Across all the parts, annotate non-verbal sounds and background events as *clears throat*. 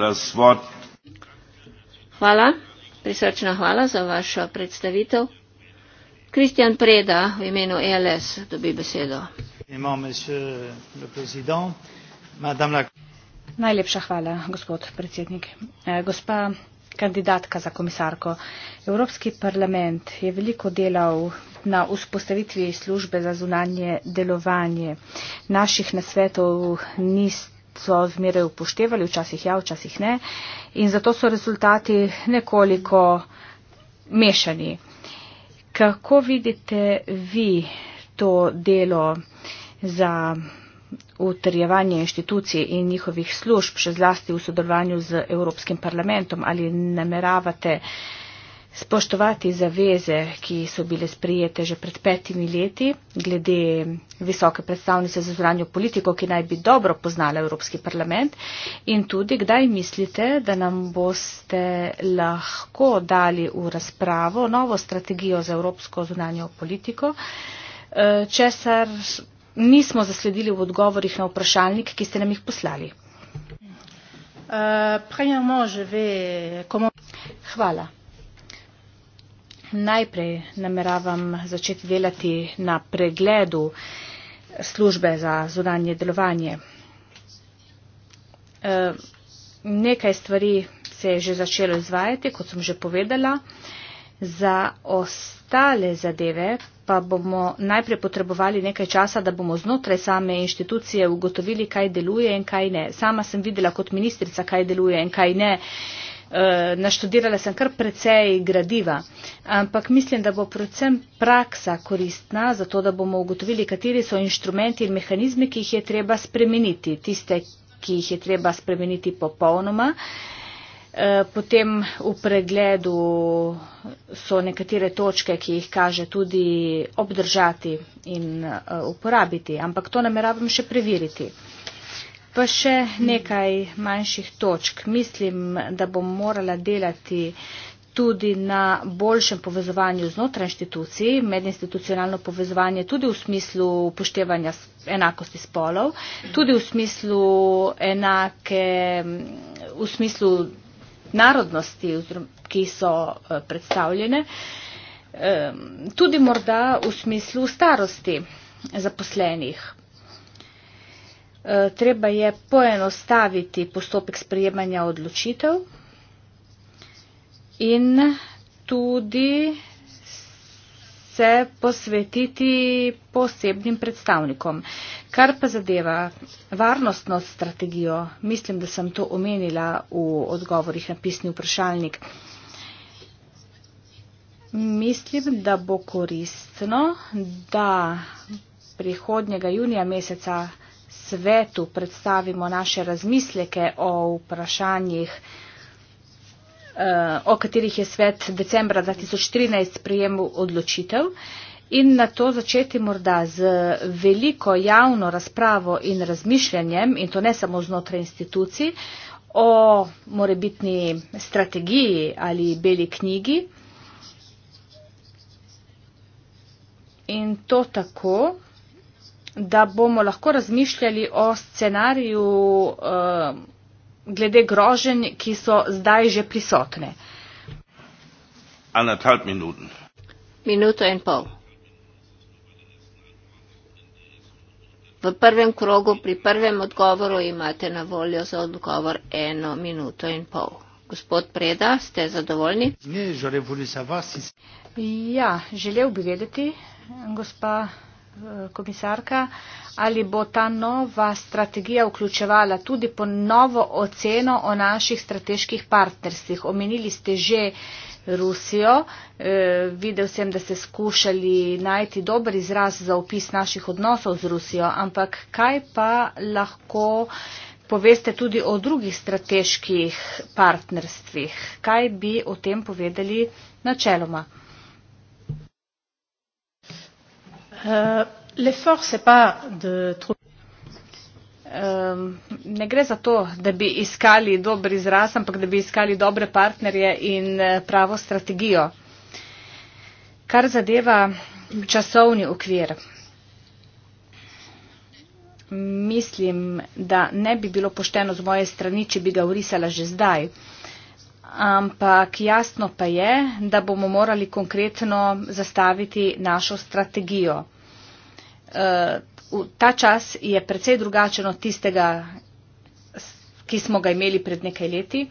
das Wort. Hvala, prisrčna hvala za vašo predstavitev. Kristjan Preda v imenu ELS dobi besedo. Najlepša hvala, gospod predsednik. Eh, gospa kandidatka za komisarko. Evropski parlament je veliko delal na vzpostavitvi službe za zunanje delovanje. Naših nasvetov niste so zmeraj upoštevali, včasih ja, včasih ne. In zato so rezultati nekoliko mešani. Kako vidite vi to delo za utrjevanje inštitucij in njihovih služb, še zlasti v sodelovanju z Evropskim parlamentom, ali nameravate spoštovati zaveze, ki so bile sprijete že pred petimi leti, glede visoke predstavnice za zranjo politiko, ki naj bi dobro poznala Evropski parlament in tudi kdaj mislite, da nam boste lahko dali v razpravo novo strategijo za Evropsko zranjo politiko, eh, česar nismo zasledili v odgovorih na vprašalnik, ki ste nam jih poslali. Eh, Hvala. Najprej nameravam začeti delati na pregledu službe za zunanje delovanje. E, nekaj stvari se je že začelo izvajati, kot sem že povedala. Za ostale zadeve pa bomo najprej potrebovali nekaj časa, da bomo znotraj same inštitucije ugotovili, kaj deluje in kaj ne. Sama sem videla kot ministrica, kaj deluje in kaj ne. Uh, Eh, naštudirala sem kar precej gradiva, ampak mislim, da bo predvsem praksa koristna, zato da bomo ugotovili, kateri so inštrumenti in mehanizmi, ki jih je treba spremeniti, tiste, ki jih je treba spremeniti popolnoma. Eh, potem v pregledu so nekatere točke, ki jih kaže tudi obdržati in eh, uporabiti, ampak to nameravam še preveriti. Pa še nekaj manjših točk. Mislim, da bom morala delati tudi na boljšem povezovanju znotraj inštitucij, medinstitucionalno povezovanje tudi v smislu upoštevanja enakosti spolov, tudi v smislu enake, v smislu narodnosti, ki so eh, predstavljene, eh, tudi morda v smislu starosti zaposlenih. Eh, treba je poenostaviti postopek sprejemanja odločitev in tudi se posvetiti posebnim predstavnikom. Kar pa zadeva varnostno strategijo, mislim, da sem to omenila v odgovorih na pisni vprašalnik, mislim, da bo koristno, da prihodnjega junija meseca svetu predstavimo naše razmisleke o vprašanjih, eh, o katerih je svet decembra 2013 sprejemil odločitev in na to začeti morda z veliko javno razpravo in razmišljanjem, in to ne samo znotraj institucij, o morebitni strategiji ali beli knjigi. In to tako, da bomo lahko razmišljali o scenariju uh, glede groženj, ki so zdaj že prisotne. Minuto in pol. V prvem krogu pri prvem odgovoru imate na voljo za odgovor eno minuto in pol. Gospod Preda, ste zadovoljni? Ja, želel bi vedeti, gospa. Eh, komisarka, ali bo ta nova strategija vključevala tudi po novo oceno o naših strateških partnerstvih. Omenili ste že Rusijo, e, videl sem, da ste skušali najti dober izraz za opis naših odnosov z Rusijo, ampak kaj pa lahko poveste tudi o drugih strateških partnerstvih? Kaj bi o tem povedali načeloma? Euh, l'effort, ce n'est pas de trouver. Euh, ne gre za to, da bi iskali dober izraz, ampak da bi iskali dobre partnerje in eh, pravo strategijo. Kar zadeva časovni okvir, mislim, da ne bi bilo pošteno z moje strani, če bi ga urisala že zdaj ampak jasno pa je, da bomo morali konkretno zastaviti našo strategijo. E, ta čas je precej drugačen od tistega, ki smo ga imeli pred nekaj leti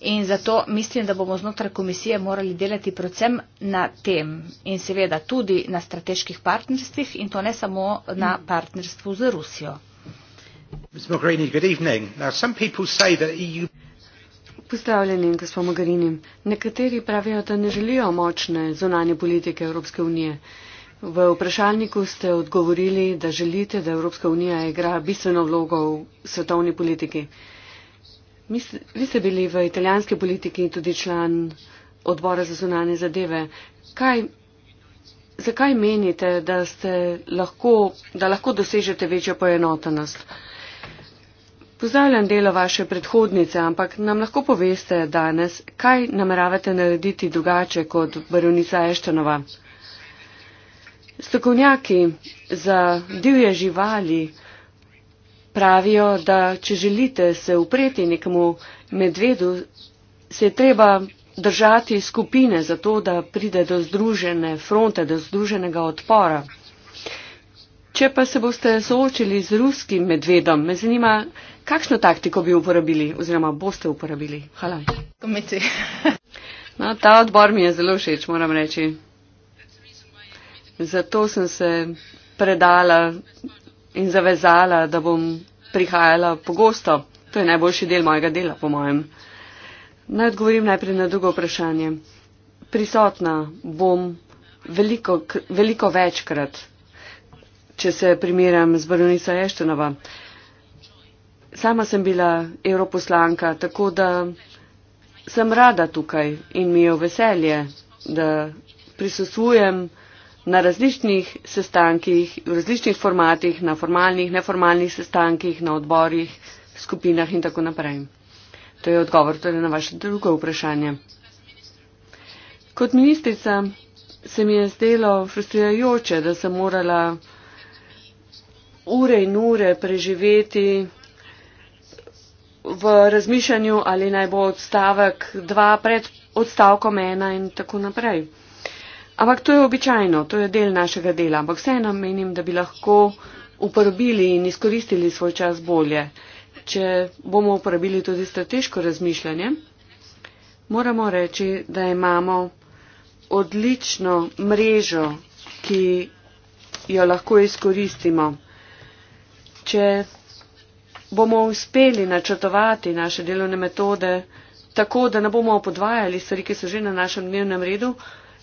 in zato mislim, da bomo znotraj komisije morali delati predvsem na tem in seveda tudi na strateških partnerstvih in to ne samo na partnerstvu z Rusijo. Ms. Mogherini, good evening. Now, some people say that EU... Pozdravljeni, gospod Mogarinim. Nekateri pravijo, da ne želijo močne zunanje politike Evropske unije. V vprašalniku ste odgovorili, da želite, da Evropska unija igra bistveno vlogo v svetovni politiki. Vi ste bili v italijanski politiki in tudi član odbora za zunanje zadeve. Kaj, zakaj menite, da, lahko, da lahko dosežete večjo poenotenost? Pozdravljam delo vaše predhodnice, ampak nam lahko poveste danes, kaj nameravate narediti drugače kot baronica Eštenova. Stokovnjaki za divje živali pravijo, da če želite se upreti nekomu medvedu, se je treba držati skupine za to, da pride do združene fronte, do združenega odpora. Če pa se boste soočili z ruskim medvedom, me zanima, Kakšno taktiko bi uporabili oziroma boste uporabili? Hvala. No, ta odbor mi je zelo všeč, moram reči. Zato sem se predala in zavezala, da bom prihajala pogosto. To je najboljši del mojega dela, po mojem. Naj odgovorim najprej na drugo vprašanje. Prisotna bom veliko, veliko večkrat, če se primerjam z baronico Eštonova. Sama sem bila europoslanka, tako da sem rada tukaj in mi je veselje, da prisosujem na različnih sestankih, v različnih formatih, na formalnih, neformalnih sestankih, na odborih, skupinah in tako naprej. To je odgovor torej na vaše drugo vprašanje. Kot ministrica se mi je zdelo frustrirajoče, da sem morala ure in ure preživeti v razmišljanju, ali naj bo odstavek 2 pred odstavkom 1 in tako naprej. Ampak to je običajno, to je del našega dela, ampak vseeno menim, da bi lahko uporabili in izkoristili svoj čas bolje. Če bomo uporabili tudi strateško razmišljanje, moramo reči, da imamo odlično mrežo, ki jo lahko izkoristimo. Če bomo uspeli načrtovati naše delovne metode tako, da ne bomo podvajali stvari, ki so že na našem dnevnem redu,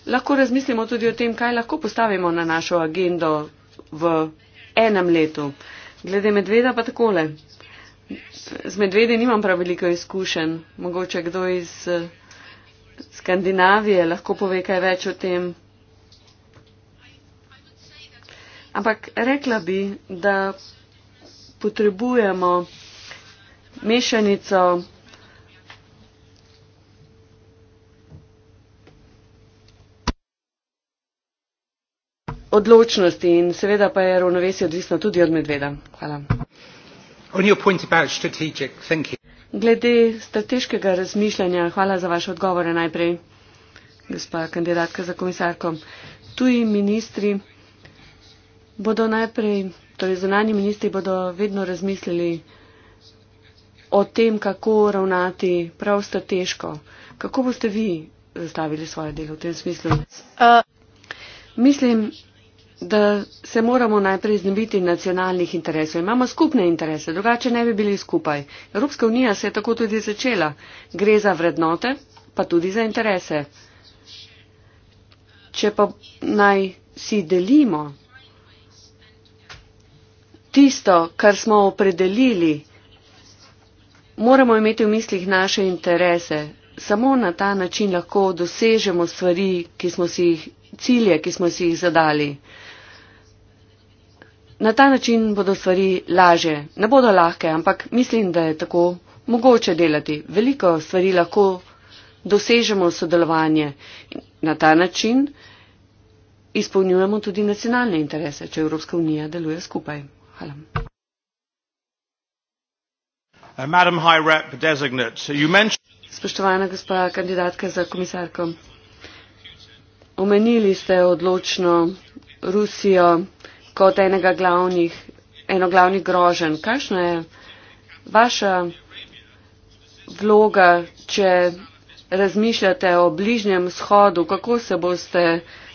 lahko razmislimo tudi o tem, kaj lahko postavimo na našo agendo v enem letu. Glede medveda pa takole. Z medvedi nimam prav veliko izkušenj. Mogoče kdo iz eh, Skandinavije lahko pove kaj več o tem. Ampak rekla bi, da potrebujemo mešanico odločnosti in seveda pa je ravnovesje odvisno tudi od medveda. Hvala. Glede strateškega razmišljanja, hvala za vaše odgovore najprej, gospa kandidatka za komisarko. Tuji ministri bodo najprej Torej, zunani ministri bodo vedno razmislili o tem, kako ravnati prav strateško. Kako boste vi zastavili svoje delo v tem smislu? Uh. Mislim, da se moramo najprej znebiti nacionalnih interesov. Imamo skupne interese, drugače ne bi bili skupaj. Evropska unija se je tako tudi začela. Gre za vrednote, pa tudi za interese. Če pa naj si delimo tisto, kar smo opredelili, moramo imeti v mislih naše interese. Samo na ta način lahko dosežemo stvari, ki smo si jih, cilje, ki smo si jih zadali. Na ta način bodo stvari laže. Ne bodo lahke, ampak mislim, da je tako mogoče delati. Veliko stvari lahko dosežemo v sodelovanje. Na ta način izpolnjujemo tudi nacionalne interese, če Evropska unija deluje skupaj. Hvala. Uh, Spoštovana gospa kandidatka za komisarko, omenili ste odločno Rusijo kot enega glavnih, eno glavnih grožen. Kakšna je vaša vloga, če razmišljate o bližnjem shodu, kako se boste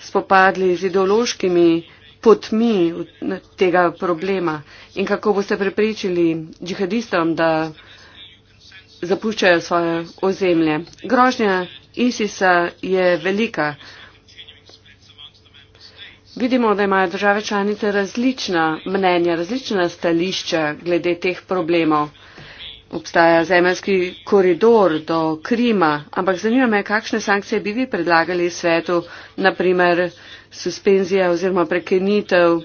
spopadli z ideološkimi potmi tega problema in kako boste prepričali džihadistom, da zapuščajo svoje ozemlje. Grožnja ISIS-a je velika. Vidimo, da imajo države članice različna mnenja, različna stališča glede teh problemov. Obstaja zemljski koridor do Krima, ampak zanima me, kakšne sankcije bi vi predlagali svetu, naprimer suspenzija oziroma prekenitev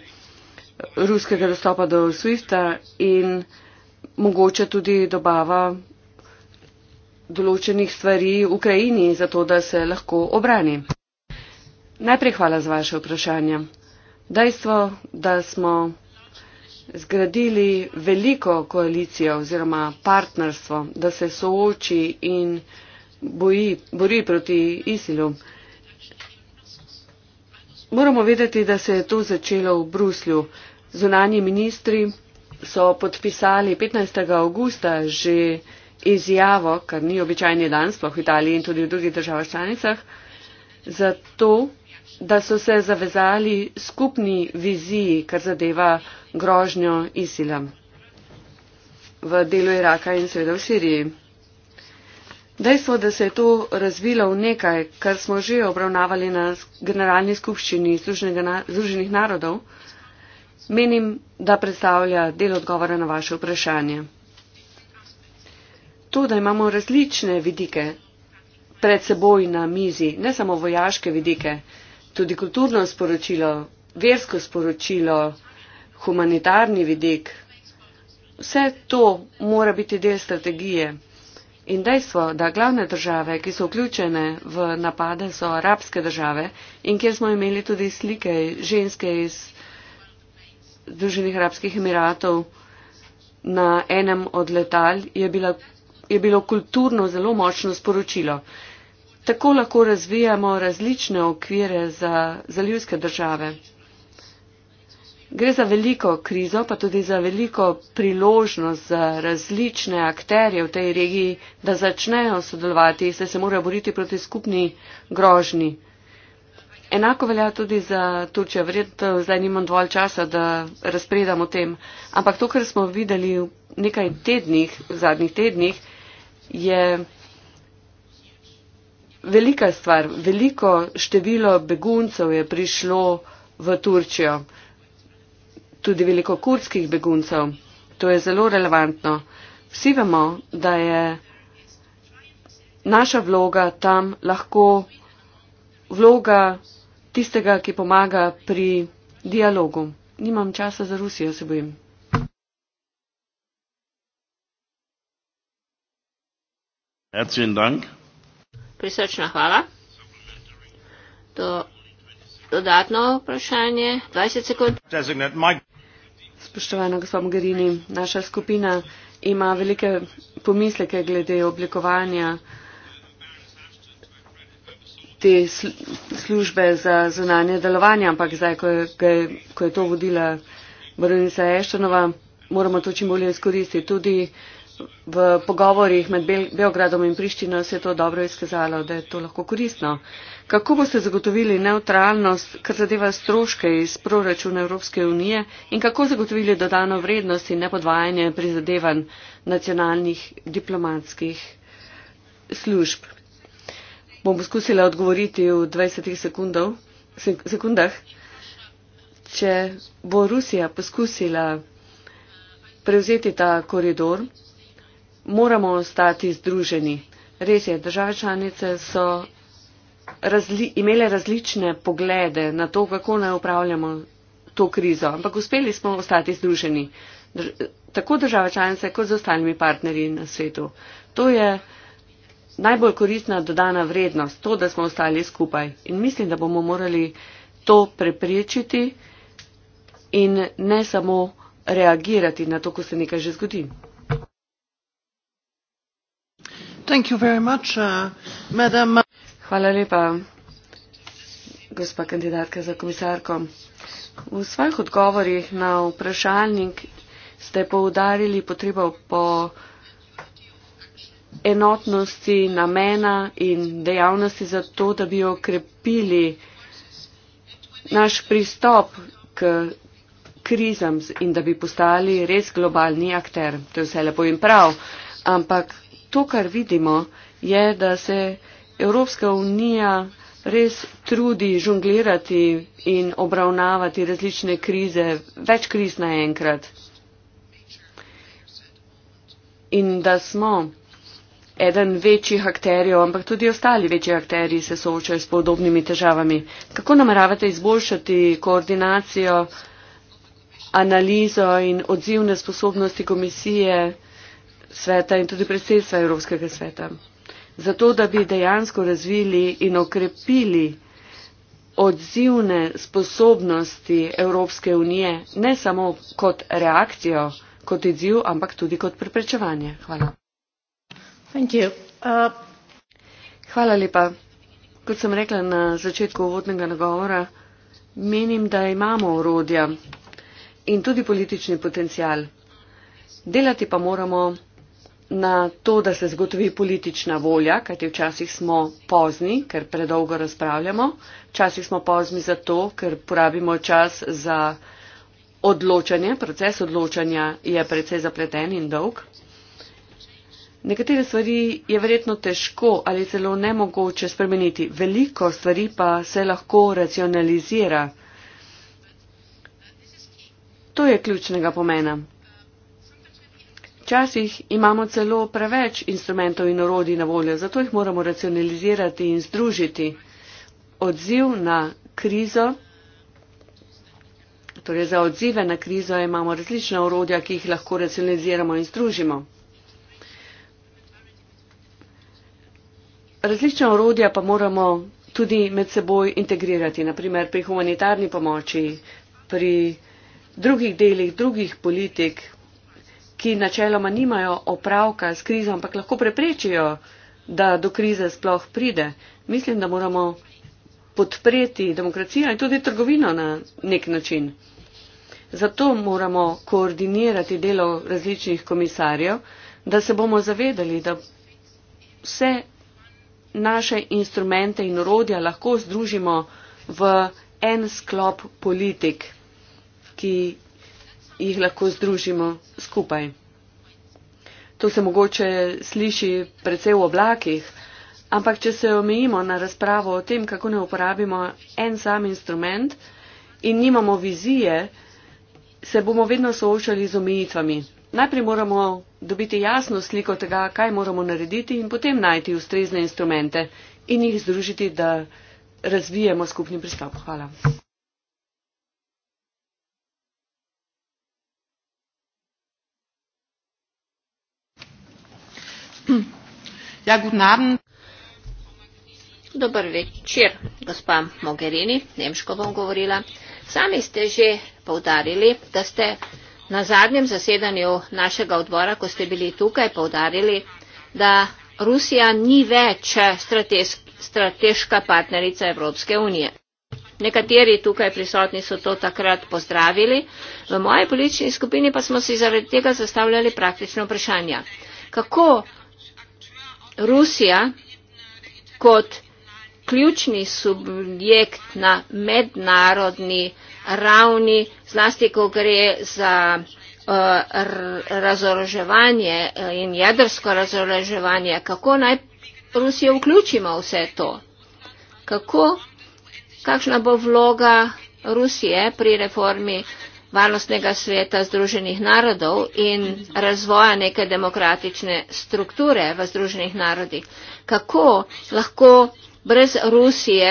ruskega dostopa do SWIFT-a in mogoče tudi dobava določenih stvari v Ukrajini, zato da se lahko obrani. Najprej hvala za vaše vprašanje. Dejstvo, da smo zgradili veliko koalicijo oziroma partnerstvo, da se sooči in boji, bori proti ISIL-u. Moramo vedeti, da se je to začelo v Bruslju. Zunanji ministri so podpisali 15. augusta že izjavo, kar ni običajni dan, sploh v Italiji in tudi v drugih državah članicah, zato, da so se zavezali skupni viziji, kar zadeva grožnjo Isilam v delu Iraka in seveda v Siriji. Dejstvo, da se je to razvilo v nekaj, kar smo že obravnavali na Generalni skupščini Združenih narodov, menim, da predstavlja del odgovora na vaše vprašanje. To, da imamo različne vidike pred seboj na mizi, ne samo vojaške vidike, tudi kulturno sporočilo, versko sporočilo, humanitarni vidik, vse to mora biti del strategije. In dejstvo, da glavne države, ki so vključene v napade, so arabske države in kjer smo imeli tudi slike ženske iz Združenih arabskih emiratov na enem od letal, je, bila, je bilo kulturno zelo močno sporočilo. Tako lahko razvijamo različne okvire za zalivske države. Gre za veliko krizo, pa tudi za veliko priložnost za različne akterje v tej regiji, da začnejo sodelovati in se morajo boriti proti skupni grožni. Enako velja tudi za Turčijo. Verjetno zdaj nimam dovolj časa, da razpredam o tem. Ampak to, kar smo videli v nekaj tednih, v zadnjih tednih, je velika stvar. Veliko število beguncev je prišlo v Turčijo tudi veliko kurdskih beguncev. To je zelo relevantno. Vsi vemo, da je naša vloga tam lahko vloga tistega, ki pomaga pri dialogu. Nimam časa za Rusijo, se bojim. Prisrčna hvala. Do, dodatno vprašanje. 20 sekund. Spoštovana gospod Mogherini, naša skupina ima velike pomisleke glede oblikovanja te službe za zunanje delovanje, ampak zdaj, ko je, ko je to vodila Baronica Eštonova, moramo to čim bolje izkoristiti. Tudi v pogovorih med Bel Beogradom in Prištino se je to dobro izkazalo, da je to lahko koristno. Uh, Kako boste zagotovili neutralnost, kar zadeva stroške iz proračuna Evropske unije in kako zagotovili dodano vrednost in nepodvajanje prizadevanj nacionalnih diplomatskih služb? Bom poskusila odgovoriti v 20 sekundov, sekundah. Če bo Rusija poskusila prevzeti ta koridor, moramo ostati združeni. Res je, države članice so razli, imele različne poglede na to, kako naj upravljamo to krizo, ampak uspeli smo ostati združeni, Drž, tako države članice kot z ostalimi partnerji na svetu. To je najbolj koristna dodana vrednost, to, da smo ostali skupaj. In mislim, da bomo morali to preprečiti in ne samo reagirati na to, ko se nekaj že zgodi. Thank you very much, uh, madam. Hvala lepa, gospa kandidatka za komisarko. V svojih odgovorih na vprašalnik ste poudarili potrebo po enotnosti namena in dejavnosti za to, da bi okrepili naš pristop k krizam in da bi postali res globalni akter. To je vse lepo in prav, ampak to, kar vidimo, je, da se Evropska unija res trudi žonglirati in obravnavati različne krize, več kriz naenkrat. In da smo eden večjih akterjev, ampak tudi ostali večji akterji se soočajo s podobnimi težavami. Kako nameravate izboljšati koordinacijo, analizo in odzivne sposobnosti komisije sveta in tudi predsedstva Evropskega sveta? zato da bi dejansko razvili in okrepili odzivne sposobnosti Evropske unije, ne samo kot reakcijo, kot odziv, ampak tudi kot preprečevanje. Hvala. Uh, Hvala lepa. Kot sem rekla na začetku uvodnega nagovora, menim, da imamo orodja in tudi politični potencial. Delati pa moramo na to, da se zagotovi politična volja, kajti včasih smo pozni, ker predolgo razpravljamo, včasih smo pozni zato, ker porabimo čas za odločanje, proces odločanja je predvsej zapleten in dolg. Nekatere stvari je verjetno težko ali celo nemogoče spremeniti, veliko stvari pa se lahko racionalizira. To je ključnega pomena. Včasih imamo celo preveč instrumentov in orodij na voljo, zato jih moramo racionalizirati in združiti. Odziv na krizo, torej za odzive na krizo imamo različna orodja, ki jih lahko racionaliziramo in združimo. Različna orodja pa moramo tudi med seboj integrirati, naprimer pri humanitarni pomoči, pri drugih delih, drugih politik, ki načeloma nimajo opravka s krizo, ampak lahko preprečijo, da do krize sploh pride. Mislim, da moramo podpreti demokracijo in tudi trgovino na nek način. Zato moramo koordinirati delo različnih komisarjev, da se bomo zavedali, da vse naše instrumente in urodja lahko združimo v en sklop politik, ki jih lahko združimo skupaj. To se mogoče sliši predvsej v oblakih, ampak če se omejimo na razpravo o tem, kako ne uporabimo en sam instrument in nimamo vizije, se bomo vedno soočali z omejitvami. Najprej moramo dobiti jasno sliko tega, kaj moramo narediti in potem najti ustrezne instrumente in jih združiti, da razvijemo skupni pristop. Hvala. Ja, guten Abend. Dober večer, gospa Mogherini, nemško bom govorila. Sami ste že povdarili, da ste na zadnjem zasedanju našega odbora, ko ste bili tukaj, povdarili, da Rusija ni več strateška partnerica Evropske unije. Nekateri tukaj prisotni so to takrat pozdravili, v moji politični skupini pa smo si zaradi tega zastavljali praktično vprašanje. Kako Rusija kot ključni subjekt na mednarodni ravni, zlasti ko gre za eh, razoroževanje eh, in jedrsko razoroževanje, kako naj Rusijo vključimo vse to? Kako, kakšna bo vloga Rusije pri reformi varnostnega sveta Združenih narodov in razvoja neke demokratične strukture v Združenih narodih. Kako lahko brez Rusije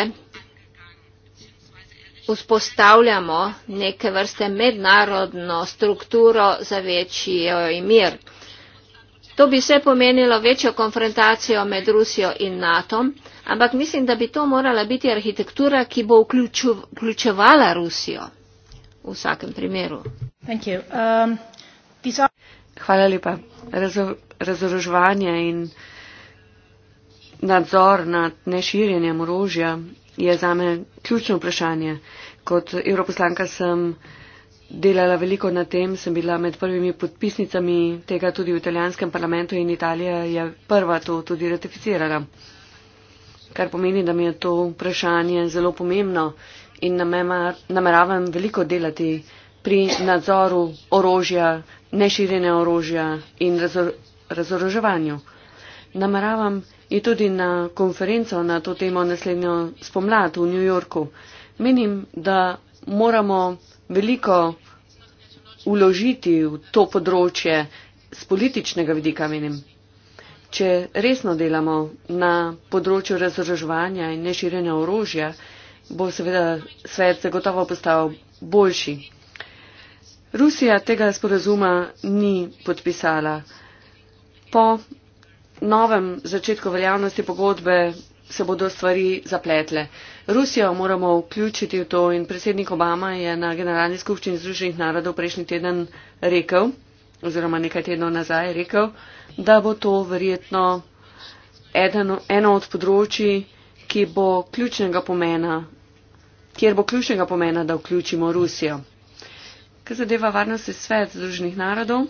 vzpostavljamo neke vrste mednarodno strukturo za večjo mir? To bi vse pomenilo večjo konfrontacijo med Rusijo in NATO, ampak mislim, da bi to morala biti arhitektura, ki bo vključevala Rusijo v vsakem primeru. Um, Hvala lepa. Razoroževanje in nadzor nad neširjenjem orožja je zame ključno vprašanje. Kot europoslanka sem delala veliko na tem, sem bila med prvimi podpisnicami tega tudi v italijanskem parlamentu in Italija je prva to tudi ratificirala. Kar pomeni, da mi je to vprašanje zelo pomembno in nameravam veliko delati pri nadzoru orožja, neširjenja orožja in razoroževanju. Nameravam je tudi na konferenco na to temo naslednjo spomlad v New Yorku. Menim, da moramo veliko uložiti v to področje z političnega vidika, menim. Če resno delamo na področju razoroževanja in neširjenja orožja, bo seveda svet zagotovo postal boljši. Rusija tega sporazuma ni podpisala. Po novem začetku veljavnosti pogodbe se bodo stvari zapletle. Rusijo moramo vključiti v to in predsednik Obama je na Generalni skupščini Združenih narodov prejšnji teden rekel, oziroma nekaj tednov nazaj rekel, da bo to verjetno eden, eno od področji, ki bo ključnega pomena, kjer bo ključnega pomena, da vključimo Rusijo. Kar zadeva varnostni svet Združenih narodov,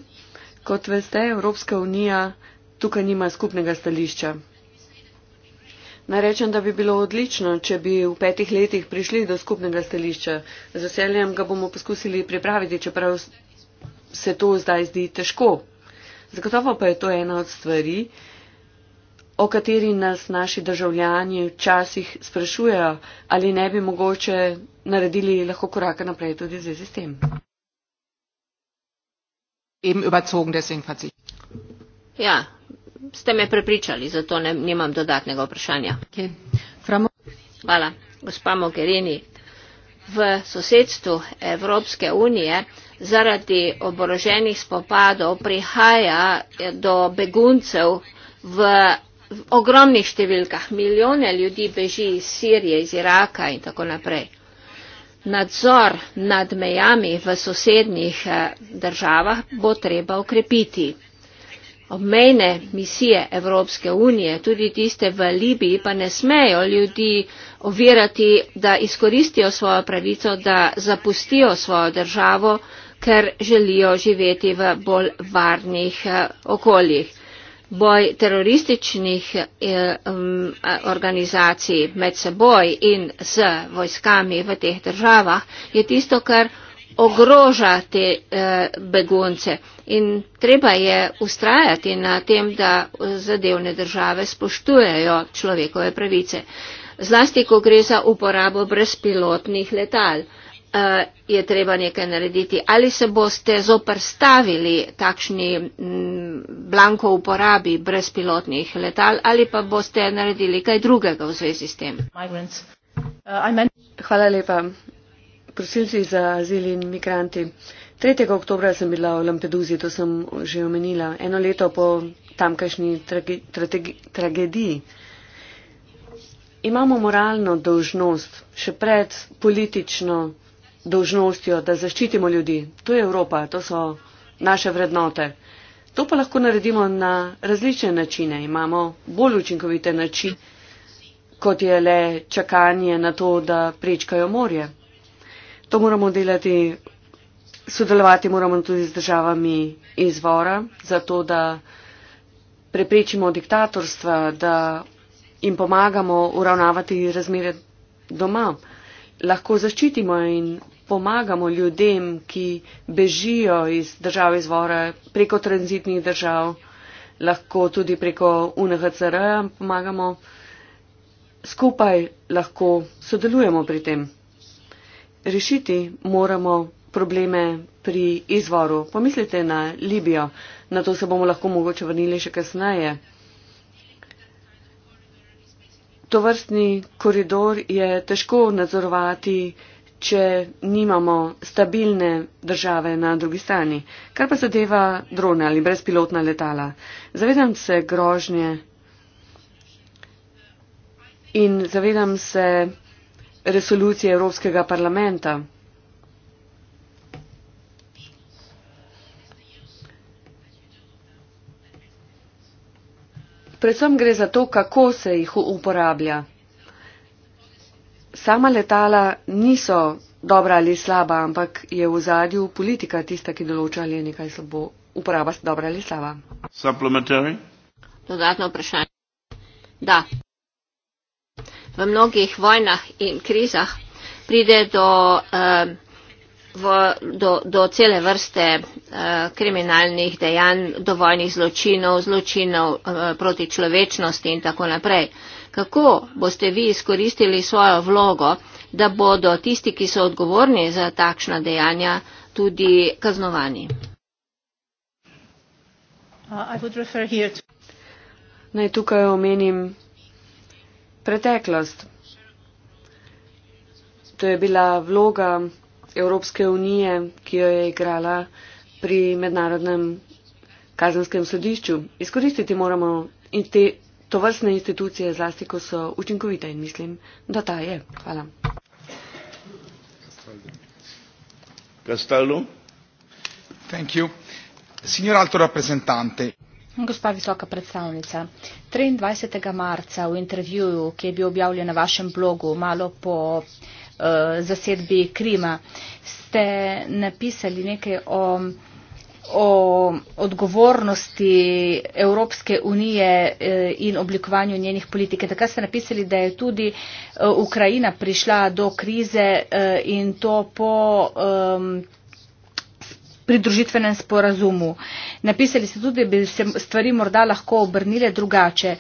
kot veste, Evropska unija tukaj nima skupnega stališča. Narečem, da bi bilo odlično, če bi v petih letih prišli do skupnega stališča. Z veseljem ga bomo poskusili pripraviti, čeprav se to zdaj zdi težko. Zagotovo pa je to ena od stvari, o kateri nas naši državljani včasih sprašujejo, ali ne bi mogoče naredili lahko korake naprej tudi z tem. Ja, ste me prepričali, zato ne, nimam dodatnega vprašanja. Hvala, gospa Mogherini. V sosedstvu Evropske unije zaradi oboroženih spopadov prihaja do beguncev v v ogromnih številkah. Milijone ljudi beži iz Sirije, iz Iraka in tako naprej. Nadzor nad mejami v sosednjih eh, državah bo treba ukrepiti. Obmejne misije Evropske unije, tudi tiste v Libiji, pa ne smejo ljudi ovirati, da izkoristijo svojo pravico, da zapustijo svojo državo, ker želijo živeti v bolj varnih eh, okoljih boj terorističnih eh, organizacij med seboj in z vojskami v teh državah je tisto, kar ogroža te eh, begunce. In treba je ustrajati na tem, da zadevne države spoštujejo človekove pravice. Zlasti, ko gre za uporabo brezpilotnih letal. Eh, je treba nekaj narediti. Ali se boste zoprstavili takšni mm, blanko uporabi brezpilotnih letal ali pa boste naredili kaj drugega v zvezi s tem? Eh, Hvala lepa. Prosilci za azil in migranti. 3. oktobra sem bila v Lampeduzi, to sem že omenila, eno leto po tamkajšnji trage, tragediji. Imamo moralno dožnost, še pred politično dolžnostjo, da zaščitimo ljudi. To je Evropa, to so naše vrednote. To pa lahko naredimo na različne načine. Imamo bolj učinkovite načine, kot je le čakanje na to, da prečkajo morje. To moramo delati, sodelovati moramo tudi z državami izvora, zato da preprečimo diktatorstva, da jim pomagamo uravnavati razmere doma. Lahko zaščitimo in pomagamo ljudem, ki bežijo iz držav izvora preko tranzitnih držav, lahko tudi preko UNHCR pomagamo. Skupaj lahko sodelujemo pri tem. Rešiti moramo probleme pri izvoru. Pomislite na Libijo, na to se bomo lahko mogoče vrnili še kasneje. To vrstni koridor je težko nadzorovati če nimamo stabilne države na drugi strani. Kar pa zadeva drone ali brezpilotna letala. Zavedam se grožnje in zavedam se resolucije Evropskega parlamenta. Predvsem gre za to, kako se jih uporablja sama letala niso dobra ali slaba, ampak je v zadju politika tista, ki določa, ali je nekaj slabo, uporaba dobra ali slaba. Supplementary? Dodatno vprašanje. Da. V mnogih vojnah in krizah pride do, uh, v, do, do cele vrste uh, kriminalnih dejanj, do vojnih zločinov, zločinov uh, proti človečnosti in tako naprej. Uh, Kako boste vi izkoristili svojo vlogo, da bodo tisti, ki so odgovorni za takšna dejanja, tudi kaznovani? Uh, Naj tukaj omenim preteklost. To je bila vloga Evropske unije, ki jo je igrala pri mednarodnem kazenskem sodišču. Izkoristiti moramo in te to vrstne institucije, zlasti ko so učinkovite in mislim, da ta je. Hvala. Castello. Thank you. Signor alto rappresentante. Gospa visoka predstavnica, 23. marca v intervjuju, ki je bil objavljen na vašem blogu malo po uh, zasedbi Krima, ste napisali nekaj o o odgovornosti Evropske unije eh, in oblikovanju njenih politike. Takrat ste napisali, da je tudi eh, Ukrajina prišla do krize eh, in to po. Um, pridružitvenem sporazumu. Napisali ste tudi, da bi se stvari morda lahko obrnile drugače.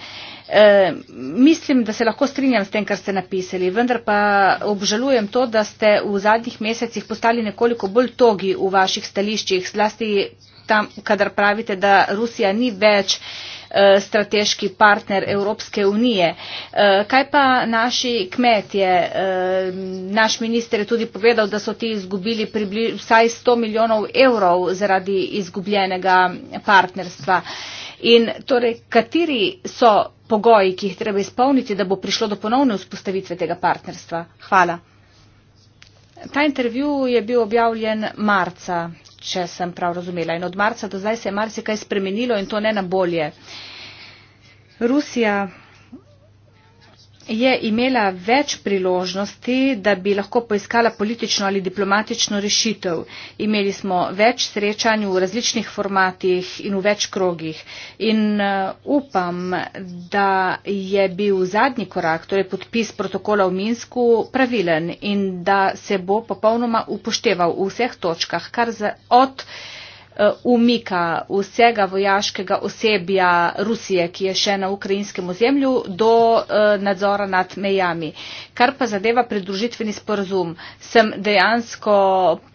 E, mislim, da se lahko strinjam s tem, kar ste napisali, vendar pa obžalujem to, da ste v zadnjih mesecih postali nekoliko bolj togi v vaših stališčih, zlasti tam, kadar pravite, da Rusija ni več Eh, strateški partner Evropske unije. Eh, kaj pa naši kmetje? Eh, naš minister je tudi povedal, da so ti izgubili približ, vsaj 100 milijonov evrov zaradi izgubljenega partnerstva. In torej, kateri so pogoji, ki jih treba izpolniti, da bo prišlo do ponovne vzpostavitve tega partnerstva? Hvala. Ta intervju je bil objavljen marca če sem prav razumela. In od marca do zdaj se je marsikaj spremenilo in to ne na bolje. Rusija je imela več priložnosti, da bi lahko poiskala politično ali diplomatično rešitev. Imeli smo več srečanj v različnih formatih in v več krogih. In uh, upam, da je bil zadnji korak, torej podpis protokola v Minsku, pravilen in da se bo popolnoma upošteval v vseh točkah, kar za od Eh, umika vsega vojaškega osebja Rusije, ki je še na ukrajinskem ozemlju, do eh, nadzora nad mejami. Kar pa zadeva pridružitveni sporazum, sem dejansko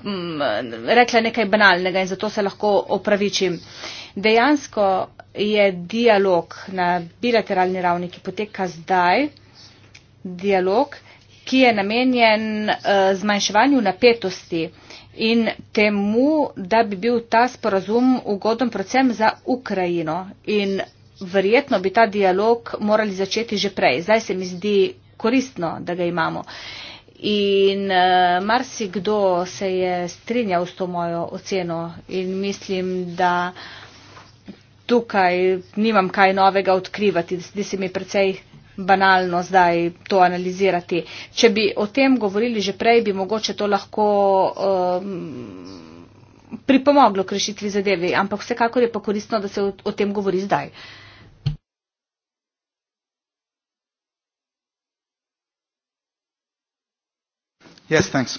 mm, rekla nekaj banalnega in zato se lahko opravičim. Dejansko je dialog na bilateralni ravni, ki poteka zdaj, dialog, ki je namenjen eh, zmanjševanju napetosti in temu, da bi bil ta sporazum ugodon predvsem za Ukrajino. In verjetno bi ta dialog morali začeti že prej. Zdaj se mi zdi koristno, da ga imamo. In uh, marsikdo se je strinjal s to mojo oceno in mislim, da tukaj nimam kaj novega odkrivati. Zdi se mi precej banalno zdaj to analizirati. Če bi o tem govorili že prej, bi mogoče to lahko um, pripomoglo k rešitvi zadevi, ampak vsekakor je pa koristno, da se o, o tem govori zdaj. Yes, thanks.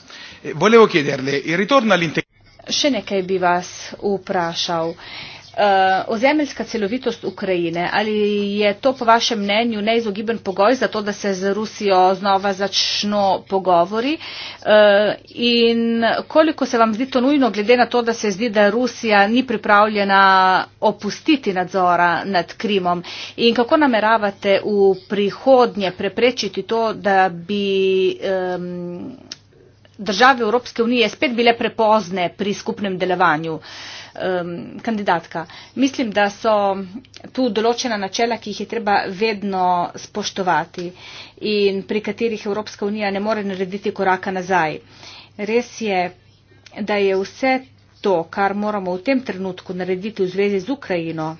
Volevo chiederle, il ritorno all'integrazione. Še nekaj bi vas vprašal. Uh, Eh, ozemeljska celovitost Ukrajine, ali je to po vašem mnenju neizogiben pogoj za to, da se z Rusijo znova začno pogovori eh, in koliko se vam zdi to nujno, glede na to, da se zdi, da Rusija ni pripravljena opustiti nadzora nad Krimom in kako nameravate v prihodnje preprečiti to, da bi države Evropske unije spet bile prepozne pri skupnem delovanju um, kandidatka. Mislim, da so tu določena načela, ki jih je treba vedno spoštovati in pri katerih Evropska unija ne more narediti koraka nazaj. Res je, da je vse to, kar moramo v tem trenutku narediti v zvezi z Ukrajino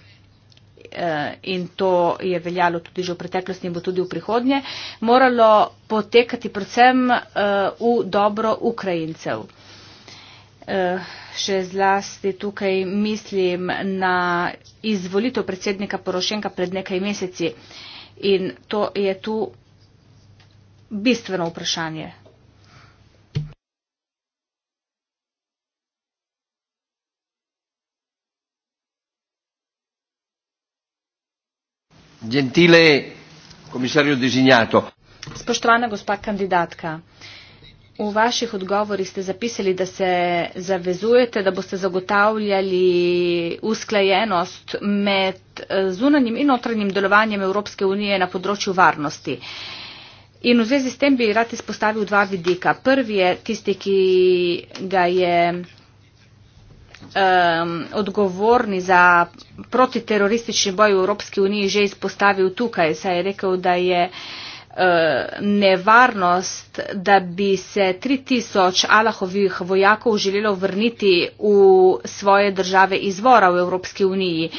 eh, in to je veljalo tudi že v preteklosti in bo tudi v prihodnje, moralo potekati predvsem eh, v dobro Ukrajincev. Eh, še zlasti tukaj mislim na izvolitev predsednika Porošenka pred nekaj meseci. In to je tu bistveno vprašanje. Gentile, komisarju Dežinjato. Spoštovana gospa kandidatka. V vaših odgovorih ste zapisali, da se zavezujete, da boste zagotavljali usklajenost med eh, zunanjim in notranjim delovanjem Evropske unije na področju varnosti. In v zvezi s tem bi rad izpostavil dva vidika. Prvi je tisti, ki ga je um, odgovorni za protiteroristični boj v Evropski uniji že izpostavil tukaj. Saj je rekel, da je. Uh, nevarnost, da bi se 3000 Alahovih vojakov želelo vrniti v svoje države izvora v Evropski uniji.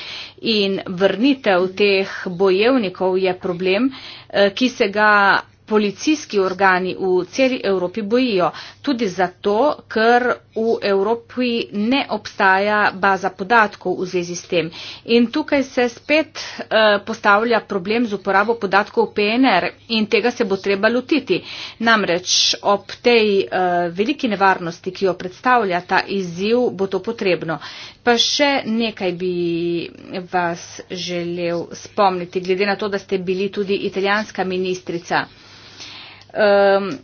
In vrnitev teh bojevnikov je problem, eh, ki se ga policijski organi v celi Evropi bojijo. Tudi zato, ker v Evropi ne obstaja baza podatkov v zvezi s tem. In tukaj se spet uh, postavlja problem z uporabo podatkov PNR in tega se bo treba lotiti. Namreč ob tej uh, veliki nevarnosti, ki jo predstavlja ta izziv, bo to potrebno. Pa še nekaj bi vas želel spomniti, glede na to, da ste bili tudi italijanska ministrica um,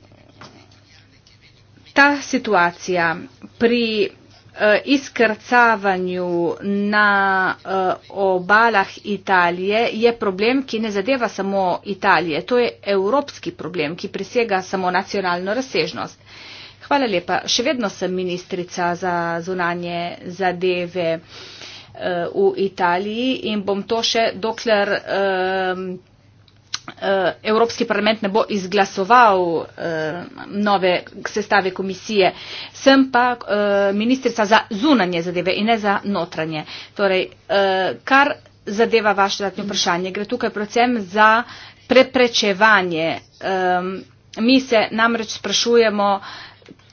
ta situacija pri uh, eh, iskrcavanju na uh, obalah Italije je problem, ki ne zadeva samo Italije. To je evropski problem, ki presega samo nacionalno razsežnost. Hvala lepa. Še vedno sem ministrica za zunanje zadeve uh, v Italiji in bom to še dokler. Uh, Eh, Evropski parlament ne bo izglasoval eh, nove sestave komisije, sem pa eh, ministrica za zunanje zadeve in ne za notranje. Torej, eh, kar zadeva vaše zadnje vprašanje, gre tukaj predvsem za preprečevanje. Eh, mi se namreč sprašujemo,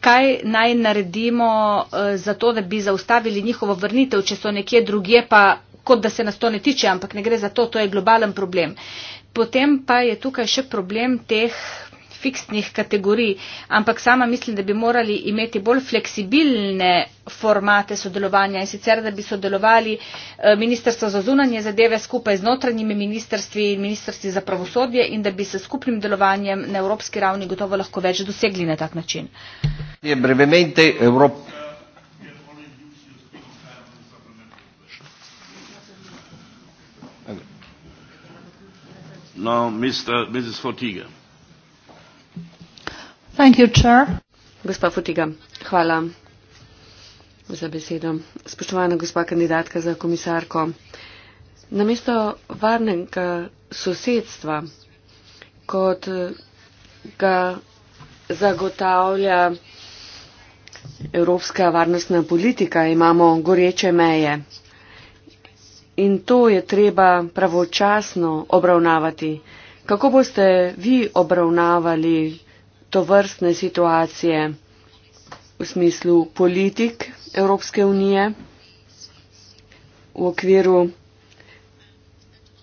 kaj naj naredimo eh, za to, da bi zaustavili njihovo vrnitev, če so nekje drugje, pa kot da se nas to ne tiče, ampak ne gre za to, to je globalen problem. Eh, Potem pa je tukaj še problem teh fiksnih kategorij, ampak sama mislim, da bi morali imeti bolj fleksibilne formate sodelovanja in sicer, da bi sodelovali eh, Ministrstvo za zunanje zadeve skupaj z notranjimi ministrstvi in Ministrstvi za pravosodje in da bi se skupnim delovanjem na evropski ravni gotovo lahko več dosegli na tak način. Je brevemente Evropa. Gospa Fotiga, hvala za besedo. Spoštovana gospa kandidatka za komisarko, namesto varnega sosedstva, kot ga zagotavlja evropska varnostna politika, imamo goreče meje in to je treba pravočasno obravnavati. Kako boste vi obravnavali to vrstne situacije v smislu politik Evropske unije v okviru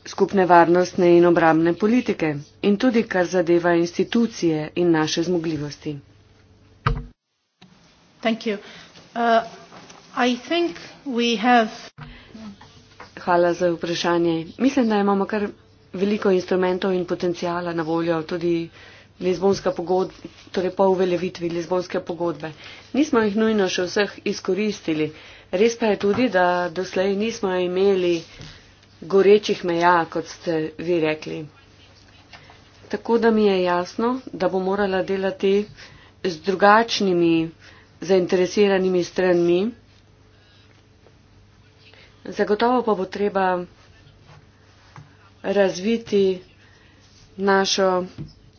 skupne varnostne in obramne politike in tudi kar zadeva institucije in naše zmogljivosti? Hvala. Uh, Hvala za vprašanje. Mislim, da imamo kar veliko instrumentov in potencijala na voljo, tudi Lizbonska pogodba, torej po uveljavitvi Lizbonske pogodbe. Nismo jih nujno še vseh izkoristili. Res pa je tudi, da doslej nismo imeli gorečih meja, kot ste vi rekli. Tako da mi je jasno, da bo morala delati z drugačnimi zainteresiranimi stranmi. Zagotovo pa bo treba razviti našo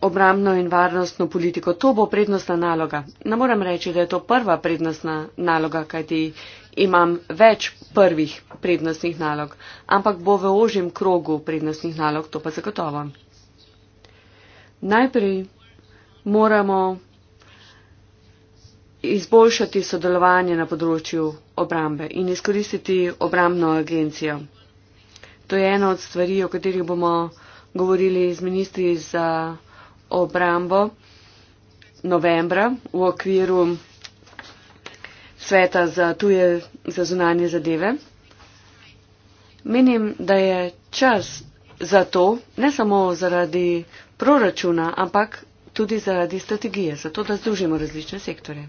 obramno in varnostno politiko. To bo prednostna naloga. Ne moram reči, da je to prva prednostna naloga, kajti imam več prvih prednostnih nalog, ampak bo v ožjem krogu prednostnih nalog, to pa zagotovo. Najprej moramo izboljšati sodelovanje na področju obrambe in izkoristiti obrambno agencijo. To je ena od stvari, o katerih bomo govorili z ministri za obrambo novembra v okviru sveta za tuje za zunanje zadeve. Menim, da je čas za to, ne samo zaradi proračuna, ampak tudi zaradi strategije, zato da združimo različne sektore.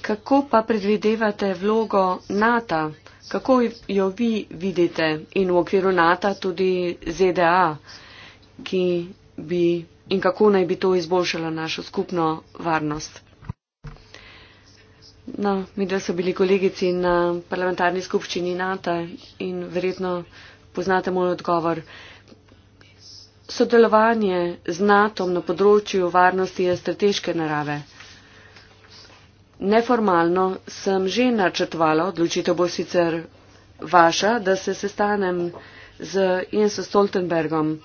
Kako pa predvidevate vlogo NATO? Kako jo vi vidite in v okviru NATO tudi ZDA, ki bi in kako naj bi to izboljšalo našo skupno varnost? No, mi dve so bili kolegici na parlamentarni skupščini NATO in verjetno poznate moj odgovor sodelovanje z NATO na področju varnosti je strateške narave. Neformalno sem že načrtovala, odločitev bo sicer vaša, da se sestanem z Jensom Stoltenbergom,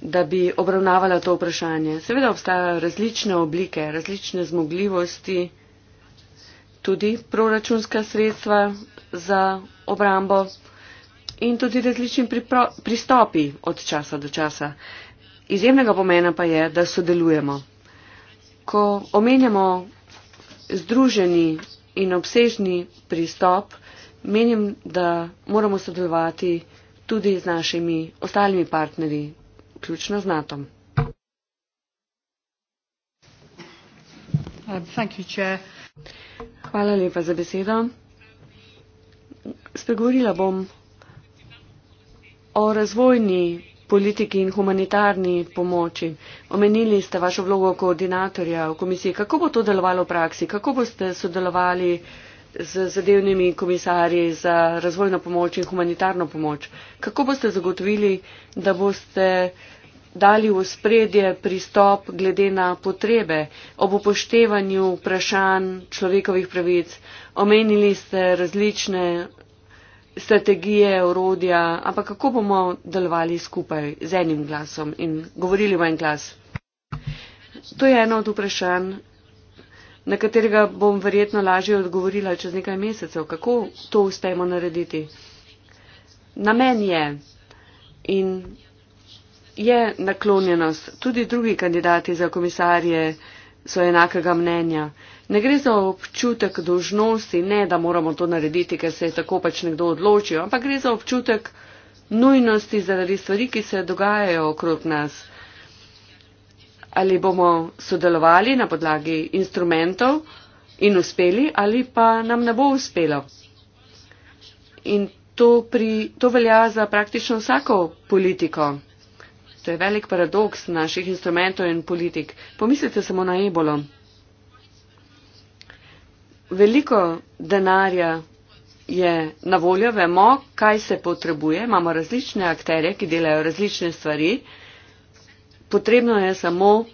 da bi obravnavala to vprašanje. Seveda obstajajo različne oblike, različne zmogljivosti, tudi proračunska sredstva za obrambo in tudi različni pristopi od časa do časa. Izjemnega pomena pa je, da sodelujemo. Ko omenjamo združeni in obsežni pristop, menim, da moramo sodelovati tudi z našimi ostalimi partnerji, ključno z NATO. Uh, Hvala lepa za besedo. Spregovorila bom o razvojni politiki in humanitarni pomoči. Omenili ste vašo vlogo koordinatorja v komisiji. Kako bo to delovalo v praksi? Kako boste sodelovali z zadevnimi komisarji za razvojno pomoč in humanitarno pomoč? Kako boste zagotovili, da boste dali v spredje pristop glede na potrebe ob upoštevanju vprašanj človekovih pravic. Omenili ste različne strategije, orodja, ampak kako bomo delovali skupaj z enim glasom in govorili v en glas. To je eno od vprašanj, na katerega bom verjetno lažje odgovorila čez nekaj mesecev, kako to uspemo narediti. Namen je in je naklonjenost. Tudi drugi kandidati za komisarje so enakega mnenja. Ne gre za občutek dožnosti, ne da moramo to narediti, ker se je tako pač nekdo odločil, ampak gre za občutek nujnosti zaradi stvari, ki se dogajajo okrog nas. Ali bomo sodelovali na podlagi instrumentov in uspeli, ali pa nam ne bo uspelo. In to, pri, to velja za praktično vsako politiko. To je velik paradoks naših instrumentov in politik. Pomislite samo na ebolo veliko denarja je na voljo, vemo, kaj se potrebuje, imamo različne akterje, ki delajo različne stvari. Potrebno je samo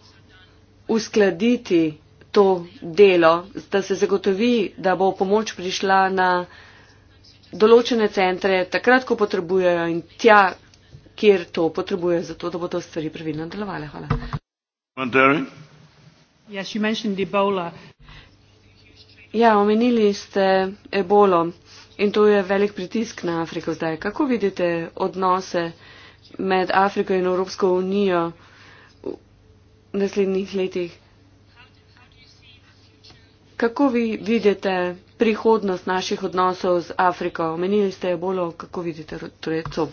uskladiti to delo, da se zagotovi, da bo pomoč prišla na določene centre, takrat, ko potrebujejo in tja, kjer to potrebujejo, zato da bo to stvari pravilno delovale. Hvala. Yes, you mentioned Ebola. Ja, omenili ste ebolo in to je velik pritisk na Afriko zdaj. Kako vidite odnose med Afriko in Evropsko unijo v naslednjih letih? Kako vi vidite prihodnost naših odnosov z Afriko? Omenili ste ebolo, kako vidite torej to?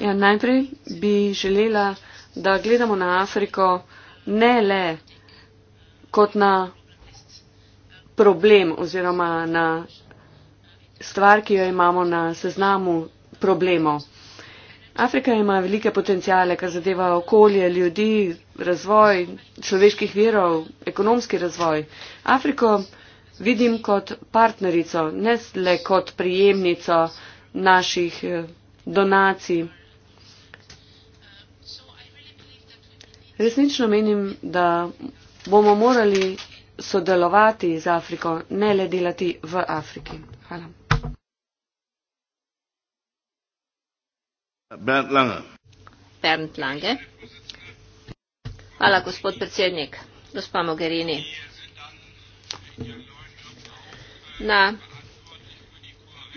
Ja, najprej bi želela, da gledamo na Afriko ne le kot na problem oziroma na stvar, ki jo imamo na seznamu problemov. Afrika ima velike potencijale, kar zadeva okolje, ljudi, razvoj človeških virov, ekonomski razvoj. Afriko vidim kot partnerico, ne le kot prijemnico naših eh, donacij. Resnično menim, da bomo morali sodelovati z Afriko, ne le delati v Afriki. Hvala. Bernd Lange. Bernd Lange. Hvala, gospod predsednik. Gospa Mogherini. Na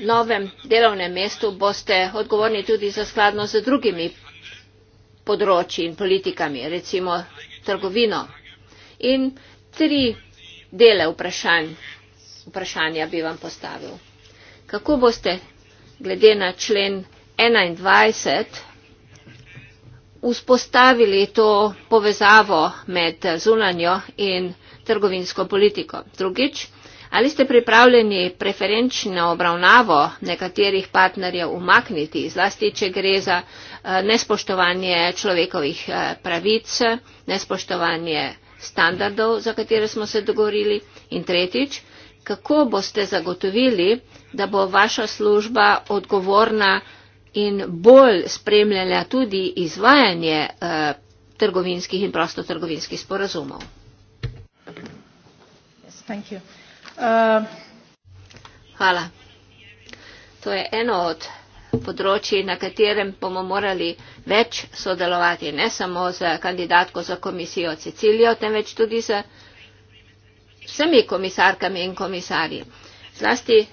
novem delovnem mestu boste odgovorni tudi za skladno z drugimi področji in politikami, recimo trgovino. In tri dele vprašanj, vprašanja bi vam postavil. Kako boste glede na člen 21 vzpostavili to povezavo med zunanjo in trgovinsko politiko? Drugič, ali ste pripravljeni preferenčno obravnavo nekaterih partnerjev umakniti, zlasti če gre za eh, nespoštovanje človekovih eh, pravic, nespoštovanje standardov, za katere smo se dogovorili. In tretjič, kako boste zagotovili, da bo vaša služba odgovorna in bolj spremljala tudi izvajanje uh, trgovinskih in prostotrgovinskih sporazumov. Yes, thank you. Uh... Hvala. To je eno od področji, na katerem bomo morali več sodelovati, ne samo z kandidatko za komisijo Cecilijo, temveč tudi z vsemi komisarkami in komisarji. Zlasti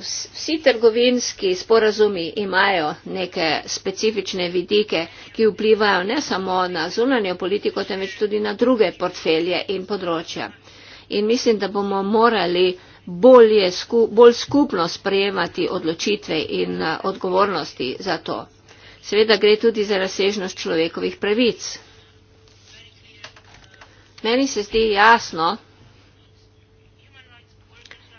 vsi trgovinski sporazumi imajo neke specifične vidike, ki vplivajo ne samo na zunanjo politiko, temveč tudi na druge portfelje in področja. In mislim, da bomo morali bolje, sku, bolj skupno sprejemati odločitve in eh, odgovornosti za to. Seveda gre tudi za razsežnost človekovih pravic. Meni se zdi jasno,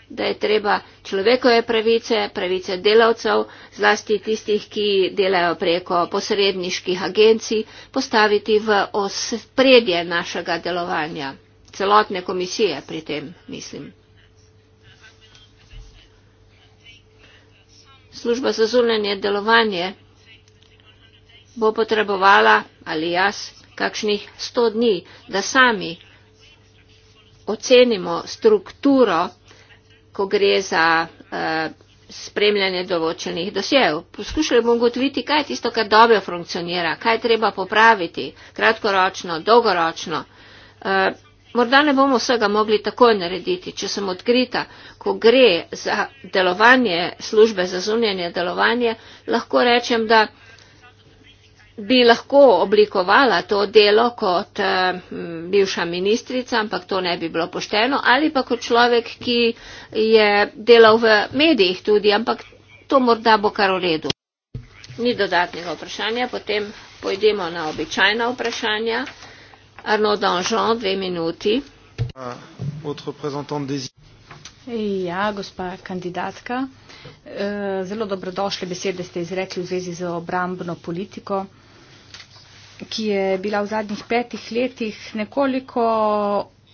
da je treba človekove pravice, pravice delavcev, zlasti tistih, ki delajo preko posredniških agencij, postaviti v osredje našega delovanja, celotne komisije pri tem, mislim. služba za zunanje delovanje bo potrebovala ali jaz kakšnih sto dni, da sami ocenimo strukturo, ko gre za eh, spremljanje določenih dosjev. Poskušali bomo ugotoviti, kaj je tisto, kar dobro funkcionira, kaj je treba popraviti, kratkoročno, dolgoročno. Eh, Morda ne bomo vsega mogli takoj narediti, če sem odkrita, ko gre za delovanje službe za zunjenje delovanje, lahko rečem, da bi lahko oblikovala to delo kot eh, bivša ministrica, ampak to ne bi bilo pošteno, ali pa kot človek, ki je delal v medijih tudi, ampak to morda bo kar v redu. Ni dodatnega vprašanja, potem pojdemo na običajna vprašanja. Arnaud Danjean, dve minuti. Uh, ja, gospa kandidatka, eh, zelo dobrodošle besede ste izrekli v zvezi z obrambno politiko, ki je bila v zadnjih petih letih nekoliko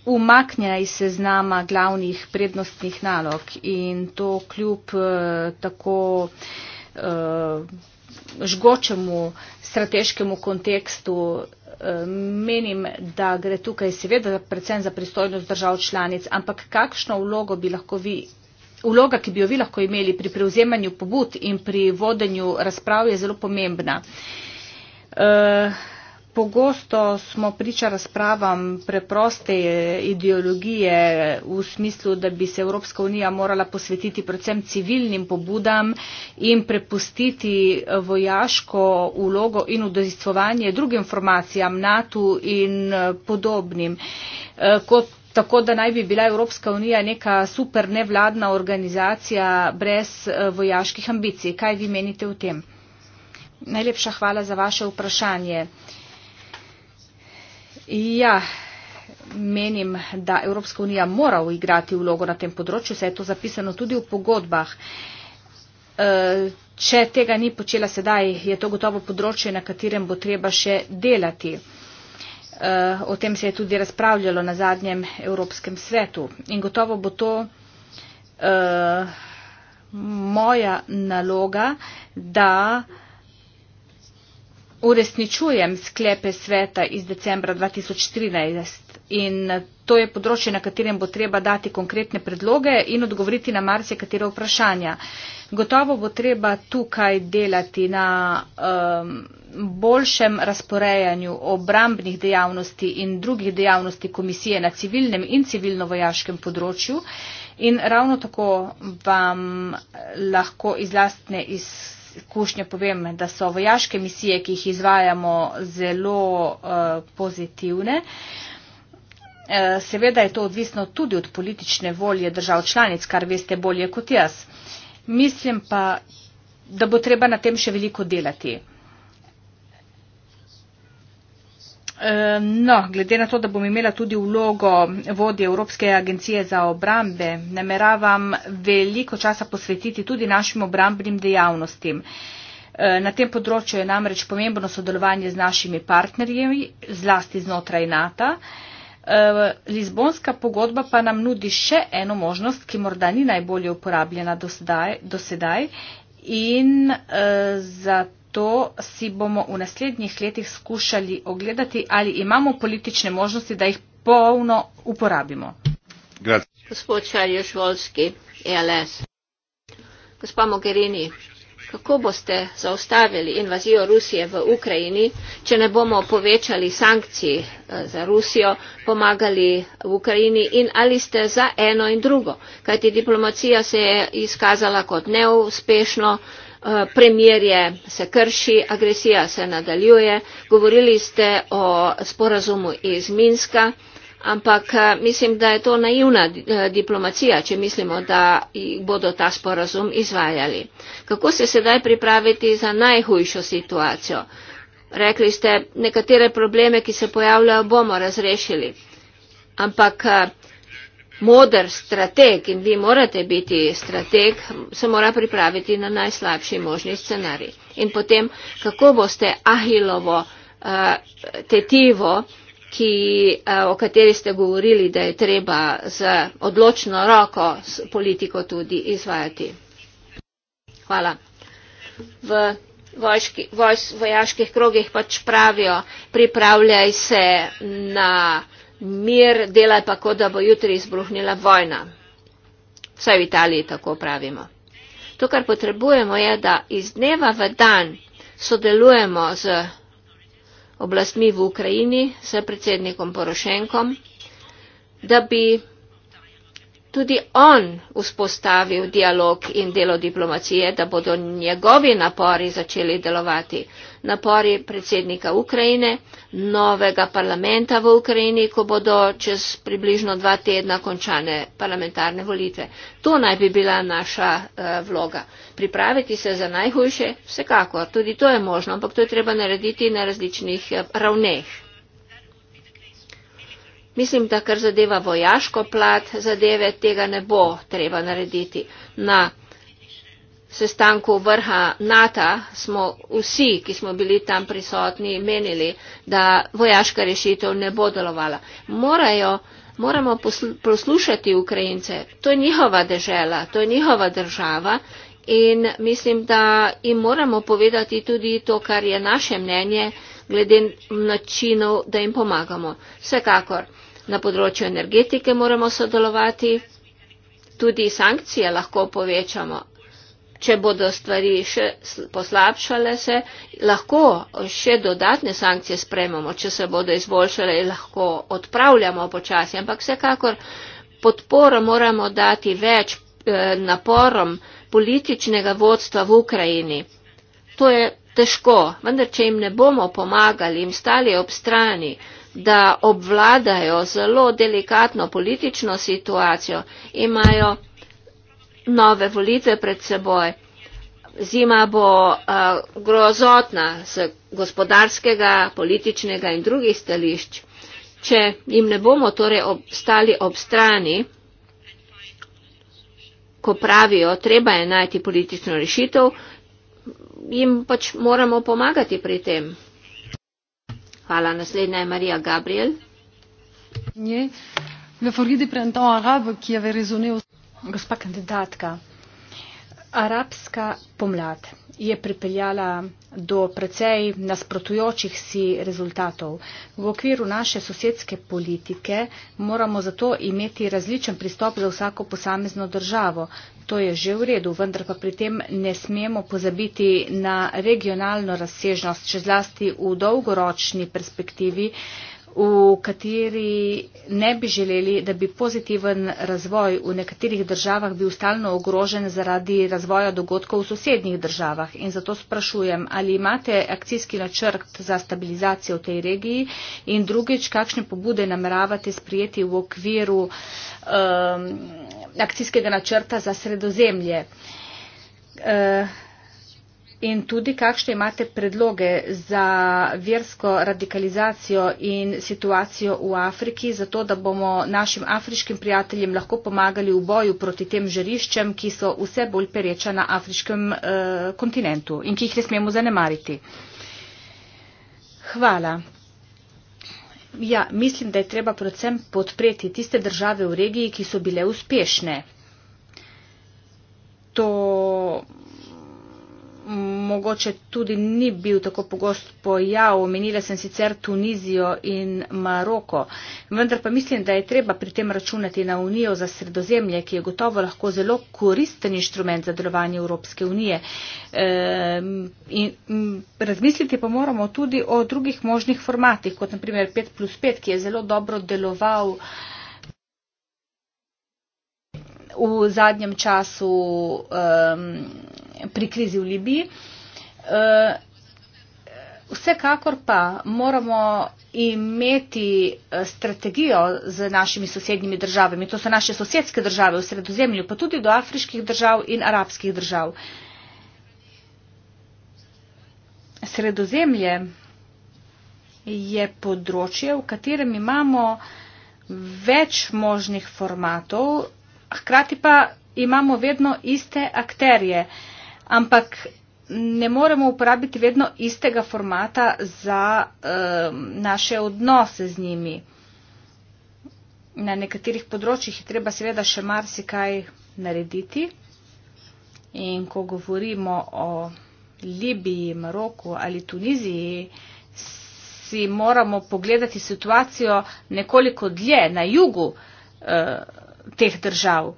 umaknjena iz seznama glavnih prednostnih nalog in to kljub eh, tako eh, žgočemu strateškemu kontekstu eh, menim, da gre tukaj seveda predvsem za pristojnost držav članic, ampak kakšno vlogo bi lahko vi, vloga, ki bi jo vi lahko imeli pri prevzemanju pobud in pri vodenju razprav je zelo pomembna. Uh, Pogosto smo priča razpravam preproste ideologije v smislu, da bi se Evropska unija morala posvetiti predvsem civilnim pobudam in prepustiti vojaško ulogo in udejstvovanje drugim formacijam, NATO in eh, podobnim. Eh, kot tako, da naj bi bila Evropska unija neka super nevladna organizacija brez eh, vojaških ambicij. Kaj vi menite o tem? Najlepša hvala za vaše vprašanje. Uh, Ja, menim, da Evropska unija mora uigrati vlogo na tem področju, saj je to zapisano tudi v pogodbah. E, če tega ni počela sedaj, je to gotovo področje, na katerem bo treba še delati. E, o tem se je tudi razpravljalo na zadnjem Evropskem svetu. In gotovo bo to uh, moja naloga, da uh, uresničujem sklepe sveta iz decembra 2013 in to je področje, na katerem bo treba dati konkretne predloge in odgovoriti na marce katere vprašanja. Gotovo bo treba tukaj delati na um, boljšem razporejanju obrambnih dejavnosti in drugih dejavnosti komisije na civilnem in civilno-vojaškem področju in ravno tako vam lahko iz lastne izkušnje izkušnje povem, da so vojaške misije, ki jih izvajamo, zelo uh, pozitivne. Eh, seveda je to odvisno tudi od politične volje držav članic, kar veste bolje kot jaz. Mislim pa, da bo treba na tem še veliko delati. No, glede na to, da bom imela tudi vlogo vodje Evropske agencije za obrambe, nameravam veliko časa posvetiti tudi našim obrambnim dejavnostim. Na tem področju je namreč pomembno sodelovanje z našimi partnerji, zlasti znotraj NATO. Lizbonska pogodba pa nam nudi še eno možnost, ki morda ni najbolje uporabljena do sedaj, do sedaj in eh, zato to si bomo v naslednjih letih skušali ogledati, ali imamo politične možnosti, da jih polno uporabimo. Gospod Čarjoš Volski, ELS. Gospa Mogherini, kako boste zaustavili invazijo Rusije v Ukrajini, če ne bomo povečali sankcij eh, za Rusijo, pomagali v Ukrajini in ali ste za eno in drugo? Kajti diplomacija se je izkazala kot neuspešno, Eh, premirje se krši, agresija se nadaljuje. Govorili ste o sporazumu iz Minska, ampak eh, mislim, da je to naivna eh, diplomacija, če mislimo, da bodo ta sporazum izvajali. Kako se sedaj pripraviti za najhujšo situacijo? Rekli ste, nekatere probleme, ki se pojavljajo, bomo razrešili. Ampak moder strateg in vi morate biti strateg, se mora pripraviti na najslabši možni scenarij. In potem, kako boste ahilovo uh, tetivo, ki, uh, o kateri ste govorili, da je treba z odločno roko s politiko tudi izvajati. Hvala. V vojški, voj, vojaških krogih pač pravijo, pripravljaj se na mir, delaj pa kot, da bo jutri izbruhnila vojna. Vse v Italiji tako pravimo. To, kar potrebujemo, je, da iz dneva v dan sodelujemo z oblastmi v Ukrajini, s predsednikom Porošenkom, da bi tudi on vzpostavil dialog in delo diplomacije, da bodo njegovi napori začeli delovati napori predsednika Ukrajine, novega parlamenta v Ukrajini, ko bodo čez približno dva tedna končane parlamentarne volitve. To naj bi bila naša uh, vloga. Pripraviti se za najhujše, vsekakor, tudi to je možno, ampak to je treba narediti na različnih eh, ravneh. Mislim, da kar zadeva vojaško plat, zadeve tega ne bo treba narediti. Na sestanku vrha NATO smo vsi, ki smo bili tam prisotni, menili, da vojaška rešitev ne bo delovala. Morajo, moramo poslušati Ukrajince. To je njihova država, to je njihova država in mislim, da jim moramo povedati tudi to, kar je naše mnenje glede načinov, da jim pomagamo. Vsekakor na področju energetike moramo sodelovati. Tudi sankcije lahko povečamo, če bodo stvari še poslabšale se, lahko še dodatne sankcije sprememo, če se bodo izboljšale, lahko odpravljamo počasi, ampak vsekakor podporo moramo dati več eh, naporom političnega vodstva v Ukrajini. To je težko, vendar če jim ne bomo pomagali, jim stali ob strani, da obvladajo zelo delikatno politično situacijo, imajo nove volitve pred seboj. Zima bo a, eh, grozotna z gospodarskega, političnega in drugih stališč. Če jim ne bomo torej ob, stali ob strani, ko pravijo, treba je najti politično rešitev, jim pač moramo pomagati pri tem. Hvala. Naslednja je Marija Gabriel. Nje, Gospa kandidatka, arabska pomlad je pripeljala do precej nasprotujočih si rezultatov. V okviru naše sosedske politike moramo zato imeti različen pristop za vsako posamezno državo. To je že v redu, vendar pa pri tem ne smemo pozabiti na regionalno razsežnost, če zlasti v dolgoročni perspektivi v kateri ne bi želeli, da bi pozitiven razvoj v nekaterih državah bil stalno ogrožen zaradi razvoja dogodkov v sosednjih državah. In zato sprašujem, ali imate akcijski načrt za stabilizacijo v tej regiji in drugič, kakšne pobude nameravate sprijeti v okviru um, akcijskega načrta za sredozemlje. Uh, in tudi kakšne imate predloge za versko radikalizacijo in situacijo v Afriki, zato da bomo našim afriškim prijateljem lahko pomagali v boju proti tem žariščem, ki so vse bolj pereča na afriškem eh, kontinentu in ki jih ne smemo zanemariti. Hvala. Ja, mislim, da je treba predvsem podpreti tiste države v regiji, ki so bile uspešne. To mogoče tudi ni bil tako pogost pojav. Omenila sem sicer Tunizijo in Maroko. Vendar pa mislim, da je treba pri tem računati na Unijo za sredozemlje, ki je gotovo lahko zelo koristen inštrument za delovanje Evropske unije. E, in, m, razmisliti pa moramo tudi o drugih možnih formatih, kot naprimer 5 plus 5, ki je zelo dobro deloval. V zadnjem času um, pri krizi v Libiji. E, vsekakor pa moramo imeti e, strategijo z našimi sosednjimi državami. To so naše sosedske države v sredozemlju, pa tudi do afriških držav in arabskih držav. Sredozemlje je področje, v katerem imamo več možnih formatov, hkrati pa imamo vedno iste akterje. Uh, ampak ne moremo uporabiti vedno istega formata za uh, naše odnose z njimi. Na nekaterih področjih je treba seveda še marsikaj narediti. In ko govorimo o Libiji, Maroku ali Tuniziji, si moramo pogledati situacijo nekoliko dlje na jugu eh, teh držav.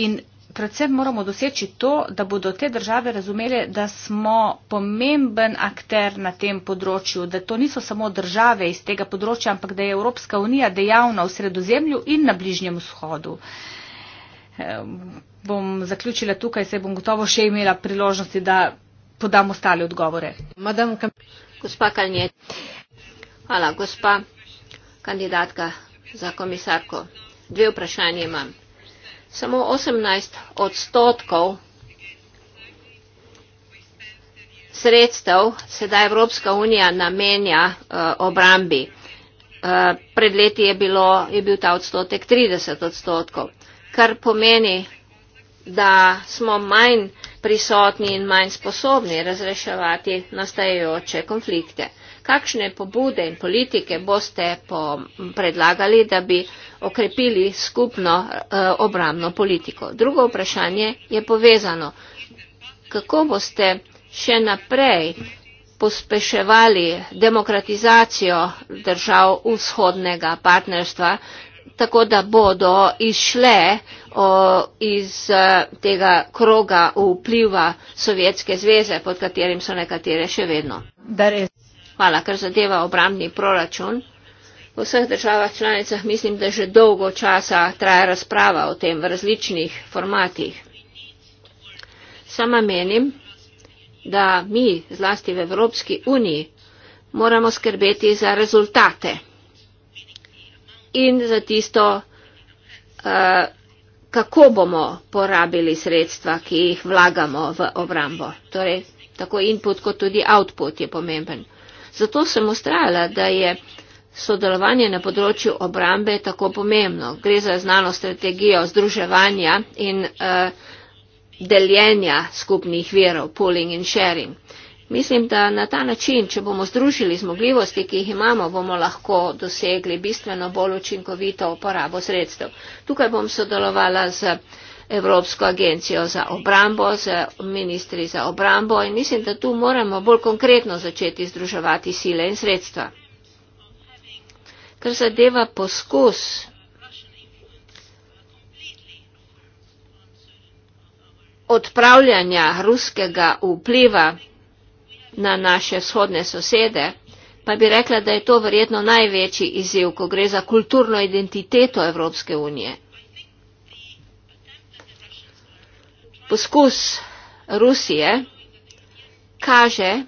In predvsem moramo doseči to, da bodo te države razumele, da smo pomemben akter na tem področju, da to niso samo države iz tega področja, ampak da je Evropska unija dejavna v sredozemlju in na Bližnjem vzhodu. Eh, bom zaključila tukaj, se bom gotovo še imela priložnosti, da podam ostale odgovore. Madam, kam... Gospa Kalnje. Hvala, gospa kandidatka za komisarko. Dve vprašanje imam samo 18 odstotkov sredstev sedaj Evropska unija namenja uh, obrambi. Uh, pred leti je, bilo, je bil ta odstotek 30 odstotkov, kar pomeni, da smo manj prisotni in manj sposobni razreševati nastajajoče konflikte kakšne pobude in politike boste predlagali, da bi okrepili skupno eh, obramno politiko. Drugo vprašanje je povezano. Kako boste še naprej pospeševali demokratizacijo držav vzhodnega partnerstva, tako da bodo išle iz eh, tega kroga vpliva Sovjetske zveze, pod katerim so nekatere še vedno? Hvala, kar zadeva obramni proračun. V vseh državah članicah mislim, da že dolgo časa traja razprava o tem v različnih formatih. Sama menim, da mi, zlasti v Evropski uniji, moramo skrbeti za rezultate in za tisto, eh, kako bomo porabili sredstva, ki jih vlagamo v obrambo. Torej, tako input kot tudi output je pomemben. Zato sem ustrajala, da je sodelovanje na področju obrambe tako pomembno. Gre za znano strategijo združevanja in uh, deljenja skupnih verov, pooling in sharing. Mislim, da na ta način, če bomo združili zmogljivosti, ki jih imamo, bomo lahko dosegli bistveno bolj učinkovito uporabo sredstev. Tukaj bom sodelovala z. Uh, Evropsko agencijo za obrambo, z ministri za obrambo in mislim, da tu moramo bolj konkretno začeti združevati sile in sredstva. Kar zadeva poskus odpravljanja ruskega vpliva na naše vzhodne sosede, pa bi rekla, da je to verjetno največji izziv, ko gre za kulturno identiteto Evropske unije. poskus Rusije kaže,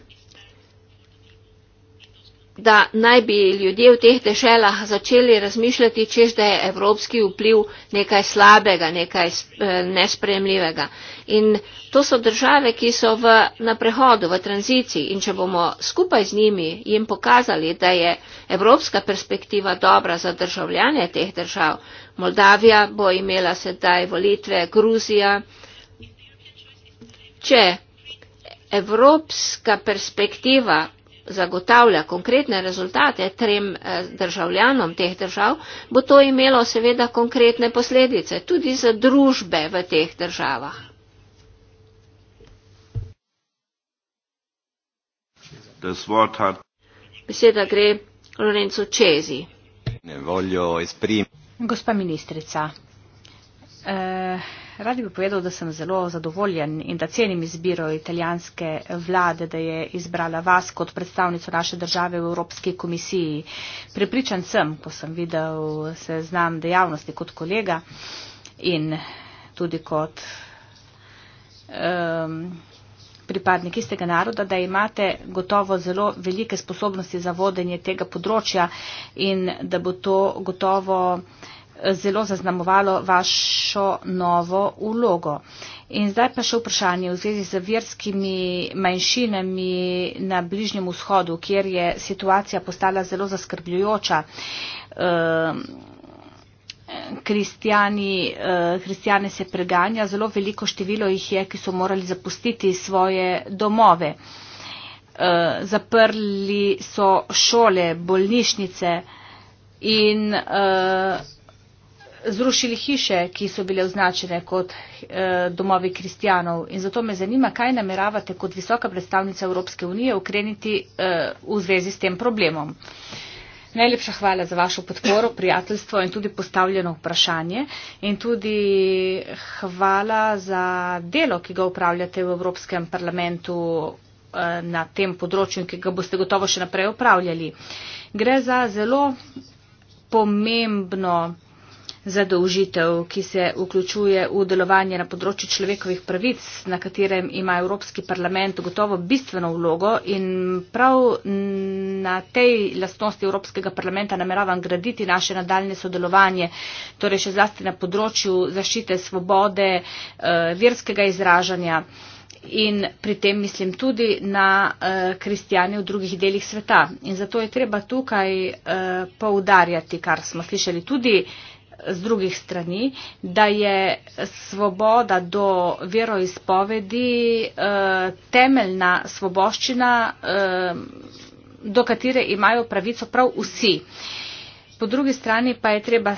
da naj bi ljudje v teh deželah začeli razmišljati, čež da je evropski vpliv nekaj slabega, nekaj eh, nespremljivega. In to so države, ki so v, na prehodu, v tranziciji in če bomo skupaj z njimi jim pokazali, da je evropska perspektiva dobra za državljanje teh držav, Moldavija bo imela sedaj volitve, Gruzija, Če evropska perspektiva zagotavlja konkretne rezultate trem eh, državljanom teh držav, bo to imelo seveda konkretne posledice tudi za družbe v teh državah. Beseda gre Lorenzo Čezi. Gospa ministrica, eh, Radi bi povedal, da sem zelo zadovoljen in da cenim izbiro italijanske vlade, da je izbrala vas kot predstavnico naše države v Evropski komisiji. Prepričan sem, ko sem videl se znam dejavnosti kot kolega in tudi kot um, pripadnik istega naroda, da imate gotovo zelo velike sposobnosti za vodenje tega področja in da bo to gotovo. Uh, zelo zaznamovalo vašo novo ulogo. In zdaj pa še vprašanje v zvezi z verskimi manjšinami na Bližnjem vzhodu, kjer je situacija postala zelo zaskrbljujoča. Ehm, Kristijane eh, se preganja, zelo veliko število jih je, ki so morali zapustiti svoje domove. Eh, zaprli so šole, bolnišnice in eh, zrušili hiše, ki so bile označene kot eh, domovi kristijanov. In zato me zanima, kaj nameravate kot visoka predstavnica Evropske unije ukreniti eh, v zvezi s tem problemom. Najlepša hvala za vašo podporo, prijateljstvo in tudi postavljeno vprašanje. In tudi hvala za delo, ki ga upravljate v Evropskem parlamentu eh, na tem področju in ki ga boste gotovo še naprej upravljali. Gre za zelo pomembno zadolžitev, ki se vključuje v delovanje na področju človekovih pravic, na katerem ima Evropski parlament gotovo bistveno vlogo in prav na tej lastnosti Evropskega parlamenta nameravam graditi naše nadaljne sodelovanje, torej še zlasti na področju zaščite svobode, eh, verskega izražanja. In pri tem mislim tudi na uh, eh, kristijane v drugih delih sveta. In zato je treba tukaj uh, poudarjati, kar smo slišali tudi uh, s drugih strani, da je svoboda do vjeroispovedi e, eh, temeljna svoboščina, e, do katere imajo pravico prav vsi. Po drugi strani pa je treba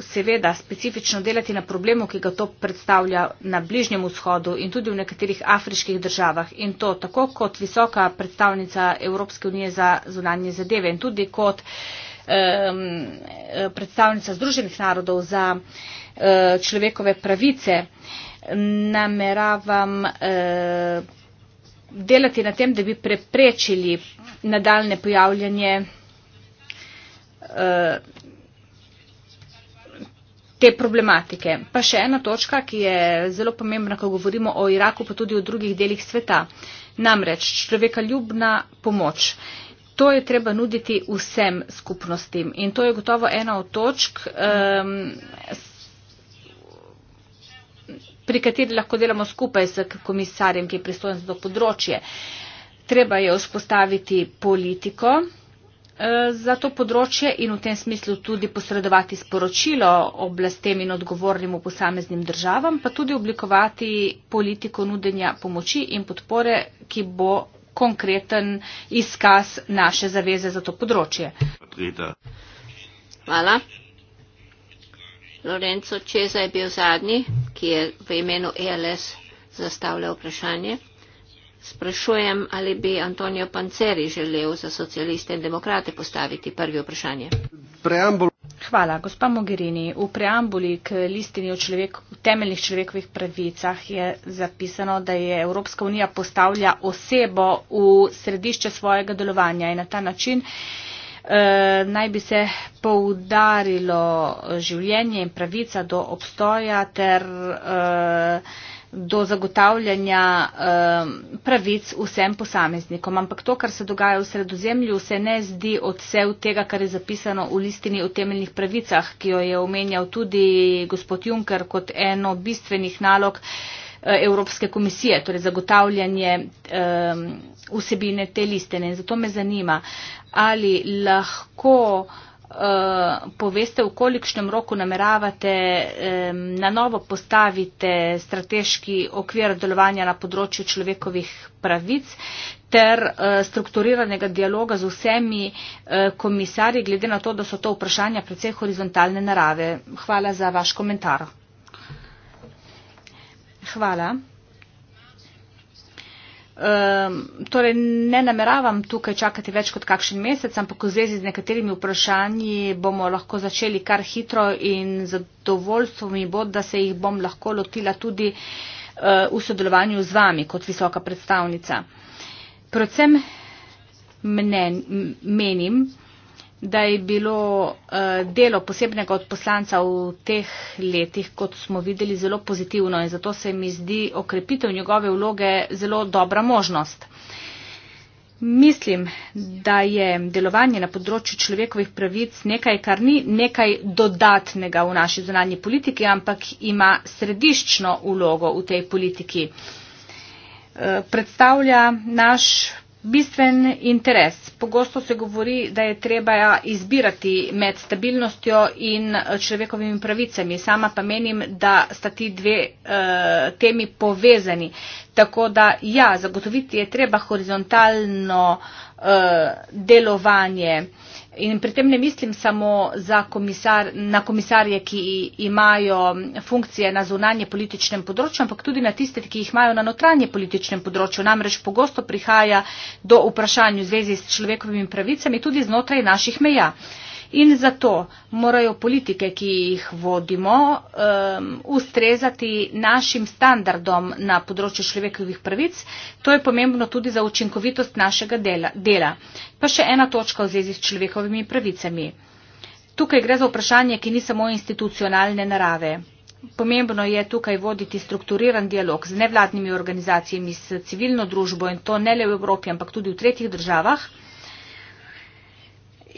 seveda specifično delati na problemu, ki ga to predstavlja na Bližnjem vzhodu in tudi v nekaterih afriških državah. In to tako kot visoka predstavnica Evropske unije za zunanje zadeve in tudi kot uh, um, predstavnica Združenih narodov za um, človekove pravice, nameravam um, delati na tem, da bi preprečili nadaljne pojavljanje eh, te problematike. Pa še ena točka, ki je zelo pomembna, ko govorimo o Iraku, pa tudi o drugih delih sveta. Namreč človekoljubna pomoč. To je treba nuditi vsem skupnostim in to je gotovo ena od točk, um, pri kateri lahko delamo skupaj s komisarjem, ki je pristojen za to področje. Treba je vzpostaviti politiko uh, za to področje in v tem smislu tudi posredovati sporočilo oblastem in odgovornim v posameznim državam, pa tudi oblikovati politiko nudenja pomoči in podpore, ki bo konkreten izkaz naše zaveze za to področje. Hvala. Lorenzo Čeza je bil zadnji, ki je v imenu ELS zastavljal vprašanje. Sprašujem, ali bi Antonio Panceri želel za socialiste in demokrate postaviti prvi vprašanje. Preambul. Hvala, gospa Mogherini. V preambuli k listini o človek, temeljnih človekovih pravicah je zapisano, da je Evropska unija postavlja osebo v središče svojega delovanja in na ta način eh, naj bi se poudarilo življenje in pravica do obstoja ter. Eh, do zagotavljanja eh, pravic vsem posameznikom. Ampak to, kar se dogaja v sredozemlju, se ne zdi odsev tega, kar je zapisano v listini o temeljnih pravicah, ki jo je omenjal tudi gospod Juncker kot eno bistvenih nalog eh, Evropske komisije, torej zagotavljanje eh, vsebine te listine. In zato me zanima, ali lahko uh, poveste, v kolikšnem roku nameravate um, na novo postaviti strateški okvir delovanja na področju človekovih pravic ter uh, strukturiranega dialoga z vsemi uh, komisarji, glede na to, da so to vprašanja precej horizontalne narave. Hvala za vaš komentar. Hvala. Um, torej, ne nameravam tukaj čakati več kot kakšen mesec, ampak v zvezi z nekaterimi vprašanji bomo lahko začeli kar hitro in zadovoljstvo mi bo, da se jih bom lahko lotila tudi uh, v sodelovanju z vami kot visoka predstavnica. Predvsem mnen, menim, da je bilo uh, delo posebnega odposlanca v teh letih, kot smo videli, zelo pozitivno in zato se mi zdi okrepitev njegove vloge zelo dobra možnost. Mislim, da je delovanje na področju človekovih pravic nekaj, kar ni nekaj dodatnega v naši zunanji politiki, ampak ima središčno vlogo v tej politiki. Uh, predstavlja naš Bistven interes. Pogosto se govori, da je treba ja izbirati med stabilnostjo in eh, človekovimi pravicami. Sama pa menim, da sta ti dve uh, temi povezani. Tako da ja, zagotoviti je treba horizontalno uh, delovanje. In pri tem ne mislim samo komisar, na komisarje, ki imajo funkcije na zunanje političnem področju, ampak tudi na tiste, ki jih imajo na notranje političnem področju. Namreč pogosto prihaja do vprašanj v zvezi s človekovimi pravicami tudi znotraj naših meja. Uh, In zato morajo politike, ki jih vodimo, um, ustrezati našim standardom na področju človekovih pravic. To je pomembno tudi za učinkovitost našega dela. dela. Pa še ena točka v zvezi s človekovimi pravicami. Tukaj gre za vprašanje, ki ni samo institucionalne narave. Pomembno je tukaj voditi strukturiran dialog z nevladnimi organizacijami, s civilno družbo in to ne le v Evropi, ampak tudi v tretjih državah.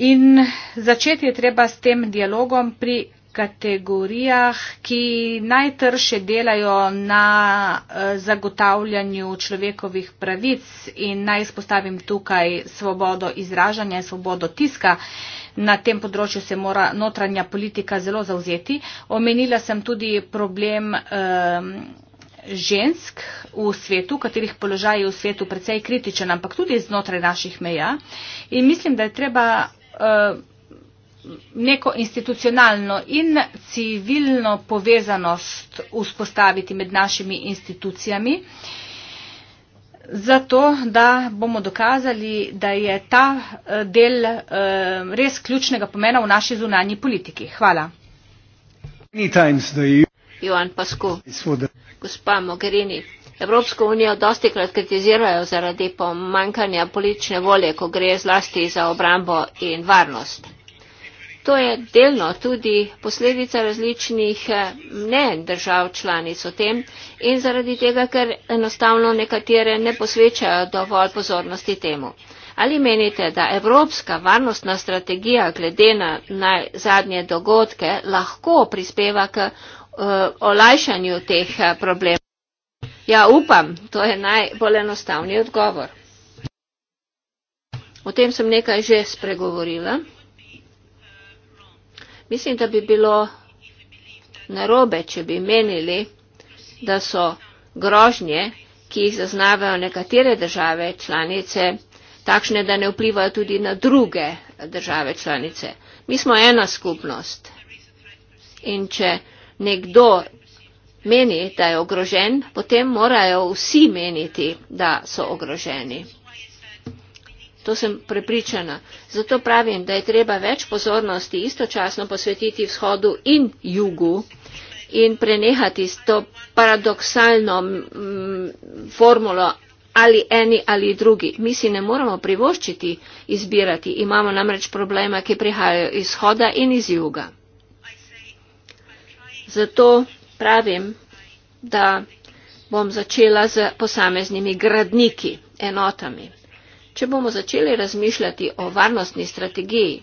In začeti je treba s tem dialogom pri kategorijah, ki najtrše delajo na eh, zagotavljanju človekovih pravic in naj izpostavim tukaj svobodo izražanja in svobodo tiska. Na tem področju se mora notranja politika zelo zauzeti. Omenila sem tudi problem um, žensk v svetu, katerih položaj je v svetu precej kritičen, ampak tudi znotraj naših meja. In mislim, da je treba Eh, neko institucionalno in civilno povezanost vzpostaviti med našimi institucijami, zato da bomo dokazali, da je ta eh, del eh, res ključnega pomena v naši zunanji politiki. Hvala. Joan Pasko. Gospa Mogherini. Evropsko unijo dosti krat kritizirajo zaradi pomankanja politične volje, ko gre zlasti za obrambo in varnost. To je delno tudi posledica različnih eh, mnen držav članic o tem in zaradi tega, ker enostavno nekatere ne posvečajo dovolj pozornosti temu. Ali menite, da evropska varnostna strategija glede na najzadnje dogodke lahko prispeva k uh, olajšanju teh eh, problemov? Ja, upam, to je najbolj enostavni odgovor. O tem sem nekaj že spregovorila. Mislim, da bi bilo narobe, če bi menili, da so grožnje, ki jih zaznavajo nekatere države članice, takšne, da ne vplivajo tudi na druge države članice. Mi smo ena skupnost. In če nekdo meni, da je ogrožen, potem morajo vsi meniti, da so ogroženi. To sem prepričana. Zato pravim, da je treba več pozornosti istočasno posvetiti vzhodu in jugu in prenehati s to paradoksalno mm, formulo ali eni ali drugi. Mi si ne moramo privoščiti izbirati. Imamo namreč problema, ki prihajajo iz vzhoda in iz juga. Zato pravim, da bom začela z posameznimi gradniki, enotami. Če bomo začeli razmišljati o varnostni strategiji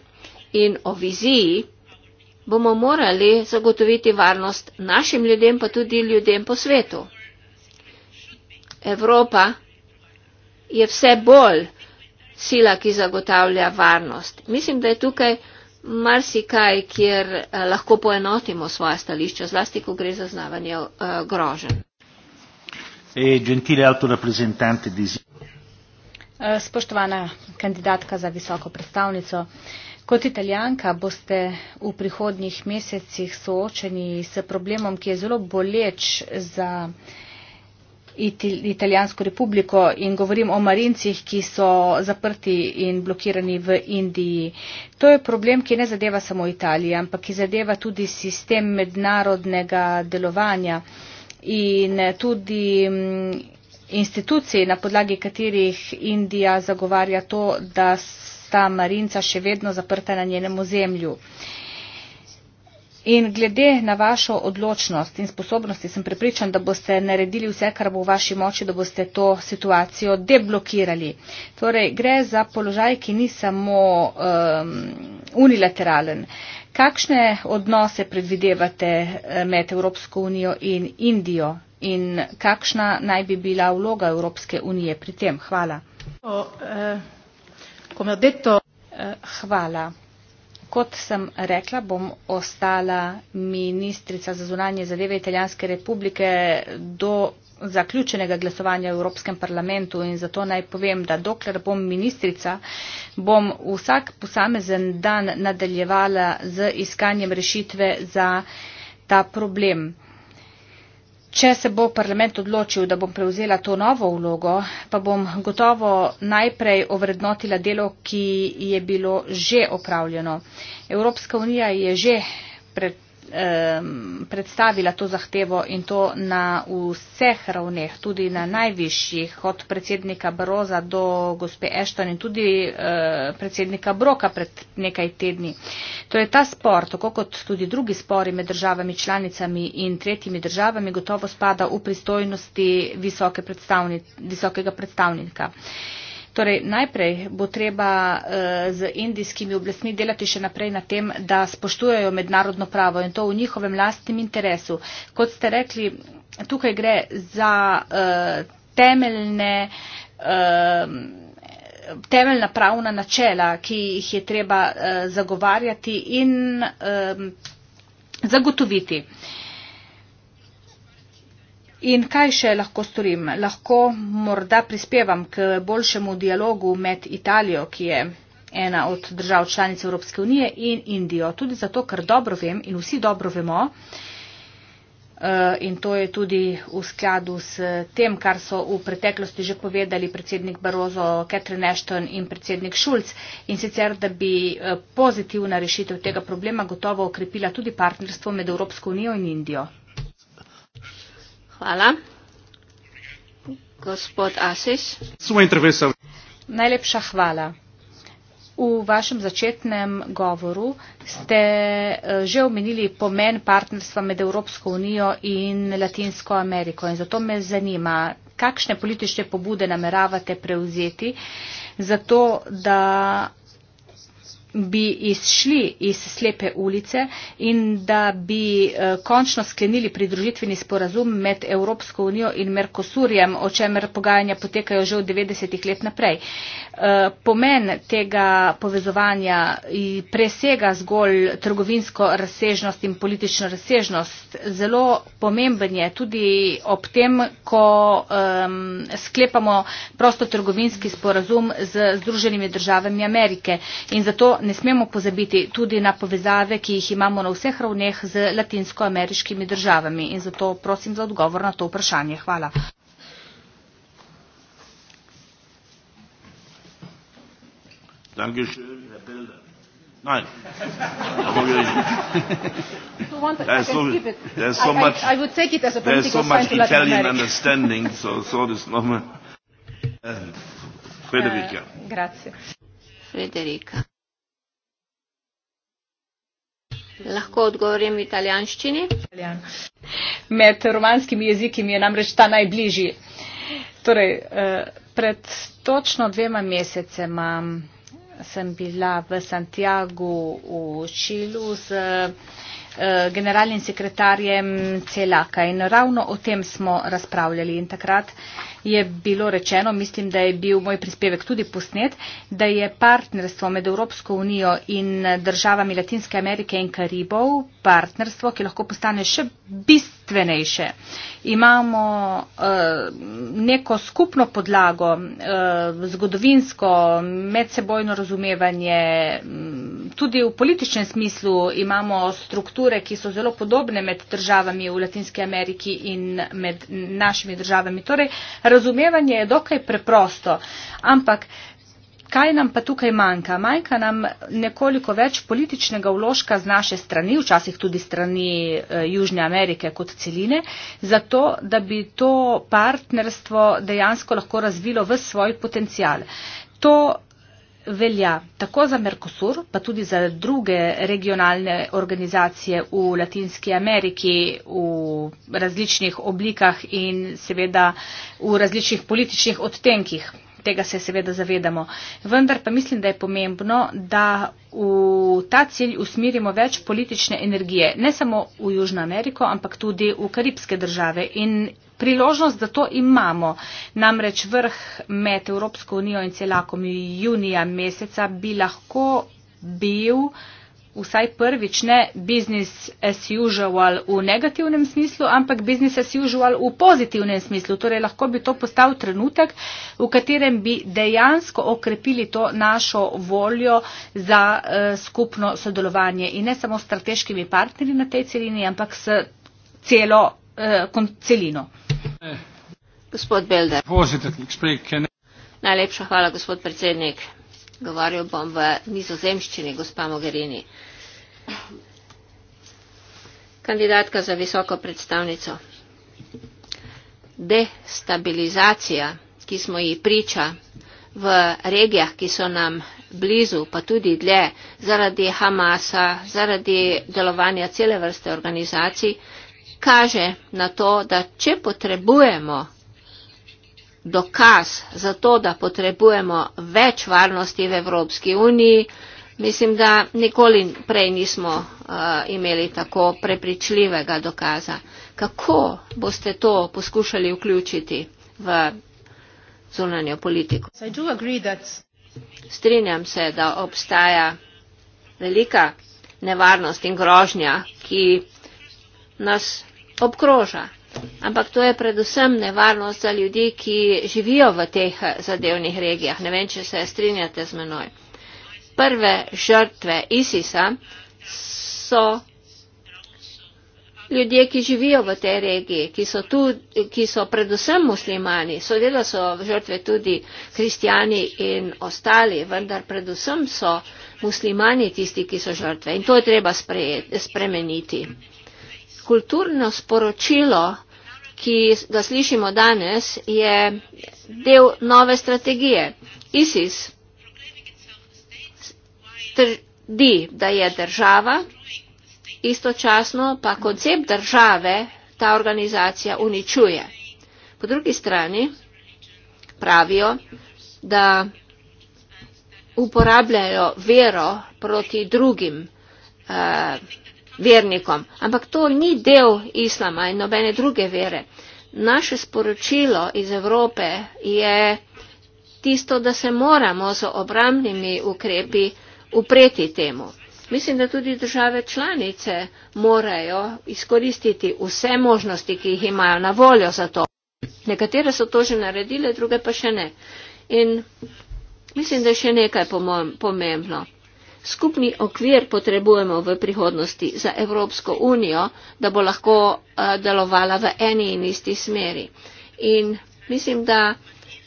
in o viziji, bomo morali zagotoviti varnost našim ljudem, pa tudi ljudem po svetu. Evropa je vse bolj sila, ki zagotavlja varnost. Mislim, da je tukaj marsikaj, kjer eh, lahko poenotimo svoje stališče, zlasti, ko gre za znavanje eh, groženj. E, eh, spoštovana kandidatka za visoko predstavnico, kot italijanka boste v prihodnjih mesecih soočeni s problemom, ki je zelo boleč za Italijansko republiko in govorim o marincih, ki so zaprti in blokirani v Indiji. To je problem, ki ne zadeva samo Italijo, ampak ki zadeva tudi sistem mednarodnega delovanja in tudi mm, institucije, na podlagi katerih Indija zagovarja to, da sta marinca še vedno zaprta na njenem ozemlju. In glede na vašo odločnost in sposobnosti sem prepričan, da boste naredili vse, kar bo v vaši moči, da boste to situacijo deblokirali. Torej, gre za položaj, ki ni samo um, unilateralen. Kakšne odnose predvidevate eh, med Evropsko unijo in Indijo in kakšna naj bi bila vloga Evropske unije pri tem? Hvala. Eh, eh, hvala. Kot sem rekla, bom ostala ministrica za zunanje zadeve Italijanske republike do zaključenega glasovanja v Evropskem parlamentu in zato naj povem, da dokler bom ministrica, bom vsak posamezen dan nadaljevala z iskanjem rešitve za ta problem. Če se bo parlament odločil, da bom prevzela to novo vlogo, pa bom gotovo najprej ovrednotila delo, ki je bilo že opravljeno. Evropska unija je že pred predstavila to zahtevo in to na vseh ravneh, tudi na najvišjih, od predsednika Broza do gospe Ešton in tudi eh, predsednika Broka pred nekaj tedni. To je ta spor, tako kot tudi drugi spori med državami članicami in tretjimi državami, gotovo spada v pristojnosti visoke predstavni, visokega predstavnika. Torej, najprej bo treba eh, z indijskimi oblastmi delati še naprej na tem, da spoštujejo mednarodno pravo in to v njihovem lastnem interesu. Kot ste rekli, tukaj gre za eh, temeljne, eh, temeljna pravna načela, ki jih je treba zagovarjati in zagotoviti. In kaj še lahko storim? Lahko morda prispevam k boljšemu dialogu med Italijo, ki je ena od držav članic Evropske unije, in Indijo. Tudi zato, ker dobro vem in vsi dobro vemo, eh, in to je tudi v skladu s tem, kar so v preteklosti že povedali predsednik Barozo, Catherine Ashton in predsednik Schulz, in sicer, da bi eh, pozitivna rešitev tega problema gotovo okrepila tudi partnerstvo med Evropsko unijo in Indijo. Hvala. Gospod Asis. Sva intervjusa. Najlepša hvala. V vašem začetnem govoru ste eh, že omenili pomen partnerstva med Evropsko unijo in Latinsko Ameriko. In zato me zanima, kakšne politične pobude nameravate prevzeti, zato da bi izšli iz slepe ulice in da bi eh, končno sklenili pridružitveni sporazum med Evropsko unijo in Merkosurjem, o čemer pogajanja potekajo že od 90-ih let naprej. Eh, pomen tega povezovanja presega zgolj trgovinsko razsežnost in politično razsežnost. Zelo pomemben je tudi ob tem, ko um, sklepamo prostotrgovinski sporazum z Združenimi državami Amerike. In zato ne smemo pozabiti tudi na povezave, ki jih imamo na vseh ravneh z latinskoameriškimi državami. In zato prosim za odgovor na to vprašanje. Hvala. Federica. *laughs* Uh, eh, grazie. Federica. Lahko odgovorim v italijanščini. Med romanskimi jeziki mi je namreč ta najbližji. Torej, eh, pred točno dvema mesecema sem bila v Santiago v Čilu z eh, generalnim sekretarjem Celaka in ravno o tem smo razpravljali in takrat je bilo rečeno, mislim, da je bil moj prispevek tudi posnet, da je partnerstvo med Evropsko unijo in državami Latinske Amerike in Karibov partnerstvo, ki lahko postane še bistvenejše. Imamo uh, neko skupno podlago, uh, zgodovinsko, medsebojno razumevanje, mm, tudi v političnem smislu imamo strukture, ki so zelo podobne med državami v Latinske Ameriki in med našimi državami. Torej, razumevanje je dokaj preprosto, ampak kaj nam pa tukaj manjka? Manjka nam nekoliko več političnega vložka z naše strani, včasih tudi strani eh, Južne Amerike kot celine, zato da bi to partnerstvo dejansko lahko razvilo v svoj potencial. To velja tako za Mercosur, pa tudi za druge regionalne organizacije v Latinski Ameriki v različnih oblikah in seveda v različnih političnih odtenkih. Tega se seveda zavedamo. Vendar pa mislim, da je pomembno, da v ta cilj usmirimo več politične energije, ne samo v Južno Ameriko, ampak tudi v karibske države in priložnost, da to imamo. Namreč vrh med Evropsko unijo in celakom junija meseca bi lahko bil vsaj prvič ne business as usual v negativnem smislu, ampak business as usual v pozitivnem smislu. Torej lahko bi to postal trenutek, v katerem bi dejansko okrepili to našo voljo za uh, skupno sodelovanje in ne samo s strateškimi partnerji na tej celini, ampak s celo uh, celino. Gospod Belder. Najlepša hvala, gospod predsednik. Govoril bom v nizozemščini, gospa Mogherini. Kandidatka za visoko predstavnico. Destabilizacija, ki smo ji priča v regijah, ki so nam blizu, pa tudi dlje, zaradi Hamasa, zaradi delovanja cele vrste organizacij, kaže na to, da če potrebujemo dokaz za to, da potrebujemo več varnosti v Evropski uniji, mislim, da nikoli prej nismo uh, imeli tako prepričljivega dokaza. Kako boste to poskušali vključiti v zunanjo politiko? Strinjam se, da obstaja velika nevarnost in grožnja, ki nas obkroža. Ampak to je predvsem nevarnost za ljudi, ki živijo v teh eh, zadevnih regijah. Ne vem, če se strinjate z menoj. Prve žrtve ISIS-a so ljudje, ki živijo v tej regiji, ki so, tu, ki so predvsem muslimani. Sodelo so žrtve tudi kristijani in ostali, vendar predvsem so muslimani tisti, ki so žrtve. In to je treba spremeniti kulturno sporočilo, ki ga slišimo danes, je del nove strategije. ISIS trdi, da je država, istočasno pa koncept države ta organizacija uničuje. Po drugi strani pravijo, da uporabljajo vero proti drugim. Uh, vernikom. Ampak to ni del islama in nobene druge vere. Naše sporočilo iz Evrope je tisto, da se moramo z obramnimi ukrepi upreti temu. Mislim, da tudi države članice morajo izkoristiti vse možnosti, ki jih imajo na voljo za to. Nekatere so to že naredile, druge pa še ne. In mislim, da je še nekaj pomembno. Skupni okvir potrebujemo v prihodnosti za Evropsko unijo, da bo lahko eh, delovala v eni in isti smeri. In mislim, da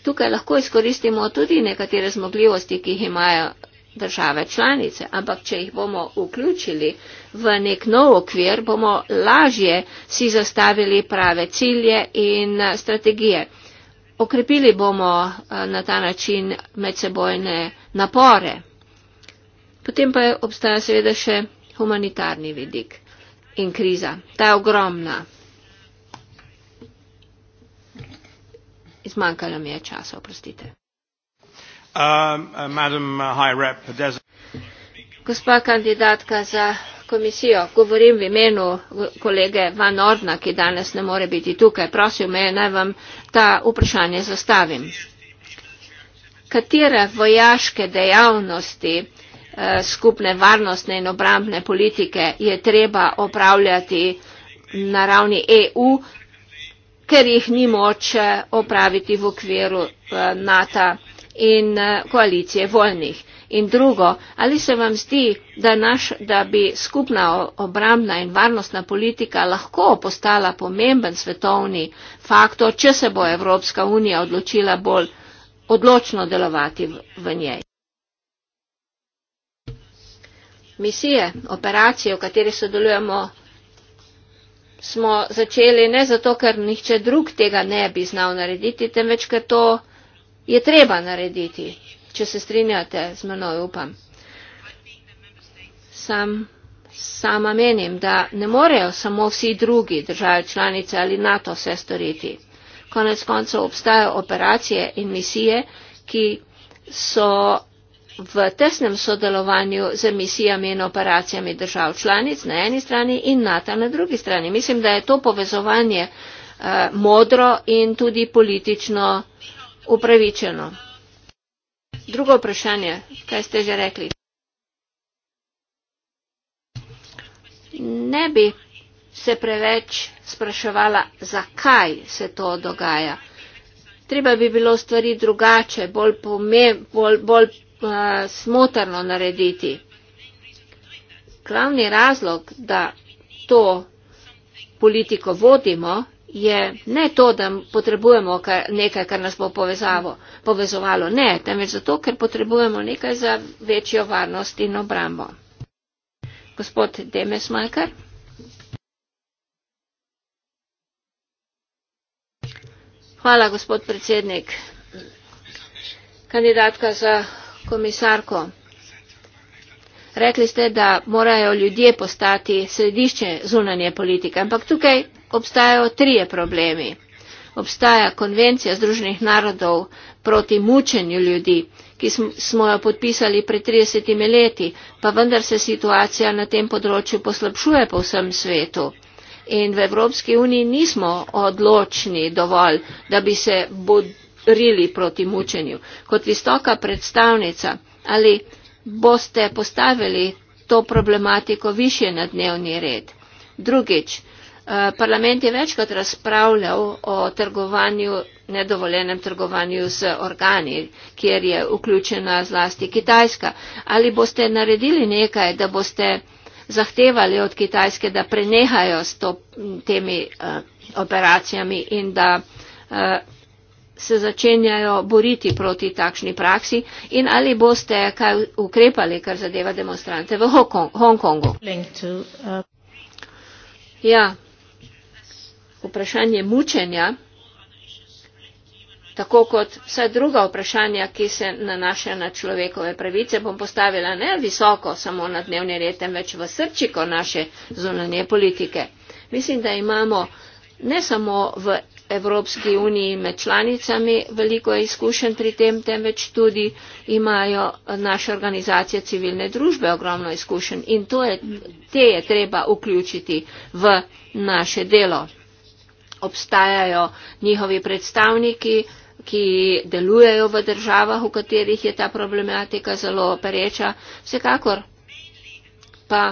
tukaj lahko izkoristimo tudi nekatere zmogljivosti, ki jih imajo države članice, ampak če jih bomo vključili v nek nov okvir, bomo lažje si zastavili prave cilje in eh, strategije. Okrepili bomo eh, na ta način medsebojne napore. Potem pa obstaja seveda še humanitarni vidik in kriza. Ta je ogromna. Izmanjkalo mi je časa, oprostite. Um, uh, uh, uh, Gospa kandidatka za komisijo, govorim v imenu kolege Van Ordna, ki danes ne more biti tukaj. Prosil me, naj vam ta vprašanje zastavim. Katere vojaške dejavnosti Eh, skupne varnostne in obrambne politike je treba opravljati na ravni EU, ker jih ni moč eh, opraviti v okviru eh, NATO in koalicije voljnih. In drugo, ali se vam zdi, da, naš, da bi skupna obrambna in varnostna politika lahko postala pomemben svetovni faktor, če se bo Evropska unija odločila bolj odločno delovati v njej? misije, operacije, v kateri sodelujemo, smo začeli ne zato, ker nihče drug tega ne bi znal narediti, temveč, ker to je treba narediti, če se strinjate z menoj, upam. Sam, sama menim, da ne morejo samo vsi drugi države članice ali NATO vse storiti. Konec koncev obstajajo operacije in misije, ki so v tesnem sodelovanju z misijami in operacijami držav članic na eni strani in NATO na drugi strani. Mislim, da je to povezovanje eh, modro in tudi politično upravičeno. Drugo vprašanje, kaj ste že rekli? Ne bi se preveč spraševala, zakaj se to dogaja. Treba bi bilo stvari drugače, bolj, pomem, bolj, bolj Eh, smotrno narediti. Glavni razlog, da to politiko vodimo, je ne to, da potrebujemo nekaj, kar nas bo povezavo, povezovalo, ne, temveč zato, ker potrebujemo nekaj za večjo varnost in obrambo. Gospod Demesmajker. Hvala, gospod predsednik. Kandidatka za komisarko. Rekli ste, da morajo ljudje postati središče zunanje politike, ampak tukaj obstajajo trije problemi. Obstaja konvencija Združenih narodov proti mučenju ljudi, ki smo jo podpisali pred 30 leti, pa vendar se situacija na tem področju poslabšuje po vsem svetu. In v Evropski uniji nismo odločni dovolj, da bi se bodo borili proti mučenju. Kot visoka predstavnica, ali boste postavili to problematiko više na dnevni red? Drugič, eh, parlament je večkrat razpravljal o trgovanju, nedovoljenem trgovanju z organi, kjer je vključena zlasti Kitajska. Ali boste naredili nekaj, da boste zahtevali od Kitajske, da prenehajo s to, temi uh, operacijami in da uh, se začenjajo boriti proti takšni praksi in ali boste kaj ukrepali, kar zadeva demonstrante v Hongkongu. Ja, vprašanje mučenja, tako kot vsa druga vprašanja, ki se nanašajo na človekove pravice, bom postavila ne visoko samo na dnevni red, temveč v srčiko naše zunanje politike. Mislim, da imamo ne samo v Evropski uniji med članicami veliko izkušenj pri tem, temveč tudi imajo naše organizacije civilne družbe ogromno izkušenj in to je, te je treba vključiti v naše delo. Obstajajo njihovi predstavniki, ki delujejo v državah, v katerih je ta problematika zelo pereča. Vsekakor pa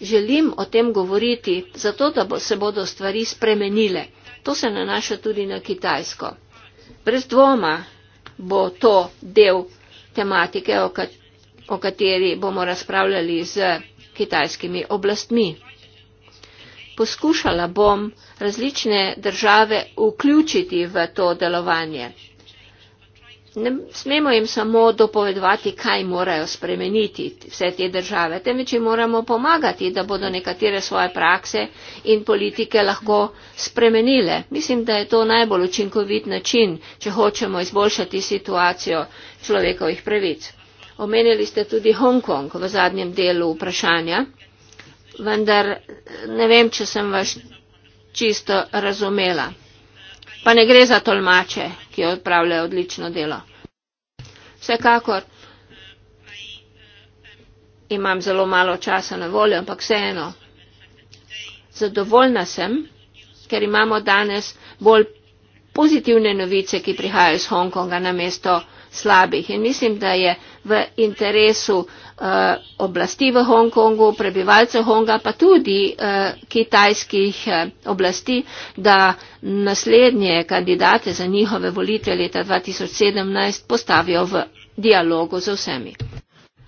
želim o tem govoriti, zato da bo, se bodo stvari spremenile. To se nanaša tudi na Kitajsko. Brez dvoma bo to del tematike, o kateri bomo razpravljali z kitajskimi oblastmi. Poskušala bom različne države vključiti v to delovanje ne smemo jim samo dopovedovati, kaj morajo spremeniti vse te države, temveč jim moramo pomagati, da bodo nekatere svoje prakse in politike lahko spremenile. Mislim, da je to najbolj učinkovit način, če hočemo izboljšati situacijo človekovih pravic. Omenili ste tudi Hongkong v zadnjem delu vprašanja, vendar ne vem, če sem vas čisto razumela. Pa ne gre za tolmače, ki odpravljajo odlično delo. Vsekakor imam zelo malo časa na voljo, ampak vseeno. Zadovoljna sem, ker imamo danes bolj pozitivne novice, ki prihajajo iz Hongkonga na mesto slabih. In mislim, da je v interesu eh, oblasti v Hongkongu, prebivalcev Honga, pa tudi eh, kitajskih eh, oblasti, da naslednje kandidate za njihove volitve leta 2017 postavijo v dialogu z vsemi.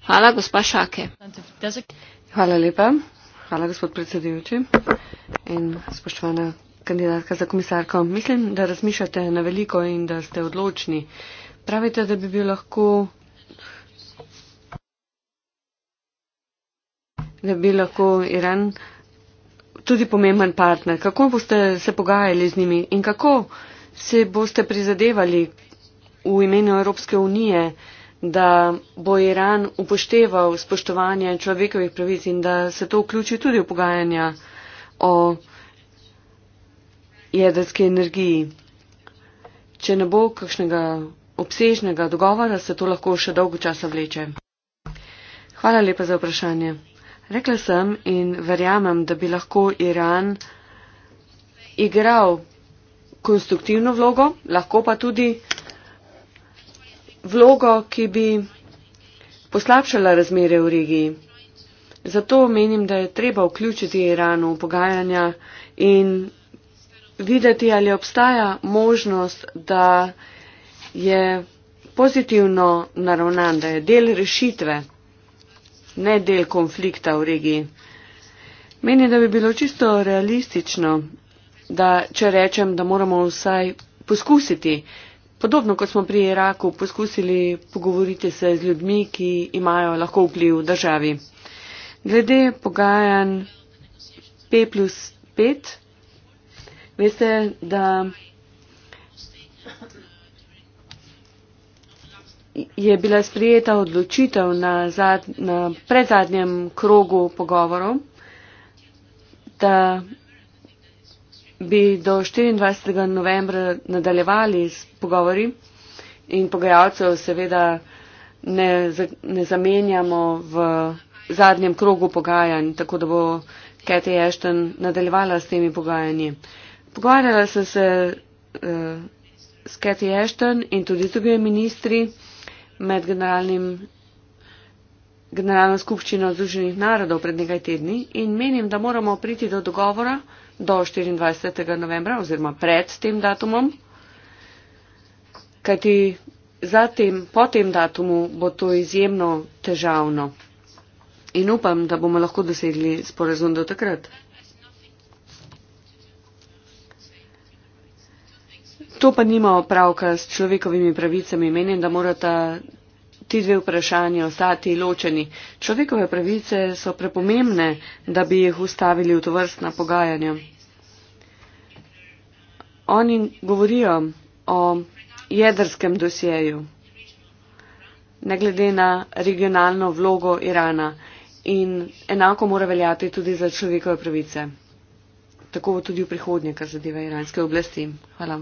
Hvala, gospa Šake. Hvala lepa. Hvala, gospod predsedujoči in spoštovana kandidatka za komisarko. Mislim, da razmišljate na veliko in da ste odločni. Pravite, da bi bil lahko da bi lahko Iran tudi pomemben partner. Kako boste se pogajali z njimi in kako se boste prizadevali v imenu Evropske unije, da bo Iran upošteval spoštovanje človekovih pravic in da se to vključi tudi v pogajanja o jedrski energiji. Če ne bo kakšnega obsežnega dogovora, se to lahko še dolgo časa vleče. Hvala lepa za vprašanje. Rekla sem in verjamem, da bi lahko Iran igral konstruktivno vlogo, lahko pa tudi vlogo, ki bi poslabšala razmere v regiji. Zato menim, da je treba vključiti Iran v pogajanja in videti, ali obstaja možnost, da je pozitivno naravnan, da je del rešitve ne del konflikta v regiji. Meni, da bi bilo čisto realistično, da če rečem, da moramo vsaj poskusiti, podobno kot smo pri Iraku, poskusili pogovoriti se z ljudmi, ki imajo lahko vpliv v državi. Glede pogajan P plus 5, veste, da je bila sprijeta odločitev na, zad, na predzadnjem krogu pogovorov, da bi do 24. novembra nadaljevali s pogovori in pogajalcev seveda ne, ne zamenjamo v zadnjem krogu pogajanj, tako da bo Kathy Ashton nadaljevala s temi pogajanji. Pogovarjala sem se uh, s Kathy Ashton in tudi drugimi ministri med generalnim, generalno skupščino Združenih narodov pred nekaj tedni in menim, da moramo priti do dogovora do 24. novembra oziroma pred tem datumom, kajti zatem, po tem datumu bo to izjemno težavno. In upam, da bomo lahko dosegli sporazum do takrat. to pa nima opravka s človekovimi pravicami, menim, da morata ti dve vprašanje ostati ločeni. Človekove pravice so prepomembne, da bi jih ustavili v to vrstna pogajanja. Oni govorijo o jedrskem dosjeju, ne glede na regionalno vlogo Irana in enako mora veljati tudi za človekove pravice. Tako bo tudi v prihodnje, kar zadeva iranske oblasti. Hvala.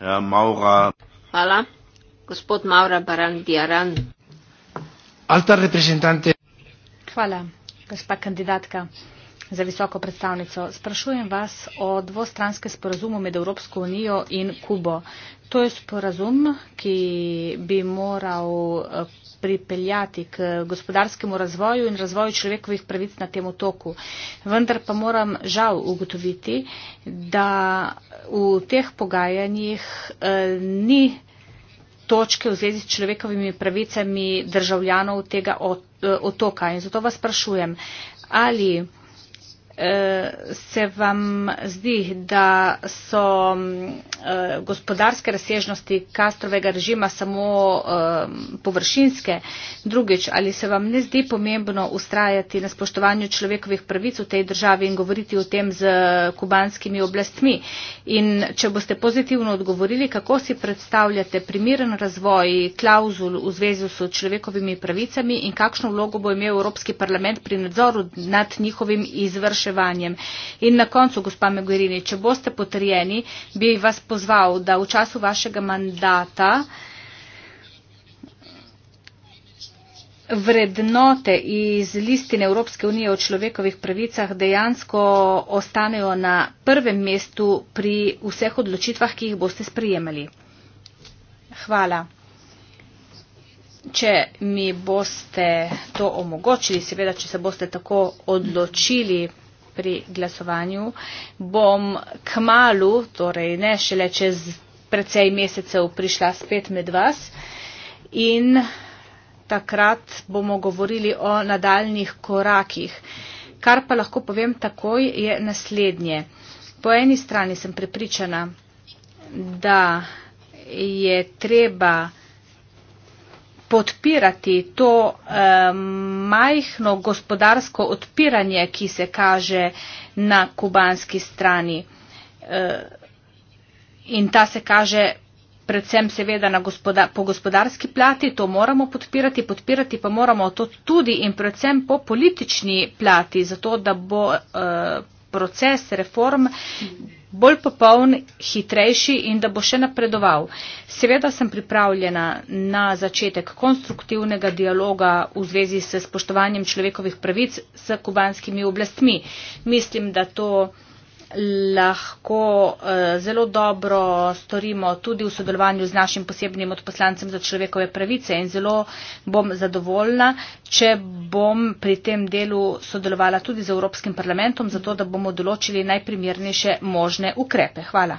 Ja, Maura. Hvala. Gospod Maura Barandiaran. Alta reprezentante. Hvala, gospa kandidatka za visoko predstavnico. Sprašujem vas o dvostranske sporazumu med Evropsko unijo in Kubo. To je sporazum, ki bi moral pripeljati k gospodarskemu razvoju in razvoju človekovih pravic na tem otoku. Vendar pa moram žal ugotoviti, da v teh pogajanjih eh, ni točke v zvezi s človekovimi pravicami državljanov tega eh, otoka. In zato vas sprašujem, ali se vam zdi, da so mm, e, gospodarske razsežnosti Kastrovega režima samo e, površinske? Drugič, ali se vam ne zdi pomembno ustrajati na spoštovanju človekovih pravic v tej državi in govoriti o tem z kubanskimi oblastmi? In če boste pozitivno odgovorili, kako si predstavljate primiren razvoj klauzul v zvezi s človekovimi pravicami in kakšno vlogo bo imel Evropski parlament pri nadzoru nad njihovim izvršenjem? reševanjem. In na koncu, gospa Megorini, če boste potrjeni, bi vas pozval, da v času vašega mandata vrednote iz listine Evropske unije o človekovih pravicah dejansko ostanejo na prvem mestu pri vseh odločitvah, ki jih boste sprijemali. Hvala. Če mi boste to omogočili, seveda, če se boste tako odločili pri glasovanju, bom k malu, torej ne šele čez precej mesecev, prišla spet med vas in takrat bomo govorili o nadaljnih korakih. Kar pa lahko povem takoj je naslednje. Po eni strani sem prepričana, da je treba podpirati to eh, majhno gospodarsko odpiranje, ki se kaže na kubanski strani. Eh, in ta se kaže predvsem seveda na gospoda, po gospodarski plati, to moramo podpirati, podpirati pa moramo to tudi in predvsem po politični plati, zato da bo eh, proces reform bolj popoln, hitrejši in da bo še napredoval. Seveda sem pripravljena na začetek konstruktivnega dialoga v zvezi s spoštovanjem človekovih pravic s kubanskimi oblastmi. Mislim, da to lahko eh, zelo dobro storimo tudi v sodelovanju z našim posebnim odposlancem za človekove pravice in zelo bom zadovoljna, če bom pri tem delu sodelovala tudi z Evropskim parlamentom, zato da bomo določili najprimernejše možne ukrepe. Hvala.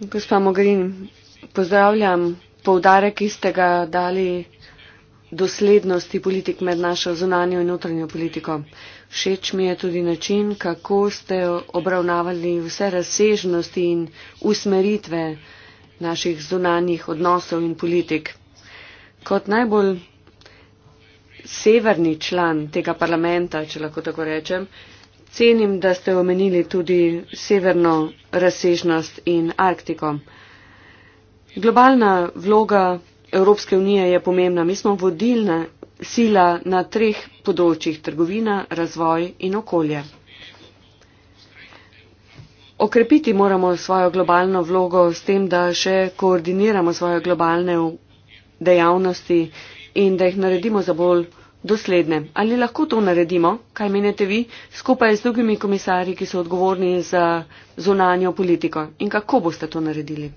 Gospa Mogherini, pozdravljam povdarek, ki ste ga dali doslednosti politik med našo zunanjo in notranjo politiko. Všeč mi je tudi način, kako ste obravnavali vse razsežnosti in usmeritve naših zunanjih odnosov in politik. Kot najbolj severni član tega parlamenta, če lahko tako rečem, cenim, da ste omenili tudi severno razsežnost in Arktiko. Globalna vloga Evropske unije je pomembna. Mi smo vodilna sila na treh področjih trgovina, razvoj in okolje. Okrepiti moramo svojo globalno vlogo s tem, da še koordiniramo svoje globalne dejavnosti in da jih naredimo za bolj dosledne. Ali lahko to naredimo, kaj menite vi, skupaj z drugimi komisarji, ki so odgovorni za zunanjo politiko? In kako boste to naredili?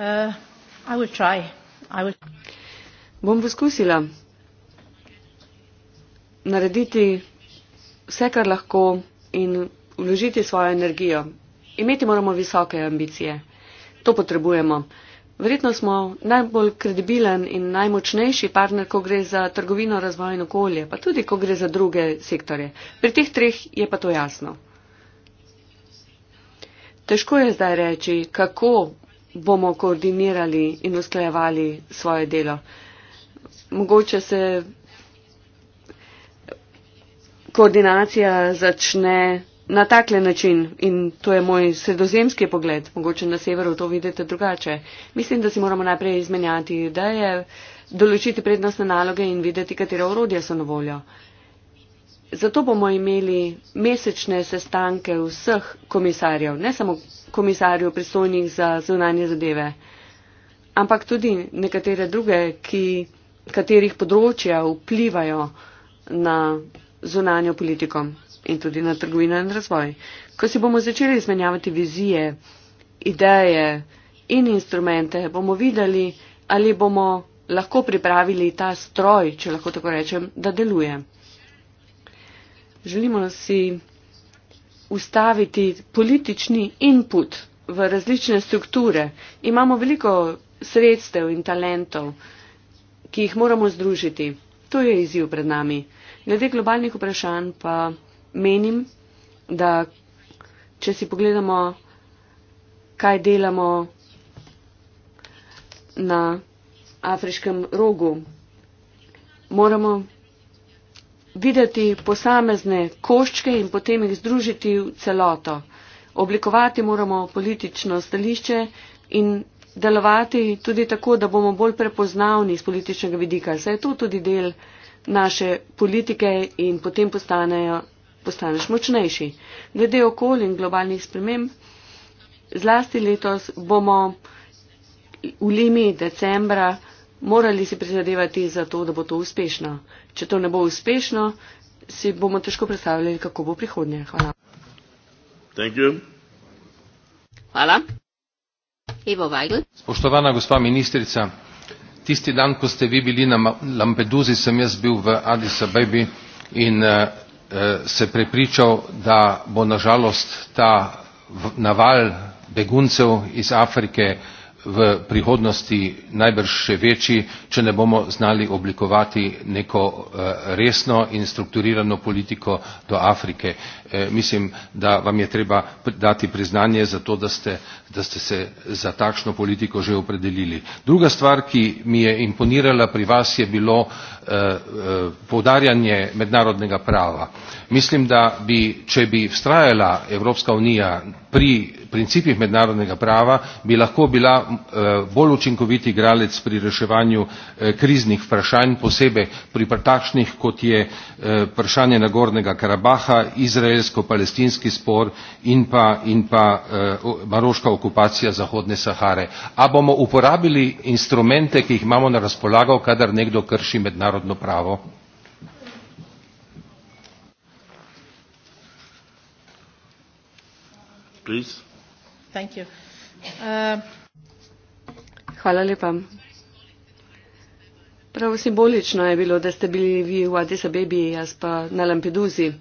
Uh, bom poskusila narediti vse, kar lahko in vložiti svojo energijo. Imeti moramo visoke ambicije. To potrebujemo. Verjetno smo najbolj kredibilen in najmočnejši partner, ko gre za trgovino, razvoj in okolje, pa tudi, ko gre za druge sektore. Pri teh treh je pa to jasno. Težko je zdaj reči, kako bomo koordinirali in usklajevali svoje delo. Mogoče se koordinacija začne na takle način in to je moj sredozemski pogled. Mogoče na severu to vidite drugače. Mislim, da si moramo najprej izmenjati ideje, določiti prednostne naloge in videti, katera orodja so na voljo. Zato bomo imeli mesečne sestanke vseh komisarjev, ne samo komisarju pristojnih za zunanje zadeve, ampak tudi nekatere druge, ki, katerih področja vplivajo na zunanjo politiko in tudi na trgovino in razvoj. Ko si bomo začeli izmenjavati vizije, ideje in instrumente, bomo videli, ali bomo lahko pripravili ta stroj, če lahko tako rečem, da deluje. Želimo si ustaviti politični input v različne strukture. Imamo veliko sredstev in talentov, ki jih moramo združiti. To je izziv pred nami. Glede globalnih vprašanj pa menim, da če si pogledamo, kaj delamo na afriškem rogu, moramo videti posamezne koščke in potem jih združiti v celoto. Oblikovati moramo politično stališče in delovati tudi tako, da bomo bolj prepoznavni iz političnega vidika. Saj je to tudi del naše politike in potem postanejo, postaneš močnejši. Glede okolja in globalnih sprememb, zlasti letos bomo v limi decembra morali si prizadevati za to, da bo to uspešno. Če to ne bo uspešno, si bomo težko predstavljali, kako bo prihodnje. Hvala. Hvala. Evo Vajgl. Spoštovana gospa ministrica, tisti dan, ko ste vi bili na Lampeduzi, sem jaz bil v Addis Abebi in uh, se prepričal, da bo nažalost ta naval beguncev iz Afrike uh, v prihodnosti najbrž še večji, če ne bomo znali oblikovati neko eh, resno in strukturirano politiko do Afrike. E, mislim, da vam je treba dati priznanje za to, da ste, da ste se za takšno politiko že opredelili. Druga stvar, ki mi je imponirala pri vas, je bilo e, e, poudarjanje mednarodnega prava. Mislim, da bi, če bi vztrajala Evropska unija pri principih mednarodnega prava, bi lahko bila bolj učinkovit igralec pri reševanju kriznih vprašanj, posebej pri takšnih, kot je vprašanje Nagornega Karabaha, Izrael, izraelsko palestinski spor in pa, in pa eh, maroška okupacija zahodne sahare a bomo uporabili instrumente ki jih imamo na razpolago kadar nekdo krši mednarodno pravo Thank you. Uh, Hvala lepa. Prav simbolično je bilo, da ste bili vi v Adisabebi, jaz pa na Lampeduzi. Uh,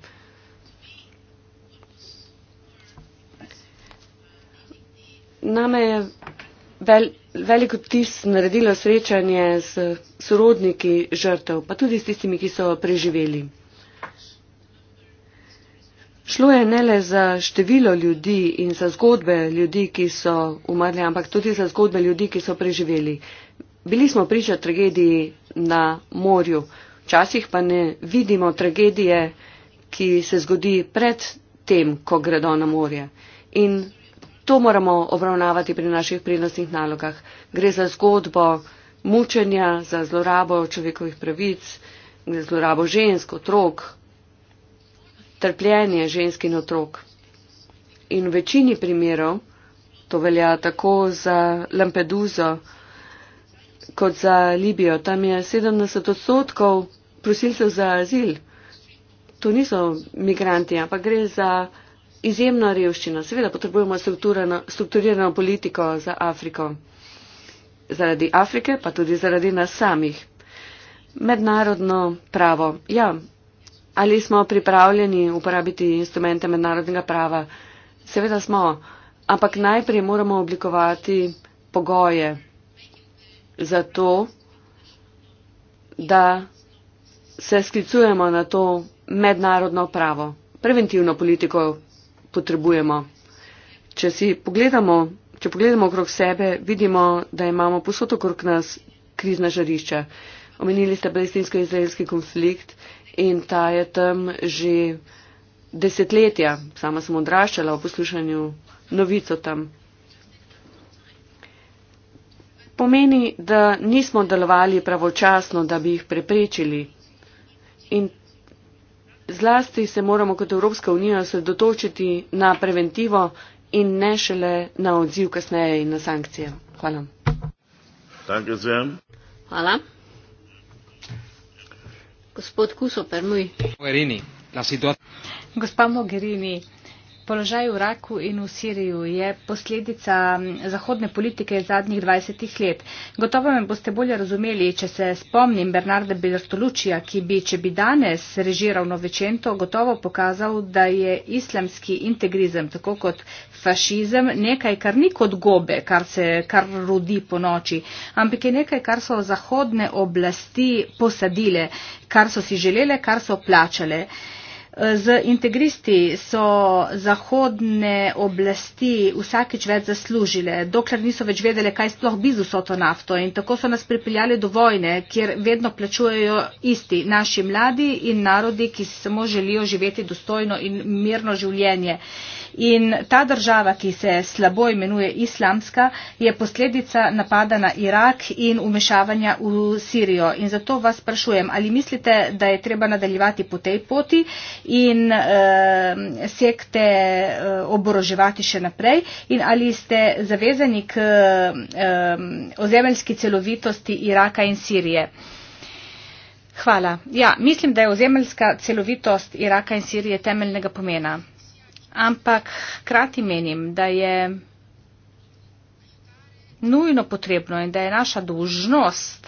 name je vel, velik vtis naredilo srečanje s sorodniki žrtev, pa tudi s tistimi, ki so preživeli. Šlo je ne le za število ljudi in za zgodbe ljudi, ki so umrli, ampak tudi za zgodbe ljudi, ki so preživeli. Bili smo priča tragediji na morju. Včasih pa ne vidimo tragedije, ki se zgodi pred tem, ko gredo na morje. In To moramo obravnavati pri naših prednostnih nalogah. Gre za zgodbo mučenja, za zlorabo človekovih pravic, za zlorabo žensk, otrok, trpljenje žensk in otrok. In v večini primerov, to velja tako za Lampeduzo kot za Libijo, tam je 70 odstotkov prosilcev za azil. To niso migranti, ampak gre za izjemna revščina. Seveda potrebujemo strukturirano politiko za Afriko. Zaradi Afrike, pa tudi zaradi nas samih. Mednarodno pravo. Ja, ali smo pripravljeni uporabiti instrumente mednarodnega prava? Seveda smo, ampak najprej moramo oblikovati pogoje za to, da se sklicujemo na to mednarodno pravo, preventivno politiko, potrebujemo. Če si pogledamo, če pogledamo okrog sebe, vidimo, da imamo posod okrog nas krizna žarišča. Omenili ste palestinsko-izraelski konflikt in ta je tam že desetletja. Sama sem odraščala v poslušanju novico tam. Pomeni, da nismo delovali pravočasno, da bi jih preprečili. In zlasti se moramo kot Evropska unija osredotočiti na preventivo in ne šele na odziv kasneje in na sankcije. Hvala. Hvala. Gospod Kusoper, Mogherini. Gospa Mogherini, Položaj v Iraku in v Siriju je posledica zahodne politike zadnjih 20 let. Gotovo me boste bolje razumeli, če se spomnim Bernarda Bertolučija, ki bi, če bi danes režiral Novečento, gotovo pokazal, da je islamski integrizem, tako kot fašizem, nekaj, kar ni kot gobe, kar se kar rodi po noči, ampak je nekaj, kar so zahodne oblasti posadile, kar so si želele, kar so plačale. Z integristi so zahodne oblasti vsakič več zaslužile, dokler niso več vedele, kaj sploh bi z vso to nafto. In tako so nas pripeljali do vojne, kjer vedno plačujejo isti naši mladi in narodi, ki samo želijo živeti dostojno in mirno življenje. In ta država, ki se slabo imenuje islamska, je posledica napada na Irak in umešavanja v Sirijo. In zato vas sprašujem, ali mislite, da je treba nadaljevati po tej poti in eh, sekte eh, oboroževati še naprej in ali ste zavezani k eh, ozemeljski celovitosti Iraka in Sirije. Hvala. Ja, mislim, da je ozemeljska celovitost Iraka in Sirije temeljnega pomena ampak hkrati menim, da je nujno potrebno in da je naša dolžnost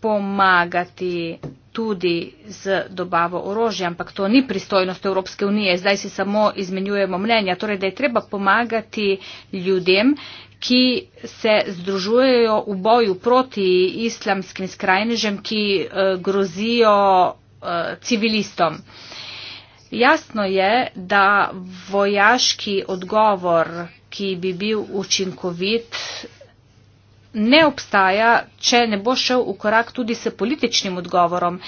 pomagati tudi z dobavo orožja, ampak to ni pristojnost Evropske unije, zdaj si samo izmenjujemo mnenja, torej da je treba pomagati ljudem, ki se združujejo v boju proti islamskim skrajnežem, ki uh, grozijo uh, civilistom. Uh, Jasno je, da vojaški odgovor, ki bi bil učinkovit, ne obstaja, če ne bo šel v korak tudi s političnim odgovorom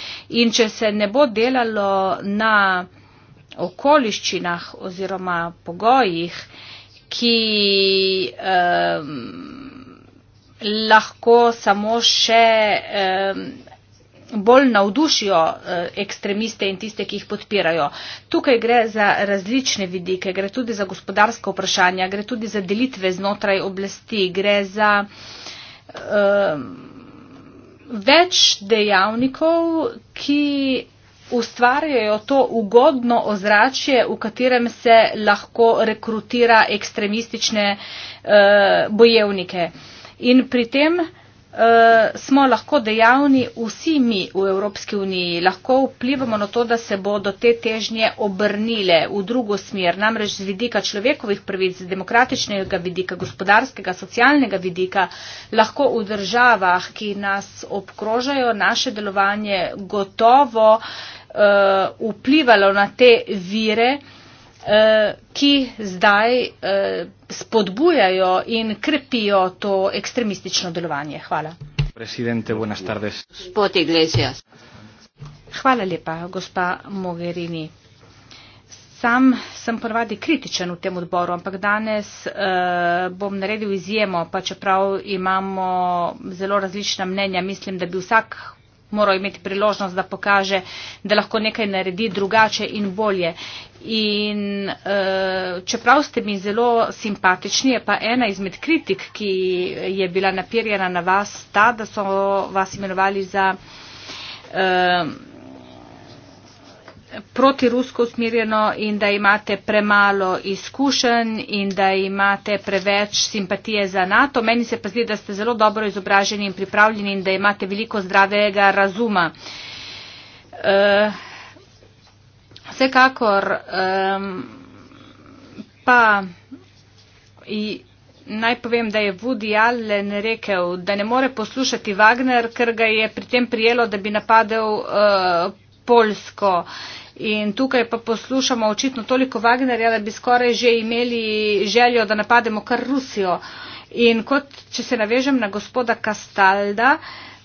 in če se ne bo delalo na okoliščinah oziroma pogojih, ki um, lahko samo še um, bolj navdušijo eh, ekstremiste in tiste, ki jih podpirajo. Tukaj gre za različne vidike, gre tudi za gospodarska vprašanja, gre tudi za delitve znotraj oblasti, gre za uh, več dejavnikov, ki ustvarjajo to ugodno ozračje, v katerem se lahko rekrutira ekstremistične uh, bojevnike. In pri tem uh, Eh, smo lahko dejavni vsi mi v Evropski uniji. Lahko vplivamo na to, da se bodo te težnje obrnile v drugo smer, namreč z vidika človekovih prvic, z demokratičnega vidika, gospodarskega, socialnega vidika, lahko v državah, ki nas obkrožajo, naše delovanje gotovo uh, vplivalo na te vire, uh, Eh, ki zdaj eh, spodbujajo in krepijo to ekstremistično delovanje. Hvala. Hvala lepa, gospa Mogherini. Sam sem ponovadi kritičen v tem odboru, ampak danes uh, bom naredil izjemo, pa čeprav imamo zelo različna mnenja, mislim, da bi vsak moral imeti priložnost, da pokaže, da lahko nekaj naredi drugače in bolje. In eh, čeprav ste mi zelo simpatični, je pa ena izmed kritik, ki je bila napirjena na vas, ta, da so vas imenovali za. Uh, proti rusko usmirjeno in da imate premalo izkušenj in da imate preveč simpatije za NATO. Meni se pa zdi, da ste zelo dobro izobraženi in pripravljeni in da imate veliko zdravega razuma. Uh, vsekakor um, pa i, naj povem, da je Woody Allen rekel, da ne more poslušati Wagner, ker ga je pri tem prijelo, da bi napadel uh, eh, Polsko. Uh, In tukaj pa poslušamo očitno toliko Wagnerja, da bi skoraj že imeli željo, da napademo kar Rusijo. In kot, če se navežem na gospoda Kastalda,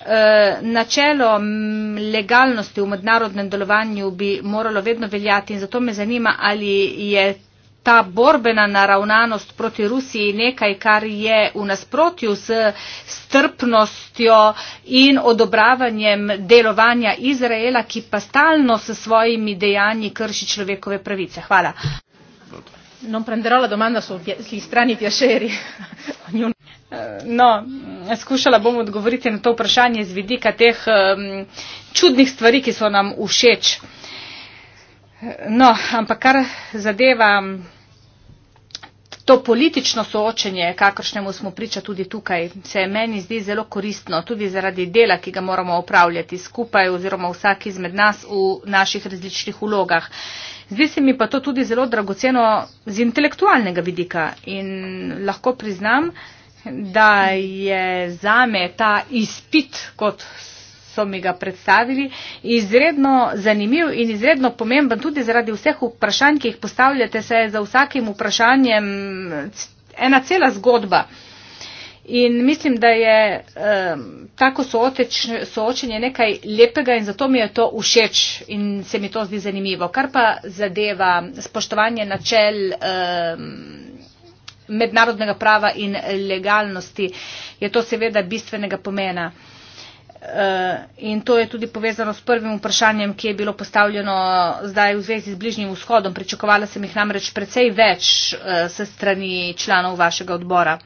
eh, načelo legalnosti v mednarodnem delovanju bi moralo vedno veljati in zato me zanima, ali je ta borbena naravnanost proti Rusiji nekaj, kar je v nasprotju s strpnostjo in odobravanjem delovanja Izraela, ki pa stalno s svojimi dejanji krši človekove pravice. Hvala. Non prenderò la domanda sugli strani piaceri. *laughs* No, skušala bom odgovoriti na to vprašanje z vidika teh um, čudnih stvari, ki so nam všeč. No, ampak kar zadeva. Um, to politično soočenje, kakršnemu smo priča tudi tukaj, se meni zdi zelo koristno, tudi zaradi dela, ki ga moramo opravljati skupaj oziroma vsak izmed nas v naših različnih ulogah. Zdi se mi pa to tudi zelo dragoceno z intelektualnega vidika in lahko priznam, da je zame ta izpit kot so mi ga predstavili. Izredno zanimiv in izredno pomemben tudi zaradi vseh vprašanj, ki jih postavljate, se je za vsakim vprašanjem ena cela zgodba. In mislim, da je eh, tako sooteč, soočenje nekaj lepega in zato mi je to všeč in se mi to zdi zanimivo. Kar pa zadeva spoštovanje načel eh, mednarodnega prava in legalnosti, je to seveda bistvenega pomena. Eh, in to je tudi povezano s prvim vprašanjem, ki je bilo postavljeno zdaj v zvezi z bližnjim vzhodom. Pričakovala sem jih namreč precej več eh, se strani članov vašega odbora.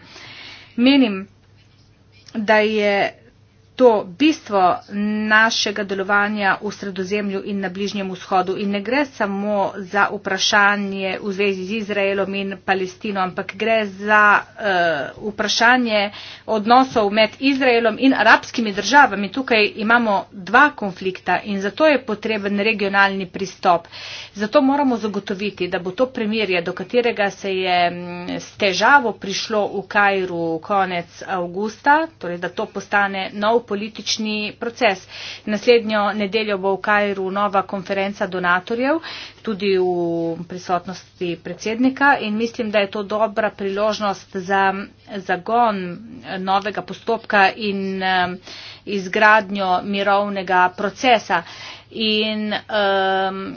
Menim, da je to bistvo našega delovanja v sredozemlju in na Bližnjem vzhodu. In ne gre samo za vprašanje v zvezi z Izraelom in Palestino, ampak gre za uh, vprašanje odnosov med Izraelom in arabskimi državami. Tukaj imamo dva konflikta in zato je potreben regionalni pristop. Zato moramo zagotoviti, da bo to premirje, do katerega se je s težavo prišlo v Kajru konec avgusta, torej da to postane nov politični proces. Naslednjo nedeljo bo v Kajru nova konferenca donatorjev, tudi v prisotnosti predsednika in mislim, da je to dobra priložnost za zagon novega postopka in um, izgradnjo mirovnega procesa. In, um,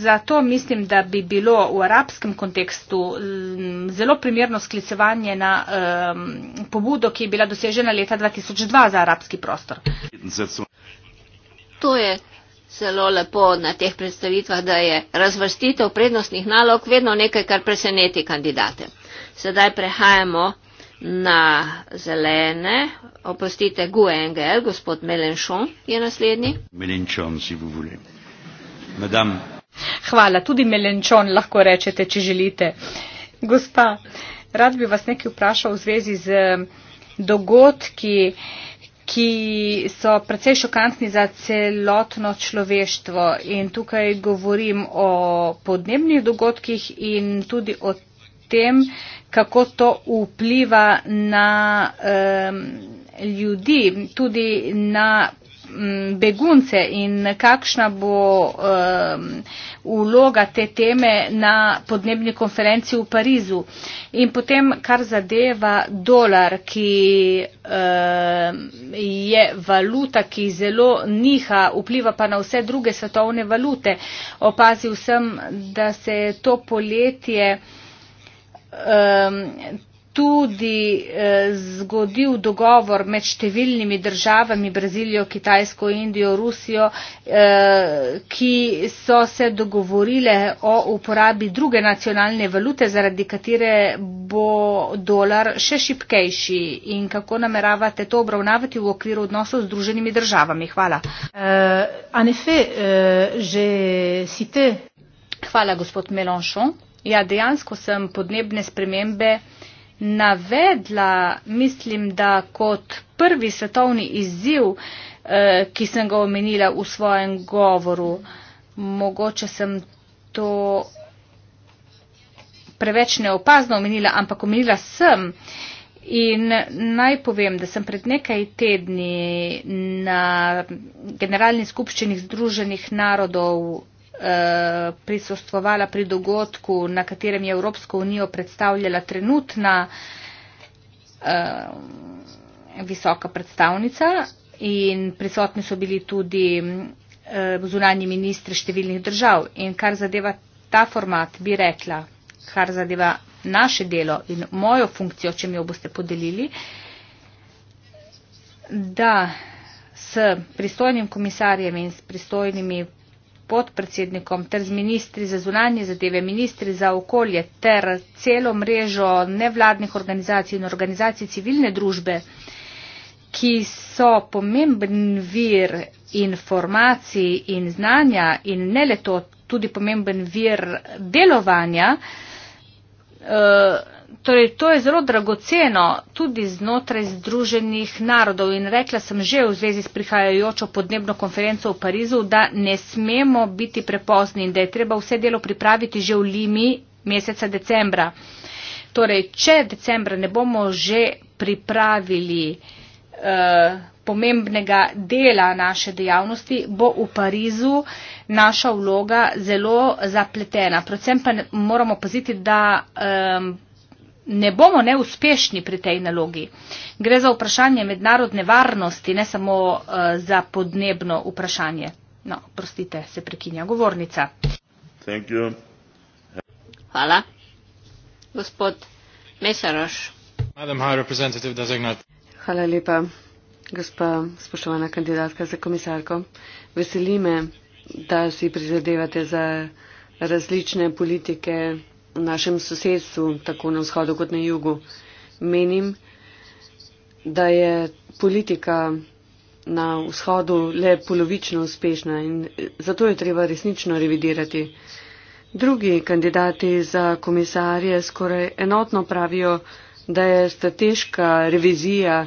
Zato mislim, da bi bilo v arabskem kontekstu mm, zelo primerno sklicevanje na um, pobudo, ki je bila dosežena leta 2002 za arabski prostor. To je zelo lepo na teh predstavitvah, da je razvrstitev prednostnih nalog vedno nekaj, kar preseneti kandidate. Sedaj prehajamo na zelene. Opustite, Guengel, gospod Melenchon je naslednji. Melenchon, če vi želite madame. Hvala, tudi melenčon lahko rečete, če želite. Gospa, rad bi vas nekaj vprašal v zvezi z eh, dogodki, ki so precej šokantni za celotno človeštvo. In tukaj govorim o podnebnih dogodkih in tudi o tem, kako to vpliva na um, ljudi, tudi na Mm, begunce in kakšna bo uloga te teme na podnebni konferenci v Parizu. In potem, kar zadeva dolar, ki je valuta, ki zelo niha, vpliva pa na vse druge svetovne valute. Opazil sem, da se je to poletje tudi eh, zgodil dogovor med številnimi državami, Brazilijo, Kitajsko, Indijo, Rusijo, eh, ki so se dogovorile o uporabi druge nacionalne valute, zaradi katere bo dolar še šipkejši. In kako nameravate to obravnavati v okviru odnosov z druženimi državami? Hvala. Eh, Hvala, gospod Melonšon. Ja, dejansko sem podnebne spremembe navedla, mislim, da kot prvi svetovni izziv, eh, ki sem ga omenila v svojem govoru. Mogoče sem to preveč neopazno omenila, ampak omenila sem. In naj povem, da sem pred nekaj tedni na generalni skupščini Združenih narodov Eh, prisostvovala pri dogodku, na katerem je Evropsko unijo predstavljala trenutna eh, visoka predstavnica in prisotni so bili tudi eh, zunanji ministri številnih držav. In kar zadeva ta format, bi rekla, kar zadeva naše delo in mojo funkcijo, če mi jo boste podelili, da s pristojnim komisarjem in s pristojnimi podpredsednikom ter z ministri za zunanje zadeve, ministri za okolje ter celo mrežo nevladnih organizacij in organizacij civilne družbe, ki so pomemben vir informacij in znanja in ne le to, tudi pomemben vir delovanja. Uh, Torej, to je zelo dragoceno tudi znotraj Združenih narodov in rekla sem že v zvezi s prihajajočo podnebno konferenco v Parizu, da ne smemo biti prepozni in da je treba vse delo pripraviti že v Limi meseca decembra. Torej, če decembra ne bomo že pripravili uh, pomembnega dela naše dejavnosti, bo v Parizu naša vloga zelo zapletena. Predvsem pa moramo paziti, da. Um, ne bomo neuspešni pri tej nalogi. Gre za vprašanje mednarodne varnosti, ne samo uh, za podnebno vprašanje. No, prostite, se prekinja govornica. Hvala. Gospod Mesaroš. Hvala lepa, gospa spoštovana kandidatka za komisarko. Veseli me, da si prizadevate za različne politike v našem sosedstvu, tako na vzhodu kot na jugu. Menim, da je politika na vzhodu le polovično uspešna in zato je treba resnično revidirati. Drugi kandidati za komisarje skoraj enotno pravijo, da je strateška revizija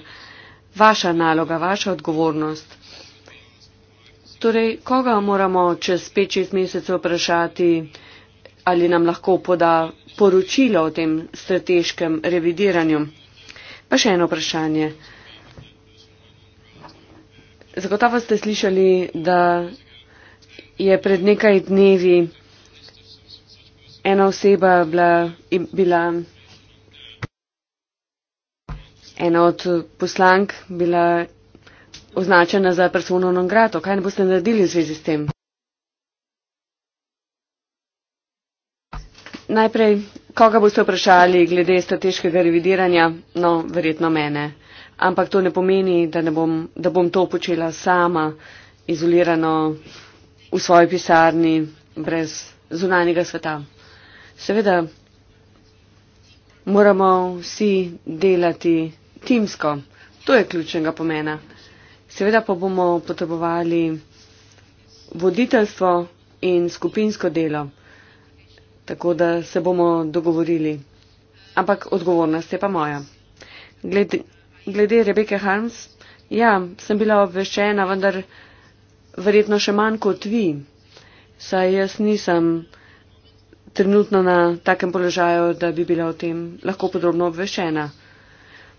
vaša naloga, vaša odgovornost. Torej, koga moramo čez 5-6 mesecev vprašati, ali nam lahko poda poročilo o tem strateškem revidiranju. Pa še eno vprašanje. Zagotovo ste slišali, da je pred nekaj dnevi ena oseba bila, bila ena od poslank, bila označena za personalno grato. Kaj ne boste naredili v zvezi s tem? najprej koga boste vprašali glede strateškega revidiranja, no, verjetno mene. Ampak to ne pomeni, da, ne bom, da bom to počela sama, izolirano v svoji pisarni, brez zunanjega sveta. Seveda moramo vsi delati timsko, to je ključnega pomena. Seveda pa bomo potrebovali voditeljstvo in skupinsko delo tako da se bomo dogovorili. Ampak odgovornost je pa moja. Glede, glede Rebeke Harms, ja, sem bila obveščena, vendar verjetno še manj kot vi, saj jaz nisem trenutno na takem položaju, da bi bila o tem lahko podrobno obveščena.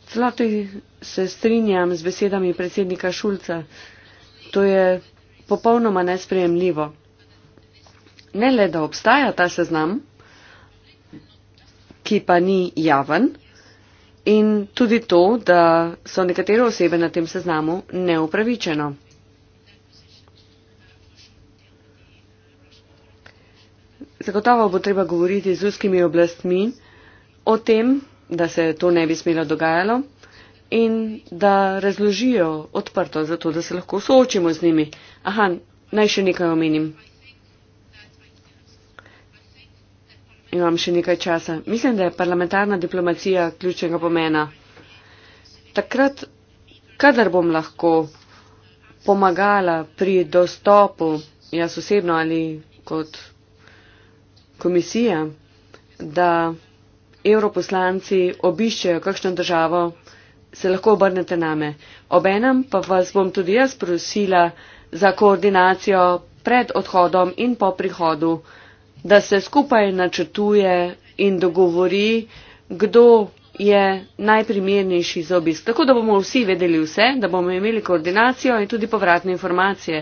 Celoti se strinjam z besedami predsednika Šulca. To je popolnoma nesprejemljivo ne le, da obstaja ta seznam, ki pa ni javen, in tudi to, da so nekatere osebe na tem seznamu neupravičeno. Zagotovo bo treba govoriti z ruskimi oblastmi o tem, da se to ne bi smelo dogajalo in da razložijo odprto, zato da se lahko soočimo z njimi. Aha, naj še nekaj omenim. imam še nekaj časa. Mislim, da je parlamentarna diplomacija ključnega pomena. Takrat, kadar bom lahko pomagala pri dostopu, jaz osebno ali kot komisija, da europoslanci obiščejo kakšno državo, se lahko obrnete name. Obenem pa vas bom tudi jaz prosila za koordinacijo pred odhodom in po prihodu da se skupaj načrtuje in dogovori, kdo je najprimernejši za obisk. Tako, da bomo vsi vedeli vse, da bomo imeli koordinacijo in tudi povratne informacije,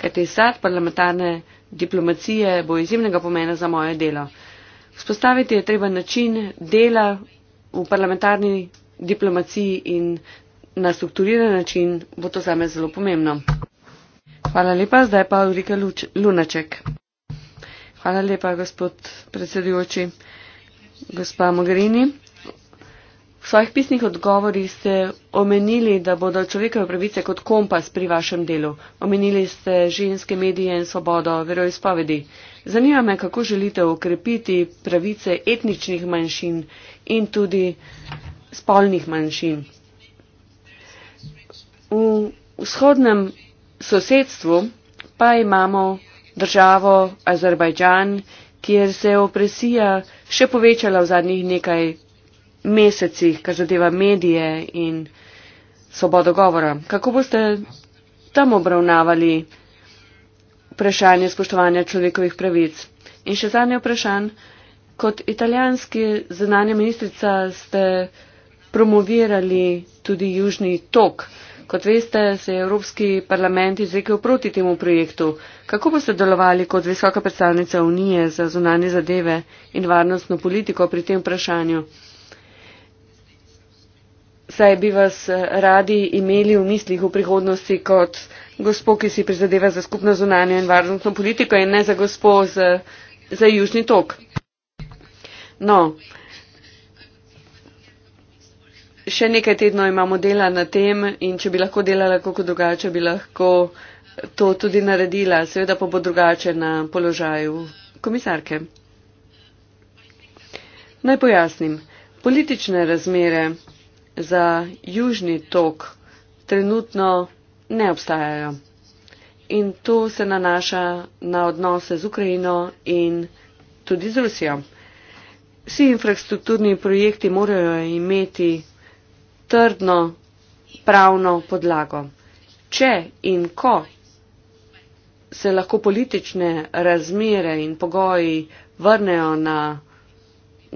ker te sad parlamentarne diplomacije bo izjemnega pomena za moje delo. Spostaviti je treba način dela v parlamentarni diplomaciji in na strukturiran način bo to zame zelo pomembno. Hvala lepa, zdaj pa Ulrike Lunaček. Hvala lepa, gospod predsedujoči. Gospa Mogherini, v svojih pisnih odgovorih ste omenili, da bodo človekove pravice kot kompas pri vašem delu. Omenili ste ženske medije in svobodo veroizpovedi. Zanima me, kako želite ukrepiti pravice etničnih manjšin in tudi spolnih manjšin. V vzhodnem sosedstvu pa imamo državo Azerbajdžan, kjer se je opresija še povečala v zadnjih nekaj mesecih, kar zadeva medije in svobodo govora. Kako boste tam obravnavali vprašanje spoštovanja človekovih pravic? In še zadnje vprašanje. Kot italijanski zunanja ministrica ste promovirali tudi južni tok. Kot veste, se je Evropski parlament izrekel proti temu projektu. Kako boste delovali kot visoka predstavnica Unije za zunanje zadeve in varnostno politiko pri tem vprašanju? Saj bi vas eh, radi imeli v mislih v prihodnosti kot gospod, ki si prizadeva za skupno zunanje in varnostno politiko in ne za gospod za, za južni tok. No, še nekaj tednov imamo dela na tem in če bi lahko delala kako drugače, bi lahko to tudi naredila, seveda pa bo drugače na položaju komisarke. Naj pojasnim. Politične razmere za južni tok trenutno ne obstajajo. In to se nanaša na odnose z Ukrajino in tudi z Rusijo. Vsi infrastrukturni projekti morajo imeti trdno pravno podlago. Če in ko se lahko politične razmere in pogoji vrnejo na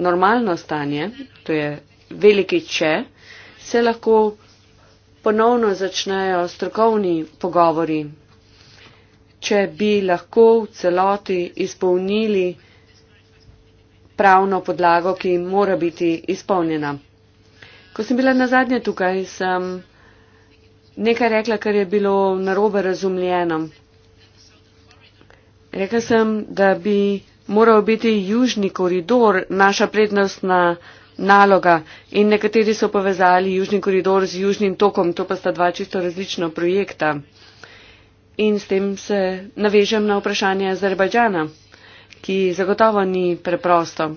normalno stanje, to je veliki če, se lahko ponovno začnejo strokovni pogovori, če bi lahko v celoti izpolnili pravno podlago, ki mora biti izpolnjena. Ko sem bila na zadnje tukaj, sem nekaj rekla, kar je bilo narobe razumljeno. Rekla sem, da bi moral biti južni koridor naša prednostna naloga in nekateri so povezali južni koridor z južnim tokom, to pa sta dva čisto različna projekta. In s tem se navežem na vprašanje Azerbajdžana, ki zagotovo ni preprosto.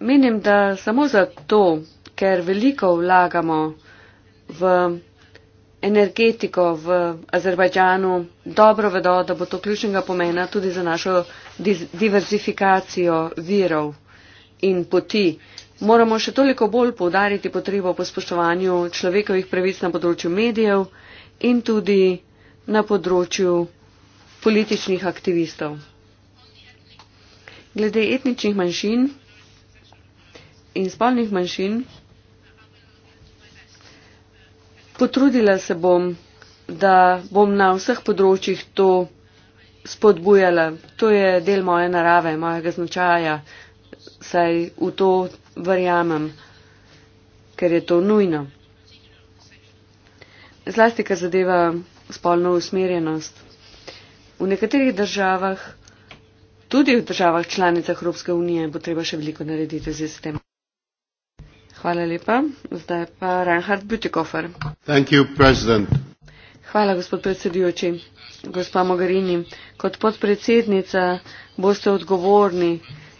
menim, da samo zato, ker veliko vlagamo v energetiko v Azerbajdžanu, dobro vedo, da bo to ključnega pomena tudi za našo diverzifikacijo virov in poti. Moramo še toliko bolj poudariti potrebo po spoštovanju človekovih pravic na področju medijev in tudi na področju političnih aktivistov. Glede etničnih manjšin in spolnih manjšin. Potrudila se bom, da bom na vseh področjih to spodbujala. To je del moje narave, mojega značaja, saj v to verjamem, ker je to nujno. Zlasti, kar zadeva spolno usmerjenost. V nekaterih državah, tudi v državah članicah Evropske unije, bo treba še veliko narediti z sistemom. Hvala lepa. Zdaj pa Reinhard Butikofer. Hvala, gospod predsedujoči. Gospa Mogarini, kot podpredsednica boste odgovorni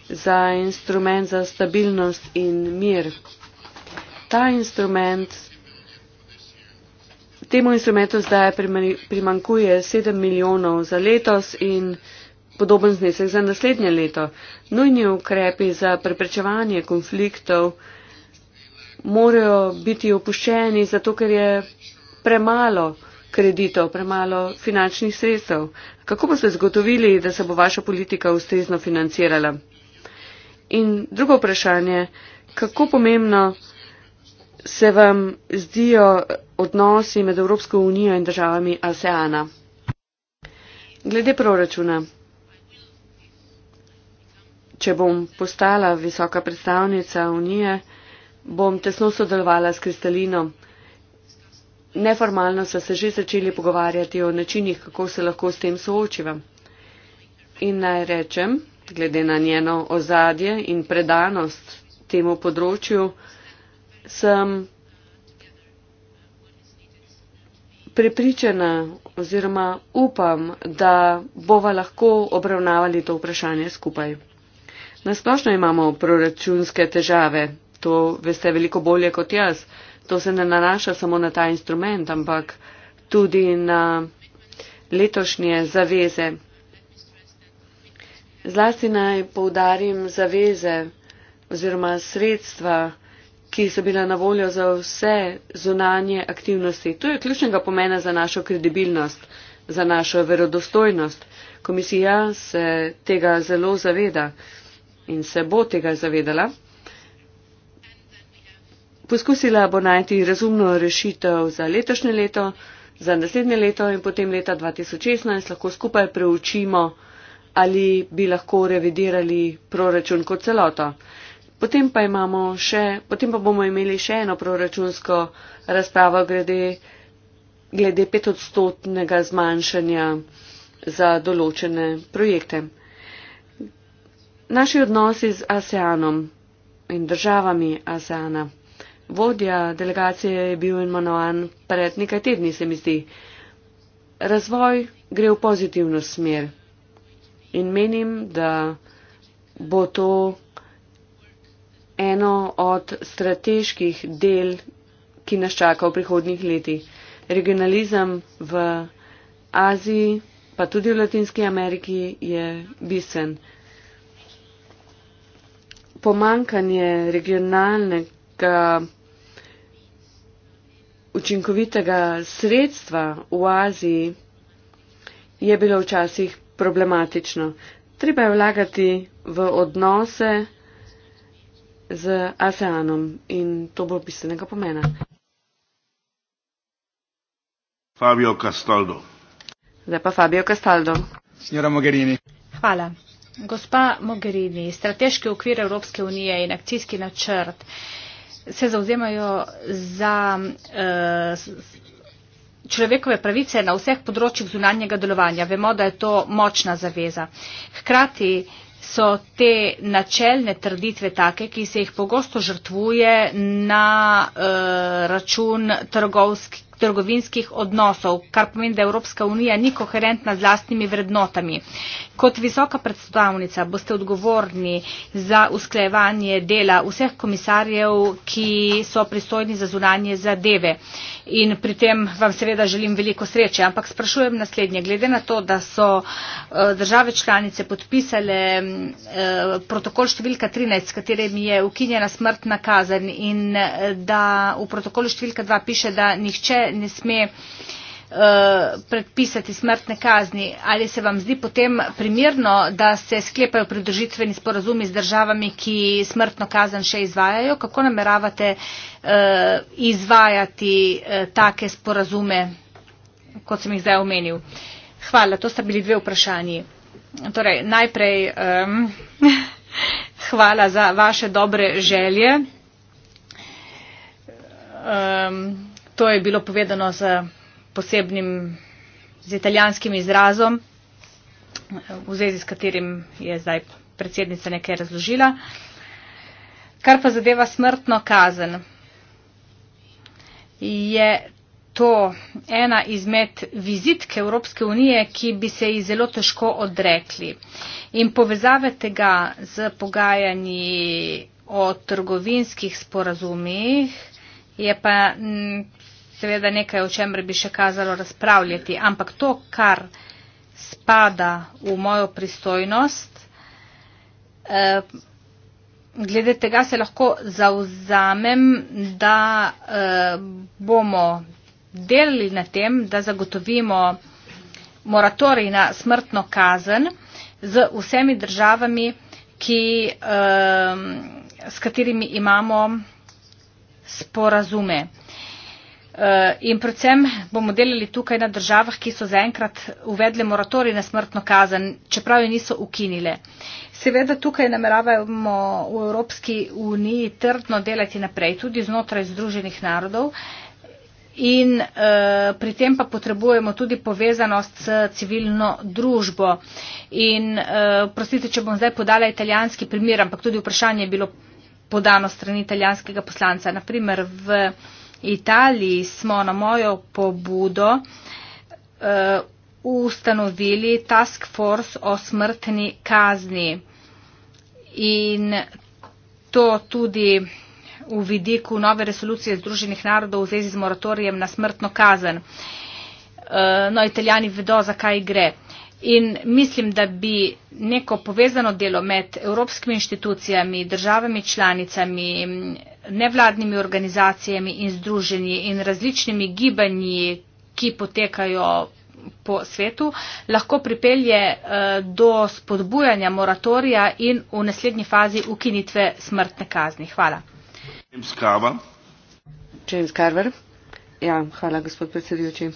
za instrument za stabilnost in mir. Ta instrument, temu instrumentu zdaj primankuje 7 milijonov za letos in podoben znesek za naslednje leto. Nujni ukrepi za preprečevanje konfliktov morajo biti opuščeni, zato ker je premalo kreditov, premalo finančnih sredstev. Kako boste zagotovili, da se bo vaša politika ustrezno financirala? In drugo vprašanje, kako pomembno se vam zdijo odnosi med Evropsko unijo in državami ASEANA? Glede proračuna. Če bom postala visoka predstavnica Unije, bom tesno sodelovala s Kristalino. Neformalno so se že začeli pogovarjati o načinih, kako se lahko s tem soočiva. In naj rečem, glede na njeno ozadje in predanost temu področju, sem prepričana oziroma upam, da bova lahko obravnavali to vprašanje skupaj. Nasplošno imamo proračunske težave, to veste veliko bolje kot jaz. To se ne nanaša samo na ta instrument, ampak tudi na letošnje zaveze. Zlasti naj poudarim zaveze oziroma sredstva, ki so bila na voljo za vse zunanje aktivnosti. To je ključnega pomena za našo kredibilnost, za našo verodostojnost. Komisija se tega zelo zaveda in se bo tega zavedala poskusila bo najti razumno rešitev za letošnje leto, za naslednje leto in potem leta 2016 lahko skupaj preučimo, ali bi lahko revidirali proračun kot celoto. Potem pa, še, potem pa bomo imeli še eno proračunsko razpravo glede, glede petodstotnega zmanjšanja za določene projekte. Naši odnosi z ASEANom in državami ASEANA. Vodja delegacije je bil imenovan pred nekaj tedni, se mi zdi. Razvoj gre v pozitivno smer in menim, da bo to eno od strateških del, ki nas čaka v prihodnih letih. Regionalizem v Aziji, pa tudi v Latinski Ameriki, je bisen. Pomankanje regionalnega učinkovitega sredstva v Aziji je bilo včasih problematično. Treba je vlagati v odnose z ASEANom in to bo bistvenega pomena. Fabio Castaldo. Zdaj pa Fabio Castaldo. Signora Mogherini. Hvala. Gospa Mogherini, strateški okvir Evropske unije in akcijski načrt se zauzemajo za eh, človekove pravice na vseh področjih zunanjega delovanja. Vemo, da je to močna zaveza. Hkrati so te načelne trditve take, ki se jih pogosto žrtvuje na eh, račun trgovskih trgovinskih odnosov, kar pomeni, da Evropska unija ni koherentna z lastnimi vrednotami. Kot visoka predstavnica boste odgovorni za usklejevanje dela vseh komisarjev, ki so pristojni za zunanje zadeve. In pri tem vam seveda želim veliko sreče. Ampak sprašujem naslednje. Glede na to, da so eh, države članice podpisale eh, protokol številka 13, s katerim je ukinjena smrtna kazen in eh, da v protokolu številka 2 piše, da nihče ne sme eh, predpisati smrtne kazni. Ali se vam zdi potem primirno, da se sklepajo pridružitveni sporazumi z državami, ki smrtno kazen še izvajajo? Kako nameravate uh, izvajati uh, take sporazume, kot sem jih zdaj omenil? Hvala, to sta bili dve vprašanji. Torej, najprej um, *laughs* hvala za vaše dobre želje. Um, to je bilo povedano z posebnim, z italijanskim izrazom, v zvezi s katerim je zdaj predsednica nekaj razložila. Kar pa zadeva smrtno kazen, je to ena izmed vizitk Evropske unije, ki bi se ji zelo težko odrekli. In povezave tega z pogajanji o trgovinskih sporazumih je pa seveda nekaj, o čemer bi še kazalo razpravljati, ampak to, kar spada v mojo pristojnost, eh, glede tega se lahko zauzamem, da eh, bomo delali na tem, da zagotovimo moratorij na smrtno kazen z vsemi državami, ki, eh, s katerimi imamo sporazume. Eh, in predvsem bomo delali tukaj na državah, ki so zaenkrat uvedle moratorij na smrtno kazen, čeprav jo niso ukinile. Seveda tukaj nameravamo v Evropski uniji trdno delati naprej, tudi znotraj Združenih narodov. In eh, pri tem pa potrebujemo tudi povezanost s civilno družbo. In eh, prosite, če bom zdaj podala italijanski primer, ampak tudi vprašanje je bilo podano strani italijanskega poslanca. Naprimer, v Italiji smo na mojo pobudo uh, ustanovili task force o smrtni kazni in to tudi v vidiku nove resolucije Združenih narodov v zvezi z moratorijem na smrtno kazen. Eh, no, italijani vedo, zakaj gre. In mislim, da bi neko povezano delo med evropskimi inštitucijami, državami članicami, nevladnimi organizacijami in združenji in različnimi gibanji, ki potekajo po svetu, lahko pripelje eh, do spodbujanja moratorija in v naslednji fazi ukinitve smrtne kazni. Hvala. James Carver. James Carver. Ja, hvala, gospod predsedujoči.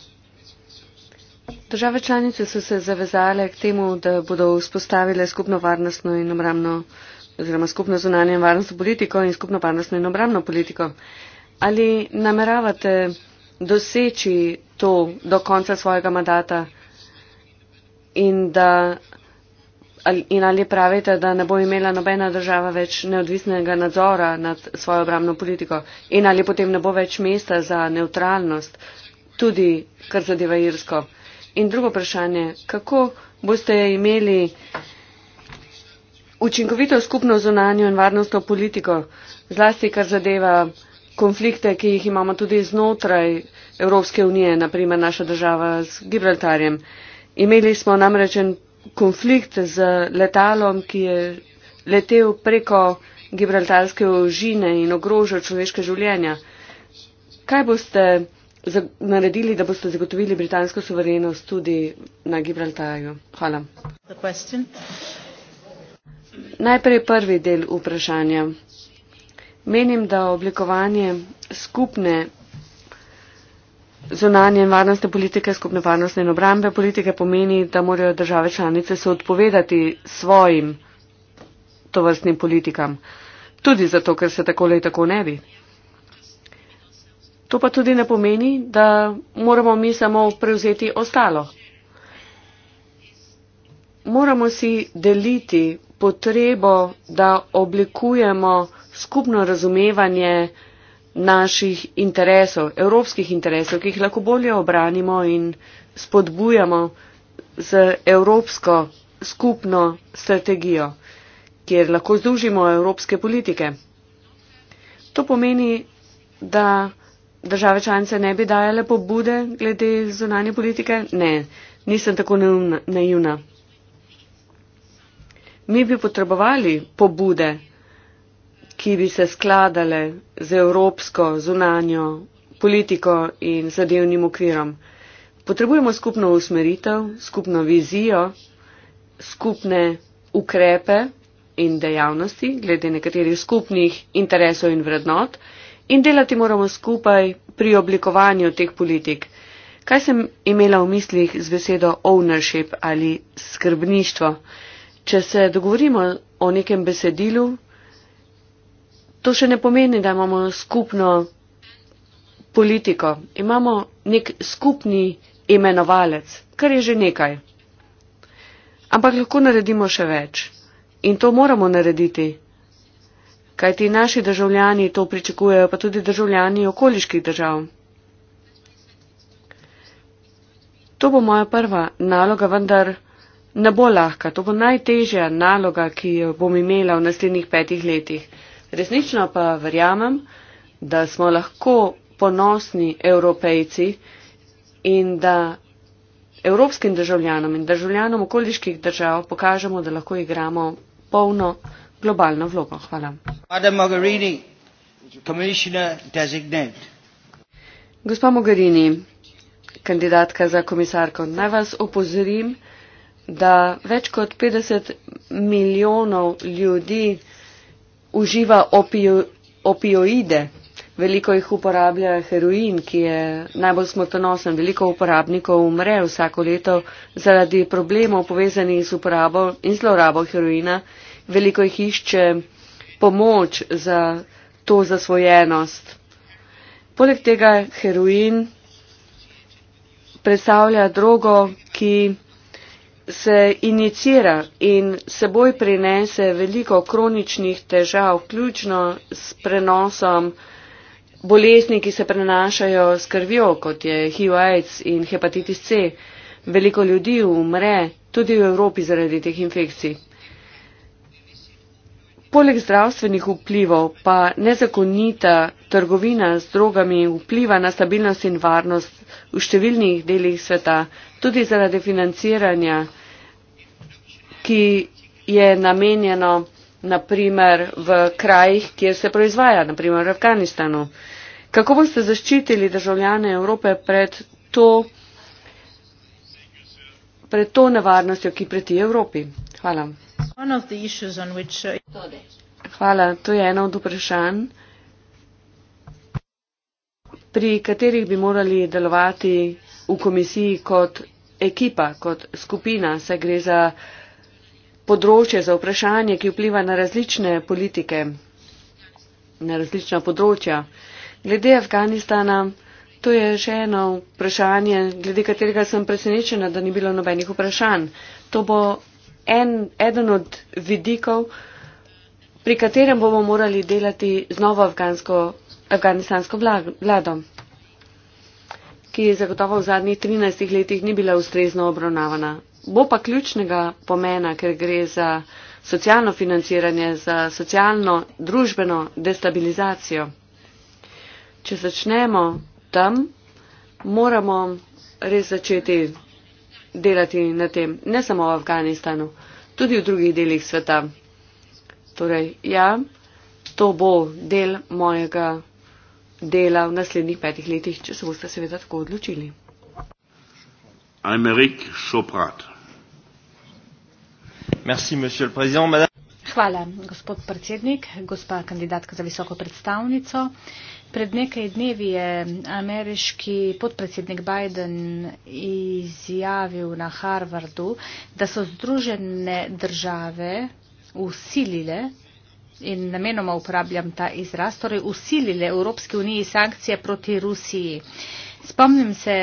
Države članice so se zavezale k temu, da bodo vzpostavile skupno varnostno in obramno oziroma skupno zunanje in varnostno politiko in skupno varnostno in obramno politiko. Ali nameravate doseči to do konca svojega mandata in, da, ali, in ali pravite, da ne bo imela nobena država več neodvisnega nadzora nad svojo obramno politiko in ali potem ne bo več mesta za neutralnost, tudi kar zadeva Irsko. In drugo vprašanje, kako boste imeli učinkovito skupno zunanjo in varnostno politiko, zlasti kar zadeva konflikte, ki jih imamo tudi znotraj Evropske unije, naprimer naša država z Gibraltarjem. Imeli smo namreč en konflikt z letalom, ki je letel preko gibraltarske ožine in ogrožal človeške življenja. Kaj boste naredili, da boste zagotovili britansko suverenost tudi na Gibraltarju? Hvala. Najprej prvi del vprašanja. Menim, da oblikovanje skupne zunanje in varnostne politike, skupne varnostne in obrambe politike pomeni, da morajo države članice se odpovedati svojim tovrstnim politikam. Tudi zato, ker se tako ali tako ne bi. To pa tudi ne pomeni, da moramo mi samo prevzeti ostalo. Moramo si deliti potrebo, da oblikujemo skupno razumevanje naših interesov, evropskih interesov, ki jih lahko bolje obranimo in spodbujamo z evropsko skupno strategijo, kjer lahko združimo evropske politike. To pomeni, da države članice ne bi dajale pobude glede zunanje politike? Ne, nisem tako naivna. Mi bi potrebovali pobude, ki bi se skladale z evropsko zunanjo politiko in zadevnim okvirom. Potrebujemo skupno usmeritev, skupno vizijo, skupne ukrepe in dejavnosti glede nekaterih skupnih interesov in vrednot in delati moramo skupaj pri oblikovanju teh politik. Kaj sem imela v mislih z besedo ownership ali skrbništvo? Če se dogovorimo o nekem besedilu, to še ne pomeni, da imamo skupno politiko. Imamo nek skupni imenovalec, kar je že nekaj. Ampak lahko naredimo še več. In to moramo narediti. Kajti naši državljani to pričakujejo, pa tudi državljani okoliških držav. To bo moja prva naloga, vendar ne bo lahka, to bo najtežja naloga, ki jo bom imela v naslednjih petih letih. Resnično pa verjamem, da smo lahko ponosni evropejci in da evropskim državljanom in državljanom okoliških držav pokažemo, da lahko igramo polno globalno vlogo. Hvala. Gospa Mogherini, kandidatka za komisarko, naj vas opozorim, da več kot 50 milijonov ljudi uživa opio, opioide. Veliko jih uporablja heroin, ki je najbolj smrtonosen. Veliko uporabnikov umre vsako leto zaradi problemov povezanih z uporabo in zlorabo heroina. Veliko jih išče pomoč za to zasvojenost. Poleg tega heroin predstavlja drogo, ki se inicira in seboj prinese veliko kroničnih težav, vključno s prenosom bolezni, ki se prenašajo s krvjo, kot je HIV-AIDS in hepatitis C. Veliko ljudi umre tudi v Evropi zaradi teh infekcij. Poleg zdravstvenih vplivov pa nezakonita trgovina z drogami vpliva na stabilnost in varnost v številnih delih sveta, tudi zaradi financiranja, ki je namenjeno naprimer v krajih, kjer se proizvaja, naprimer v Afganistanu. Kako boste zaščitili državljane Evrope pred to, pred to nevarnostjo, ki preti Evropi? Hvala. Uh, Hvala, to je ena od vprašanj, pri katerih bi morali delovati v komisiji kot ekipa, kot skupina, saj gre za področje, za vprašanje, ki vpliva na različne politike, na različna področja. Glede Afganistana, to je še eno vprašanje, glede katerega sem presenečena, da ni bilo nobenih vprašanj. To bo en, eden od vidikov, pri katerem bomo morali delati z novo afgansko, afganistansko vlado, ki je zagotovo v zadnjih 13 letih ni bila ustrezno obravnavana. Bo pa ključnega pomena, ker gre za socialno financiranje, za socialno družbeno destabilizacijo. Če začnemo tam, moramo res začeti delati na tem, ne samo v Afganistanu, tudi v drugih delih sveta. Torej, ja, to bo del mojega dela v naslednjih petih letih, če se boste seveda tako odločili. Merci, Madame... Hvala, gospod predsednik, gospa kandidatka za visoko predstavnico. Pred nekaj dnevi je ameriški podpredsednik Biden izjavil na Harvardu, da so združene države usilile in namenoma uporabljam ta izraz, torej usilile Evropske unije sankcije proti Rusiji. Uh, Spomnim se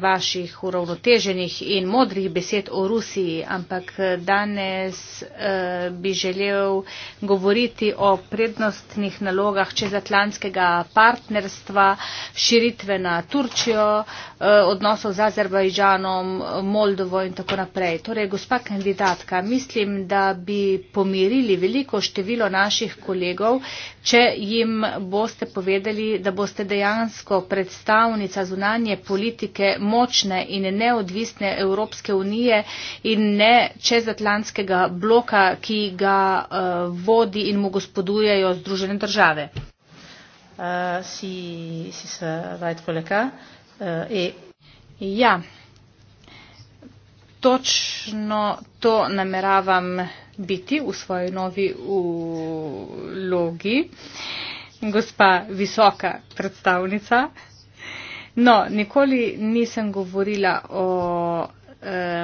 vaših uravnoteženih in modrih besed o Rusiji, ampak danes eh, bi želel govoriti o prednostnih nalogah čezatlantskega partnerstva, širitve na Turčijo, Eh, odnosov z Azerbajdžanom, Moldovo in tako naprej. Torej, gospa kandidatka, mislim, da bi pomirili veliko število naših kolegov, če jim boste povedali, da boste dejansko predstavnica zunanje politike močne in neodvisne Evropske unije in ne čezatlantskega bloka, ki ga uh, vodi in mu gospodujejo Združene države. Uh, si, si EU. Ja, točno to nameravam biti v svoji novi vlogi, gospa visoka predstavnica. No, nikoli nisem govorila o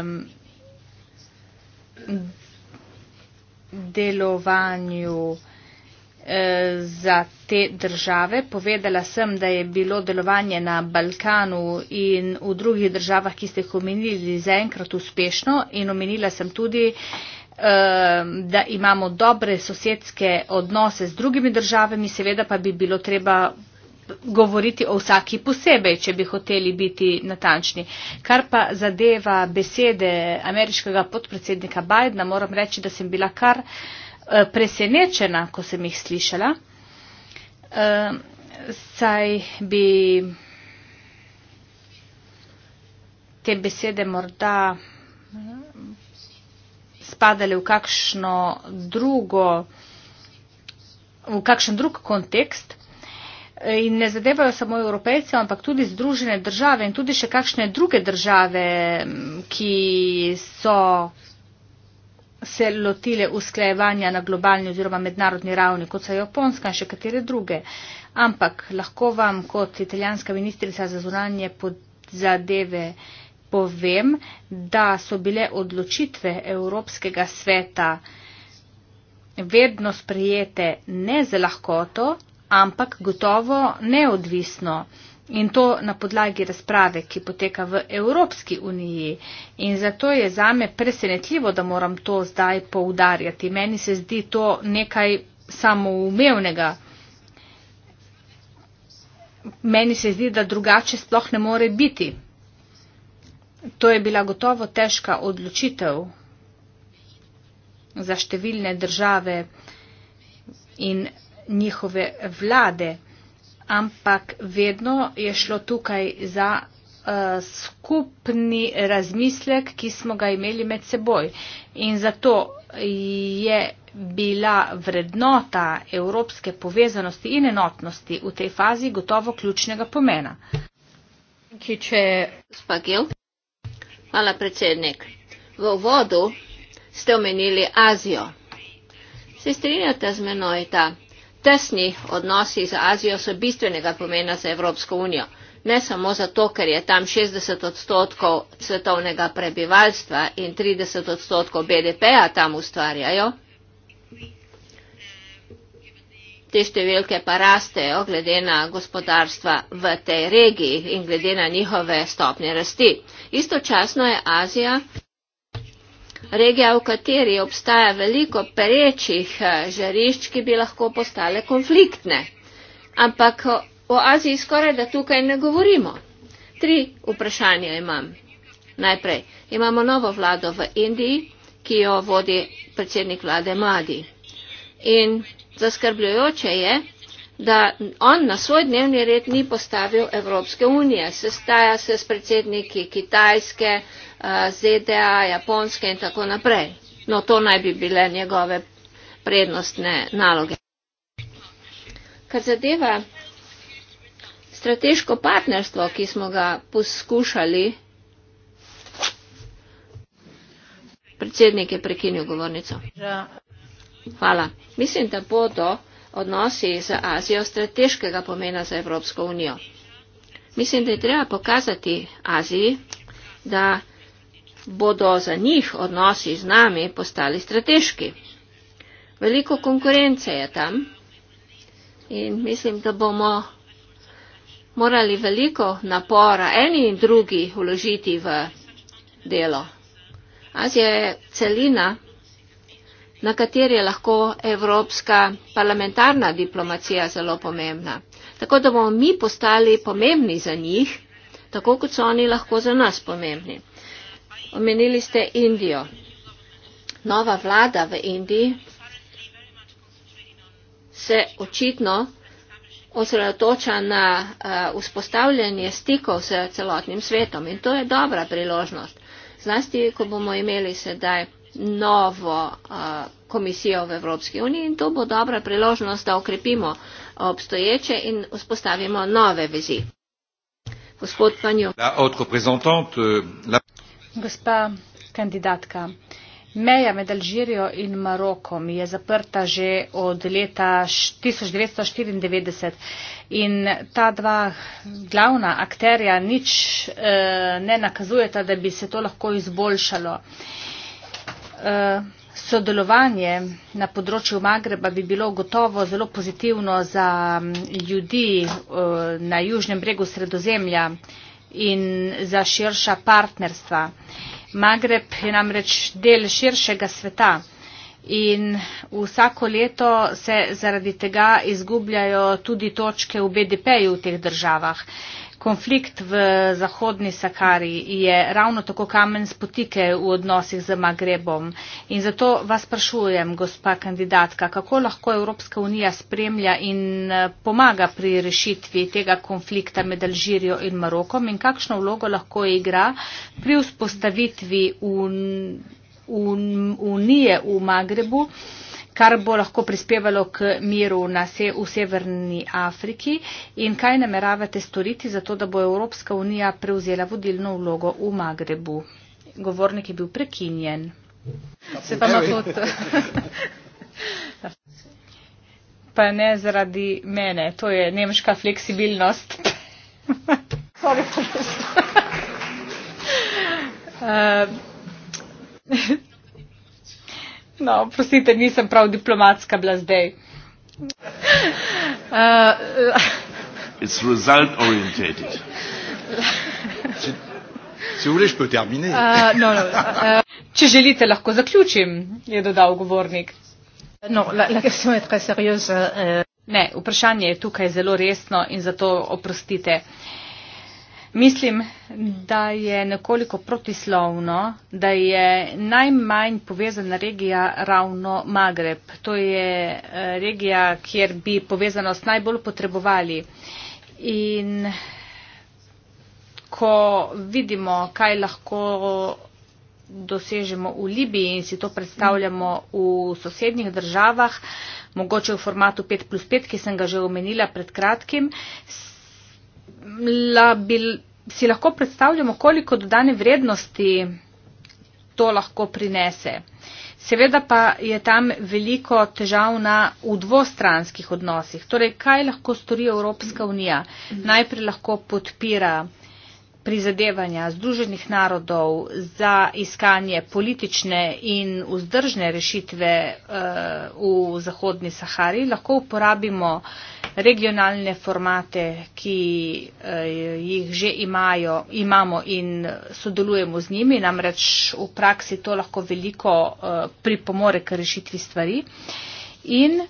um, delovanju Eh, za te države. Povedala sem, da je bilo delovanje na Balkanu in v drugih državah, ki ste jih omenili, zaenkrat uspešno in omenila sem tudi, eh, da imamo dobre sosedske odnose z drugimi državami, seveda pa bi bilo treba govoriti o vsaki posebej, če bi hoteli biti natančni. Kar pa zadeva besede ameriškega podpredsednika Bidna, moram reči, da sem bila kar uh, Eh, presenečena, ko sem jih slišala, eh, saj bi te besede morda spadale v kakšno drugo, v kakšen drug kontekst in ne zadevajo samo evropejcev, ampak tudi združene države in tudi še kakšne druge države, ki so se lotile usklajevanja na globalni oziroma mednarodni ravni, kot so Japonska in še katere druge. Ampak lahko vam kot italijanska ministrica za zunanje zadeve povem, da so bile odločitve Evropskega sveta vedno sprejete ne z lahkoto, ampak gotovo neodvisno in to na podlagi razprave, ki poteka v Evropski uniji. In zato je zame presenetljivo, da moram to zdaj poudarjati. Meni se zdi to nekaj samoumevnega. Meni se zdi, da drugače sploh ne more biti. To je bila gotovo težka odločitev za številne države in njihove vlade ampak vedno je šlo tukaj za uh, skupni razmislek, ki smo ga imeli med seboj. In zato je bila vrednota evropske povezanosti in enotnosti v tej fazi gotovo ključnega pomena. Hvala, predsednik. V uvodu ste omenili Azijo. Se strinjate z menoj, da tesni odnosi z Azijo so bistvenega pomena za Evropsko unijo. Ne samo zato, ker je tam 60 odstotkov svetovnega prebivalstva in 30 odstotkov BDP-a tam ustvarjajo. Te številke pa rastejo glede na gospodarstva v tej regiji in glede na njihove stopnje rasti. Istočasno je Azija regija, v kateri obstaja veliko perečih eh, žarišč, ki bi lahko postale konfliktne. Ampak o Aziji skoraj da tukaj ne govorimo. Tri vprašanja imam. Najprej, imamo novo vlado v Indiji, ki jo vodi predsednik vlade Mladi. In zaskrbljujoče je, da on na svoj dnevni red ni postavil Evropske unije. Sestaja se s predsedniki Kitajske, eh, ZDA, Japonske in tako naprej. No, to naj bi bile njegove prednostne naloge. Kar zadeva strateško partnerstvo, ki smo ga poskušali, predsednik je prekinil govornico. Hvala. Mislim, da bodo odnosi z Azijo strateškega pomena za Evropsko unijo. Mislim, da je treba pokazati Aziji, da bodo za njih odnosi z nami postali strateški. Veliko konkurence je tam in mislim, da bomo morali veliko napora eni in drugi vložiti v delo. Azija je celina na kateri je lahko evropska parlamentarna diplomacija zelo pomembna. Tako da bomo mi postali pomembni za njih, tako kot so oni lahko za nas pomembni. Omenili ste Indijo. Nova vlada v Indiji se očitno osredotoča na uh, vzpostavljanje stikov s celotnim svetom in to je dobra priložnost. Zlasti, ko bomo imeli sedaj novo komisijo v Evropski uniji in to bo dobra priložnost, da okrepimo obstoječe in vzpostavimo nove vezi. Gospod Panju. Gospa kandidatka, meja med Alžirijo in Marokom je zaprta že od leta 1994 in ta dva glavna akterja nič eh, ne nakazujeta, da bi se to lahko izboljšalo. Eh, Eh, sodelovanje na področju Magreba bi bilo gotovo zelo pozitivno za mm, ljudi eh, na južnem bregu sredozemlja in za širša partnerstva. Magreb je namreč del širšega sveta in vsako leto se zaradi tega izgubljajo tudi točke v BDP-ju v teh državah. Konflikt v Zahodni Sakari je ravno tako kamen spotike v odnosih z Magrebom. In zato vas sprašujem, gospa kandidatka, kako lahko Evropska unija spremlja in eh, pomaga pri rešitvi tega konflikta med Alžirijo in Marokom in kakšno vlogo lahko igra pri vzpostavitvi un, un, unije v Magrebu kar bo lahko prispevalo k miru na se v Severni Afriki in kaj nameravate storiti za to, da bo Evropska unija prevzela vodilno vlogo v Magrebu. Govornik je bil prekinjen. Se pa kot. Pa ne zaradi mene, to je nemška fleksibilnost. *laughs* uh, No, prosite, nisem prav diplomatska bila zdaj. *laughs* Uh, result oriented. Če *laughs* želiš, bo terminiral. Uh, no, no, uh, uh, če želite, lahko zaključim, je dodal govornik. No, la, la je serioz, uh, ne, vprašanje je tukaj zelo resno in zato oprostite. Uh, Mislim, da je nekoliko protislovno, da je najmanj povezana regija ravno Magreb. To je eh, regija, kjer bi povezanost najbolj potrebovali. In ko vidimo, kaj lahko dosežemo v Libiji in si to predstavljamo v sosednjih državah, mogoče v formatu 5 plus 5, ki sem ga že omenila pred kratkim, la bil, si lahko predstavljamo, koliko dodane vrednosti to lahko prinese. Seveda pa je tam veliko težav na v dvostranskih odnosih. Torej, kaj lahko stori Evropska unija? Najprej lahko podpira prizadevanja Združenih narodov za iskanje politične in vzdržne rešitve uh, v Zahodni Sahari. Lahko uporabimo uh, regionalne formate, ki eh, jih že imajo, imamo in sodelujemo z njimi, namreč v praksi to lahko veliko eh, pripomore k rešitvi stvari. In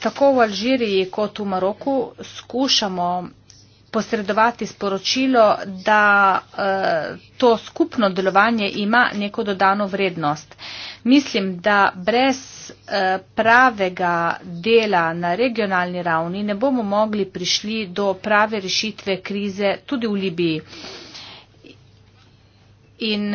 tako v Alžiriji kot v Maroku skušamo posredovati sporočilo, da eh, to skupno delovanje ima neko dodano vrednost. Mislim, da brez eh, pravega dela na regionalni ravni ne bomo mogli prišli do prave rešitve krize tudi v Libiji. In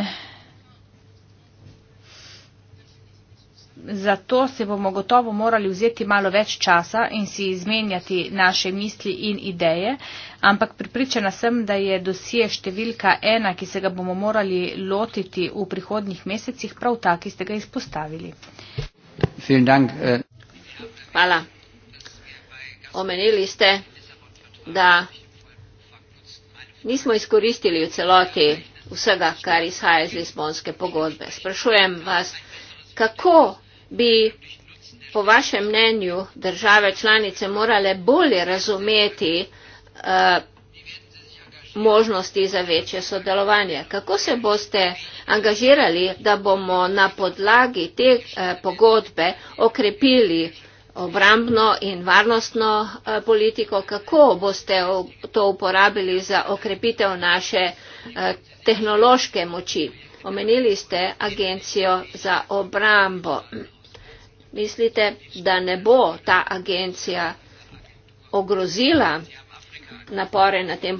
zato se bomo gotovo morali vzeti malo več časa in si izmenjati naše misli in ideje, ampak pripričana sem, da je dosije številka ena, ki se ga bomo morali lotiti v prihodnjih mesecih, prav ta, ki ste ga izpostavili. Eh. Hvala. Omenili ste, da nismo izkoristili v celoti vsega, kar izhaja iz Lisbonske pogodbe. Sprašujem vas, kako bi po vašem mnenju države članice morale bolje razumeti eh, možnosti za večje sodelovanje. Kako se boste angažirali, da bomo na podlagi te eh, pogodbe okrepili obrambno in varnostno eh, politiko, kako boste to uporabili za okrepitev naše tehnološke moči. Omenili ste agencijo za obrambo mislite, da ne bo ta agencija ogrozila napore na tem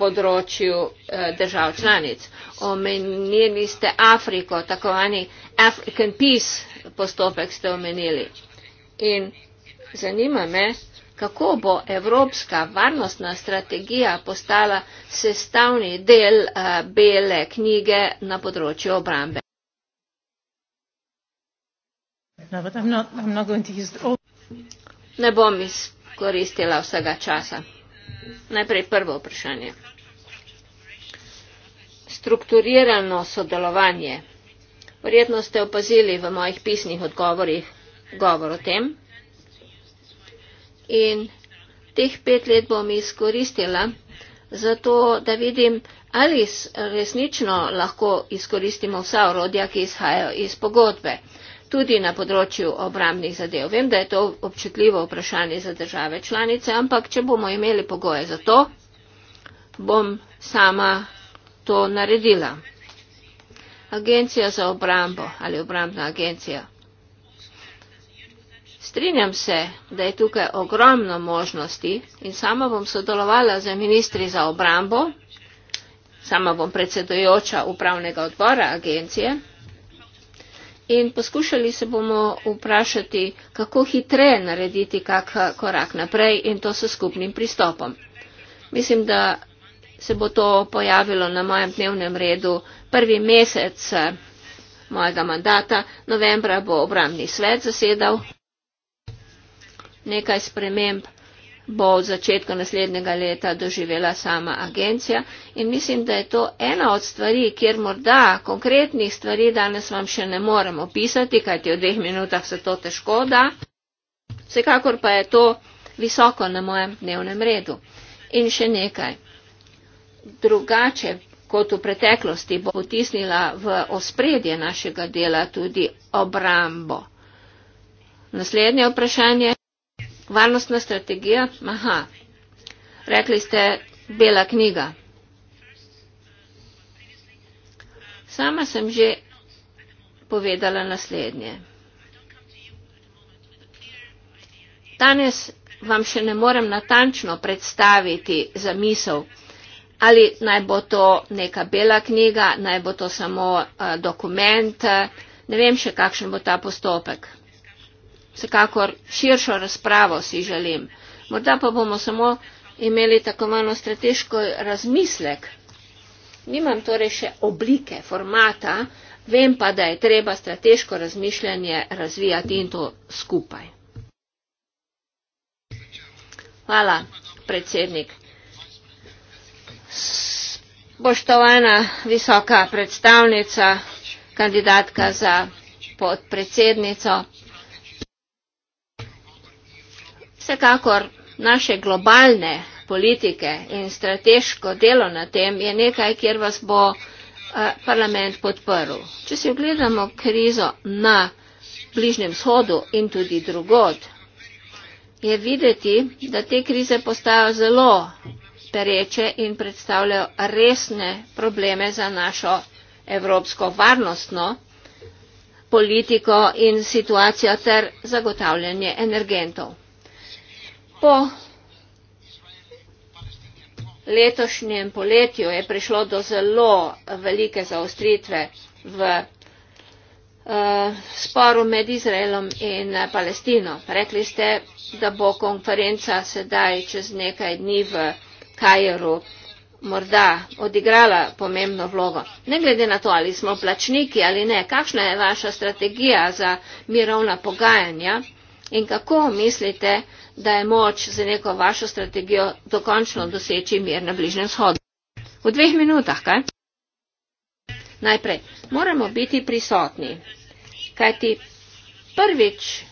področju eh, držav članic. Omenili ste Afriko, takovani African Peace postopek ste omenili. In zanima me, kako bo evropska varnostna strategija postala sestavni del eh, bele knjige na področju obrambe. No, ne bom izkoristila vsega časa. Najprej prvo vprašanje. Strukturirano sodelovanje. Verjetno ste opazili v mojih pisnih odgovorih govor o tem. In teh pet let bom izkoristila zato, da vidim, ali resnično lahko izkoristimo vsa orodja, ki izhajajo iz pogodbe tudi na področju obramnih zadev. Vem, da je to občutljivo vprašanje za države članice, ampak če bomo imeli pogoje za to, bom sama to naredila. Agencija za obrambo ali obrambna agencija. Strinjam se, da je tukaj ogromno možnosti in sama bom sodelovala z ministri za obrambo, sama bom predsedojoča upravnega odbora agencije in poskušali se bomo vprašati, kako hitre narediti kak korak naprej in to s skupnim pristopom. Mislim, da se bo to pojavilo na mojem dnevnem redu prvi mesec eh, mojega mandata. Novembra bo obramni svet zasedal. Nekaj sprememb bo v začetku naslednjega leta doživela sama agencija in mislim, da je to ena od stvari, kjer morda konkretnih stvari danes vam še ne morem opisati, kajti v dveh minutah se to težko da. Vsekakor pa je to visoko na mojem dnevnem redu. In še nekaj. Drugače kot v preteklosti bo potisnila v ospredje našega dela tudi obrambo. Naslednje vprašanje. Varnostna strategija? Aha. Rekli ste, bela knjiga. Sama sem že povedala naslednje. Danes vam še ne morem natančno predstaviti za misel, ali naj bo to neka bela knjiga, naj bo to samo uh, dokument, uh, ne vem še, kakšen bo ta postopek vsekakor širšo razpravo si želim. Morda pa bomo samo imeli tako malo strateško razmislek. Nimam torej še oblike, formata, vem pa, da je treba strateško razmišljanje razvijati in to skupaj. Hvala, predsednik. Spoštovana visoka predstavnica, kandidatka za podpredsednico. Vsekakor naše globalne politike in strateško delo na tem je nekaj, kjer vas bo eh, parlament podprl. Če si ogledamo krizo na Bližnjem shodu in tudi drugod, je videti, da te krize postajajo zelo pereče in predstavljajo resne probleme za našo evropsko varnostno politiko in situacijo ter zagotavljanje energentov po letošnjem poletju je prišlo do zelo velike zaostritve v uh, sporu med Izraelom in eh, Palestino. Rekli ste, da bo konferenca sedaj čez nekaj dni v Kajru morda odigrala pomembno vlogo. Ne glede na to, ali smo plačniki ali ne, kakšna je vaša strategija za mirovna pogajanja in kako mislite, da je moč za neko vašo strategijo dokončno doseči mir na Bližnjem shodu. V dveh minutah, kaj? Najprej, moramo biti prisotni, kajti prvič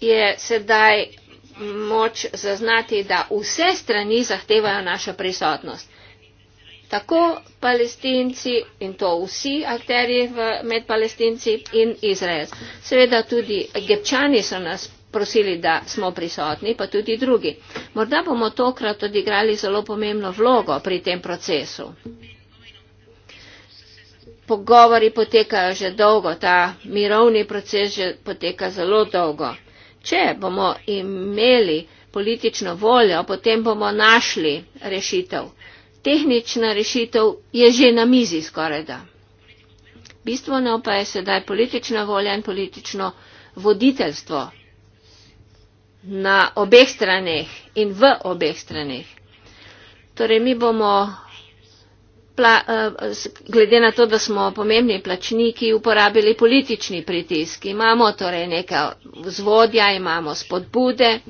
je sedaj moč zaznati, da vse strani zahtevajo našo prisotnost. Tako palestinci in to vsi akteri med palestinci in Izrael. Seveda tudi egipčani so nas prosili, da smo prisotni, pa tudi drugi. Morda bomo tokrat odigrali zelo pomembno vlogo pri tem procesu. Pogovori potekajo že dolgo, ta mirovni proces že poteka zelo dolgo. Če bomo imeli politično voljo, potem bomo našli rešitev. Tehnična rešitev je že na mizi skoraj da. Bistveno pa je sedaj politična volja in politično voditeljstvo na obeh straneh in v obeh straneh. Torej, mi bomo, pla, eh, glede na to, da smo pomembni plačniki, uporabili politični pritisk. Imamo torej neka vzvodja, imamo spodbude,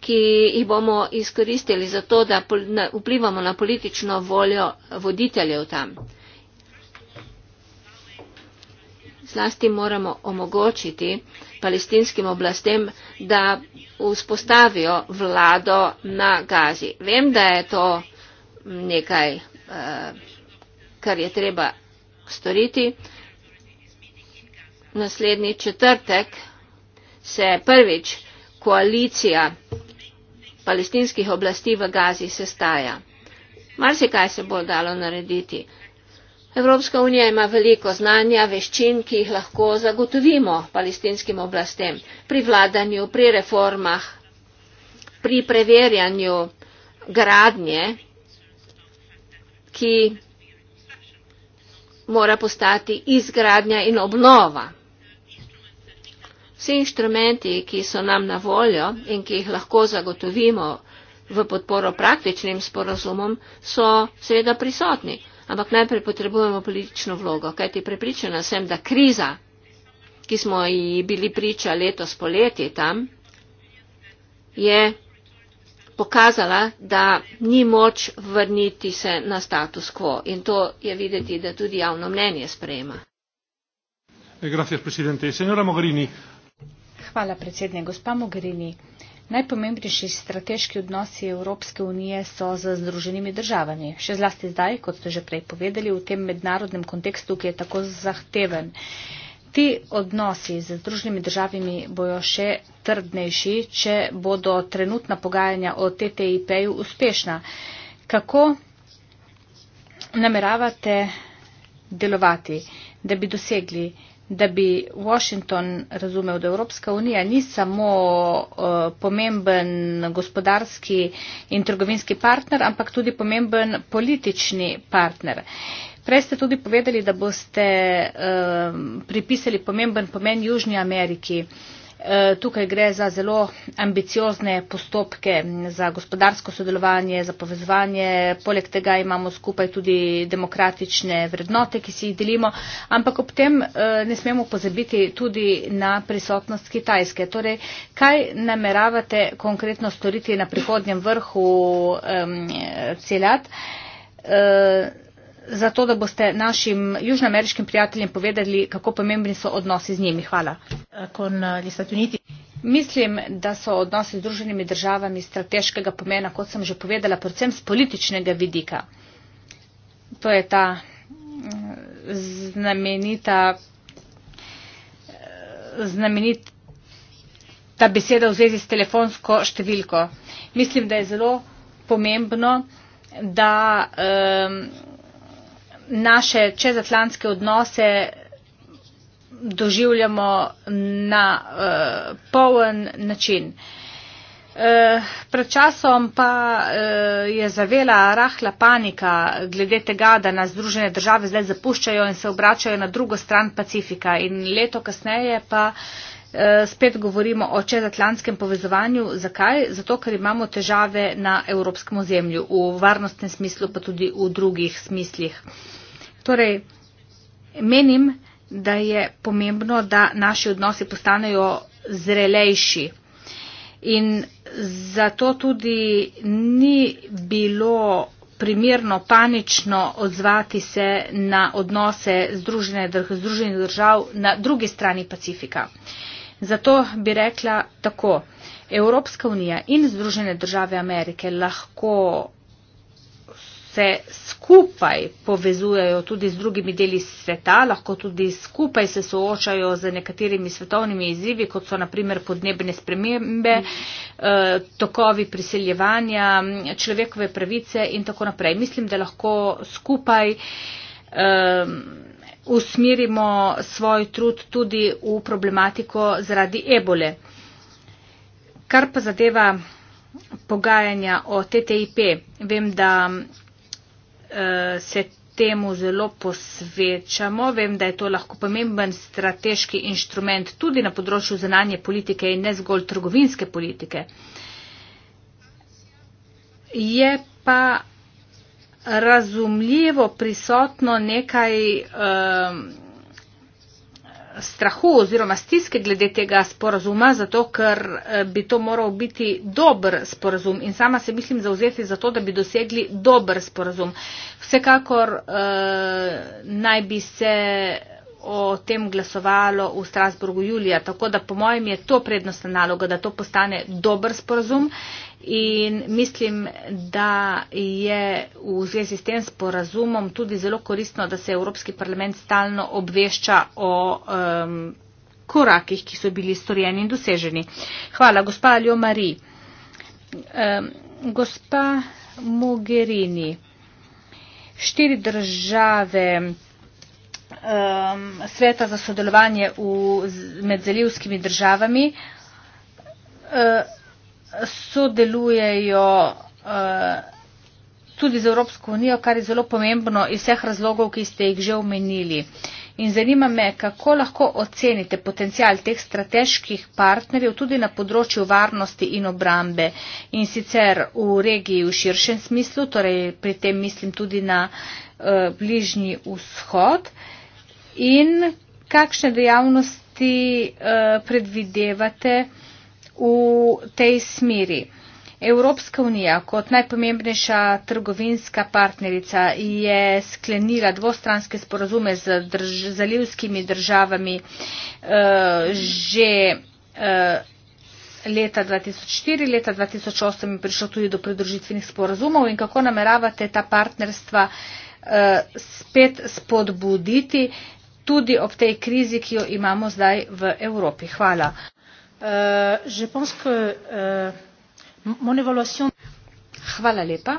ki jih bomo izkoristili za to, da vplivamo na politično voljo voditeljev tam. Zlasti moramo omogočiti, palestinskim oblastem, da vzpostavijo vlado na Gazi. Vem, da je to nekaj, eh, kar je treba storiti. Naslednji četrtek se prvič koalicija palestinskih oblasti v Gazi sestaja. Marsikaj se bo dalo narediti. Evropska unija ima veliko znanja, veščin, ki jih lahko zagotovimo palestinskim oblastem pri vladanju, pri reformah, pri preverjanju gradnje, ki mora postati izgradnja in obnova. Vsi inštrumenti, ki so nam na voljo in ki jih lahko zagotovimo v podporo praktičnim sporozumom, so seveda prisotni ampak najprej potrebujemo politično vlogo, kajti prepričana sem, da kriza, ki smo ji bili priča letos poleti tam, je pokazala, da ni moč vrniti se na status quo in to je videti, da tudi javno mnenje sprejema. Eh, Hvala predsednik, gospa Mogherini. Najpomembnejši strateški odnosi Evropske unije so z Združenimi državami. Še zlasti zdaj, kot ste že prej povedali, v tem mednarodnem kontekstu, ki je tako zahteven. Ti odnosi z Združenimi državami bojo še trdnejši, če bodo trenutna pogajanja o TTIP-ju uspešna. Kako nameravate delovati, da bi dosegli da bi Washington razumel, da Evropska unija ni samo uh, pomemben gospodarski in trgovinski partner, ampak tudi pomemben politični partner. Prej ste tudi povedali, da boste uh, pripisali pomemben pomen Južni Ameriki. Uh, E, tukaj gre za zelo ambiciozne postopke za gospodarsko sodelovanje, za povezovanje. Poleg tega imamo skupaj tudi demokratične vrednote, ki si jih delimo, ampak ob tem e, ne smemo pozabiti tudi na prisotnost Kitajske. Torej, kaj nameravate konkretno storiti na prihodnjem vrhu um, celat? Uh, e, zato da boste našim južnoameriškim prijateljem povedali, kako pomembni so odnosi z njimi. Hvala. Eh, Mislim, da so odnosi z druženimi državami strateškega pomena, kot sem že povedala, predvsem z političnega vidika. To je ta eh, znamenita, eh, znamenita beseda v zvezi s telefonsko številko. Mislim, da je zelo pomembno, da um, naše čezatlantske odnose doživljamo na uh, poln način. Uh, pred časom pa uh, je zavela rahla panika glede tega, da nas Združene države zdaj zapuščajo in se obračajo na drugo stran Pacifika in leto kasneje pa uh, Eh, spet govorimo o čezatlantskem povezovanju. Zakaj? Zato, ker imamo težave na evropskem ozemlju, v varnostnem smislu, pa tudi v drugih smislih. Torej, menim, da je pomembno, da naši odnosi postanejo zrelejši. In zato tudi ni bilo primerno panično odzvati se na odnose združene, združenih držav na drugi strani Pacifika. Uh, Zato bi rekla tako, Evropska unija in Združene države Amerike lahko se skupaj povezujejo tudi z drugimi deli sveta, lahko tudi skupaj se soočajo z nekaterimi svetovnimi izzivi, kot so naprimer podnebne spremembe, mhm. eh, tokovi priseljevanja, človekove pravice in tako naprej. Mislim, da lahko skupaj. Um, usmirimo svoj trud tudi v problematiko zaradi ebole. Kar pa zadeva pogajanja o TTIP, vem, da eh, se temu zelo posvečamo. Vem, da je to lahko pomemben strateški inštrument tudi na področju zananje politike in ne zgolj trgovinske politike. Je pa razumljivo prisotno nekaj um, strahu oziroma stiske glede tega sporazuma, zato ker eh, bi to moral biti dober sporazum in sama se mislim zauzeti za to, da bi dosegli dober sporazum. Vsekakor uh, naj bi se o tem glasovalo v Strasburgu julija, tako da po mojem je to prednostna naloga, da to postane dober sporazum. Uh, In mislim, da je v zvezi s tem sporazumom tudi zelo koristno, da se Evropski parlament stalno obvešča o um, korakih, ki so bili storjeni in doseženi. Hvala, gospa Aljo Mari. Um, gospa Mogherini, štiri države. Um, sveta za sodelovanje v, med zalivskimi državami. Uh, sodelujejo eh, tudi z Evropsko unijo, kar je zelo pomembno iz vseh razlogov, ki ste jih že omenili. In zanima me, kako lahko ocenite potencial teh strateških partnerjev tudi na področju varnosti in obrambe in sicer v regiji v širšem smislu, torej pri tem mislim tudi na uh, bližnji vzhod in kakšne dejavnosti uh, predvidevate uh, v tej smeri. Evropska unija kot najpomembnejša trgovinska partnerica je sklenila dvostranske sporazume z drž zalivskimi državami uh, že uh, leta 2004, leta 2008 je prišlo tudi do pridružitvenih sporazumov in kako nameravate ta partnerstva uh, spet spodbuditi tudi ob tej krizi, ki jo imamo zdaj v Evropi. Hvala. Euh, euh, hvala lepa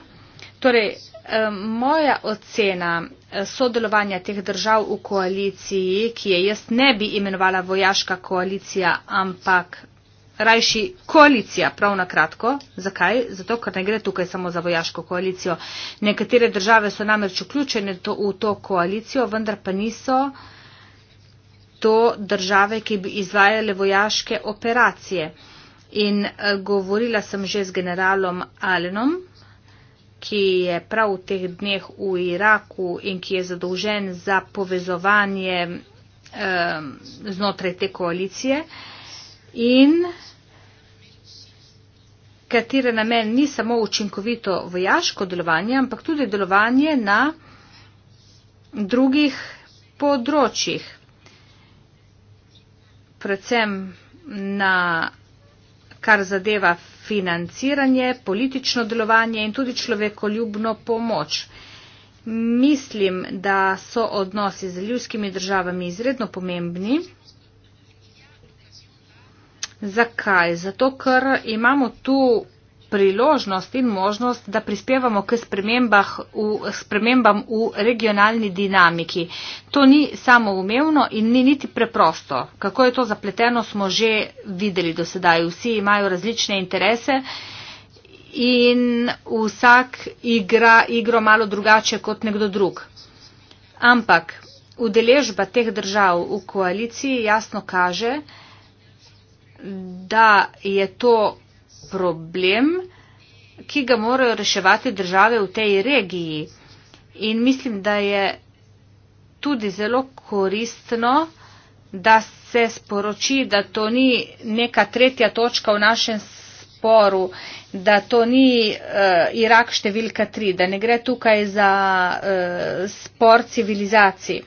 torej eh, moja ocena eh, sodelovanja teh držav v koaliciji ki je jaz ne bi imenovala vojaška koalicija ampak Rajši koalicija, prav na kratko. Zakaj? Zato, ker ne gre tukaj samo za vojaško koalicijo. Nekatere države so namreč vključene to, v to koalicijo, vendar pa niso uh, to države, ki bi izvajale vojaške operacije. In eh, govorila sem že z generalom Alenom, ki je prav v teh dneh v Iraku in ki je zadolžen za povezovanje eh, znotraj te koalicije in katere namen ni samo učinkovito vojaško delovanje, ampak tudi delovanje na drugih področjih predvsem na kar zadeva financiranje, politično delovanje in tudi človekoljubno pomoč. Mislim, da so odnosi z ljudskimi državami izredno pomembni. Zakaj? Zato, ker imamo tu priložnost in možnost, da prispevamo k v, spremembam v regionalni dinamiki. To ni samo umevno in ni niti preprosto. Kako je to zapleteno, smo že videli do sedaj. Vsi imajo različne interese in vsak igra igro malo drugače kot nekdo drug. Ampak udeležba teh držav v koaliciji jasno kaže, da je to problem, ki ga morajo reševati države v tej regiji. In mislim, da je tudi zelo koristno, da se sporoči, da to ni neka tretja točka v našem sporu, da to ni uh, Irak številka tri, da ne gre tukaj za uh, spor civilizacij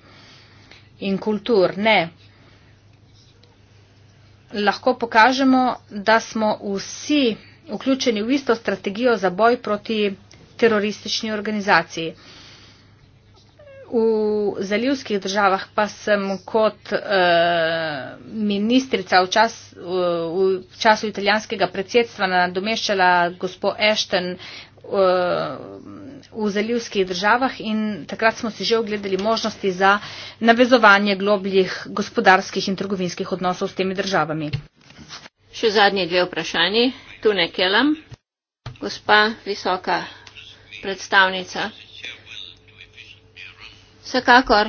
in kultur. Ne, lahko pokažemo, da smo vsi vključeni v isto strategijo za boj proti teroristični organizaciji. V zalivskih državah pa sem kot eh, ministrica v, čas, v času italijanskega predsedstva nadomeščala gospod Ashton eh, v zalivskih državah in takrat smo si že ogledali možnosti za navezovanje globljih gospodarskih in trgovinskih odnosov s temi državami. Še zadnji dve vprašanji. Tu ne kelam. Gospa visoka predstavnica. Vsekakor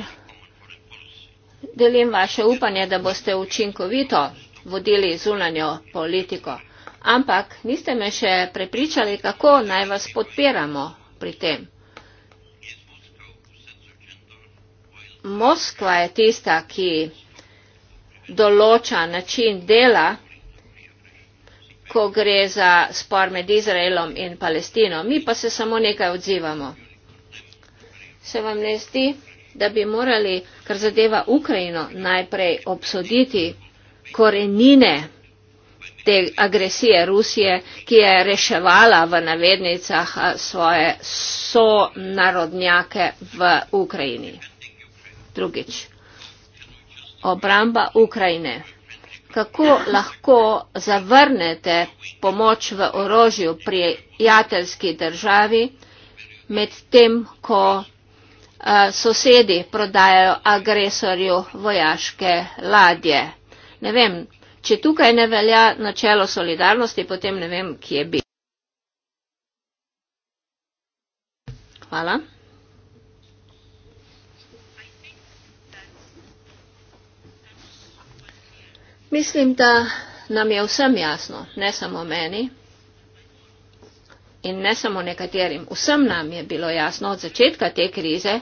delim vaše upanje, da boste učinkovito vodili zunanjo politiko. Ampak niste me še prepričali, kako naj vas podpiramo pri tem. Moskva je tista, ki določa način dela, ko gre za spor med Izraelom in Palestino. Mi pa se samo nekaj odzivamo. Se vam ne zdi, da bi morali, kar zadeva Ukrajino, najprej obsoditi korenine te agresije Rusije, ki je reševala v navednicah svoje sonarodnjake v Ukrajini. Drugič, obramba Ukrajine. Kako lahko zavrnete pomoč v orožju prijateljski državi med tem, ko sosedi prodajajo agresorju vojaške ladje? Ne vem, Če tukaj ne velja načelo solidarnosti, potem ne vem, kje bi. Hvala. Mislim, da nam je vsem jasno, ne samo meni in ne samo nekaterim. Vsem nam je bilo jasno od začetka te krize,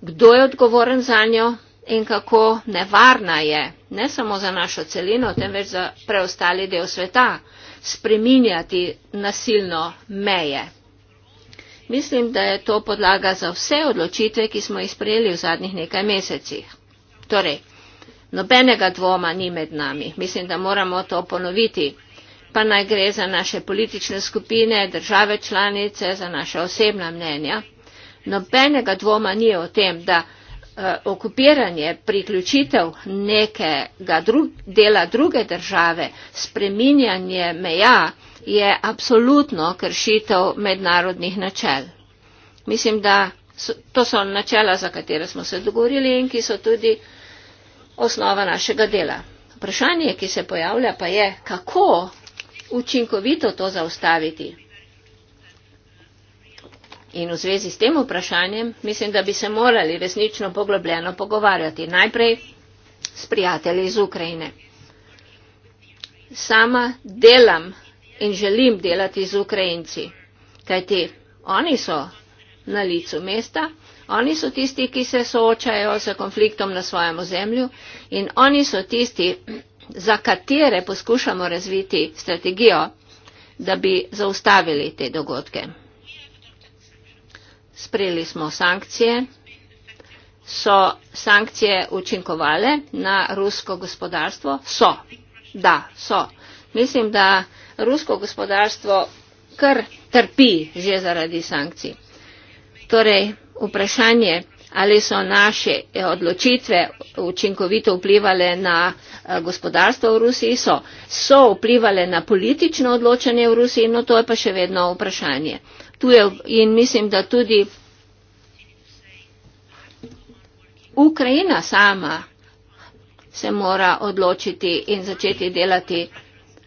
kdo je odgovoren za njo, in kako nevarna je, ne samo za našo celino, temveč za preostali del sveta, spreminjati nasilno meje. Mislim, da je to podlaga za vse odločitve, ki smo jih sprejeli v zadnjih nekaj mesecih. Torej, nobenega dvoma ni med nami. Mislim, da moramo to ponoviti. Pa naj gre za naše politične skupine, države članice, za naše osebna mnenja. Nobenega dvoma ni o tem, da. Eh, okupiranje priključitev nekega drug, dela druge države spreminjanje meja je apsolutno kršitev mednarodnih načel. Mislim, da so, to so načela, za katere smo se dogovorili in ki so tudi osnova našega dela. Vprašanje, ki se pojavlja, pa je, kako učinkovito to zaustaviti. In v zvezi s tem vprašanjem mislim, da bi se morali resnično poglobljeno pogovarjati. Najprej s prijatelji iz Ukrajine. Sama delam in želim delati z Ukrajinci, kajti oni so na licu mesta, oni so tisti, ki se soočajo s konfliktom na svojem ozemlju in oni so tisti, *clears throat* za katere poskušamo razviti strategijo, da bi zaustavili te dogodke sprejeli smo sankcije. So sankcije učinkovale na rusko gospodarstvo? So. Da, so. Mislim, da rusko gospodarstvo kar trpi že zaradi sankcij. Torej, vprašanje, ali so naše odločitve učinkovito vplivale na eh, gospodarstvo v Rusiji, so. So vplivale na politično odločanje v Rusiji, no to je pa še vedno vprašanje. Tu je in mislim, da tudi Ukrajina sama se mora odločiti in začeti delati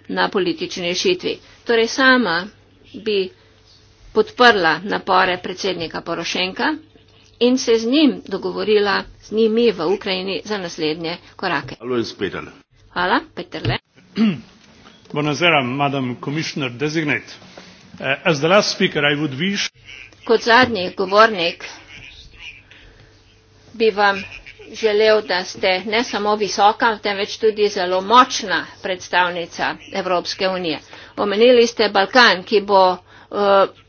na politični rešitvi. Torej sama bi podprla napore predsednika Porošenka in se z njim dogovorila, z njimi v Ukrajini za naslednje korake. Hvala, Peter Le. *clears throat* Bonazera, madam komisar, designate. Uh, as the last speaker, I would wish... Kot zadnji govornik bi vam želel, da ste ne samo visoka, temveč tudi zelo močna predstavnica Evropske unije. Omenili ste Balkan, ki bo eh,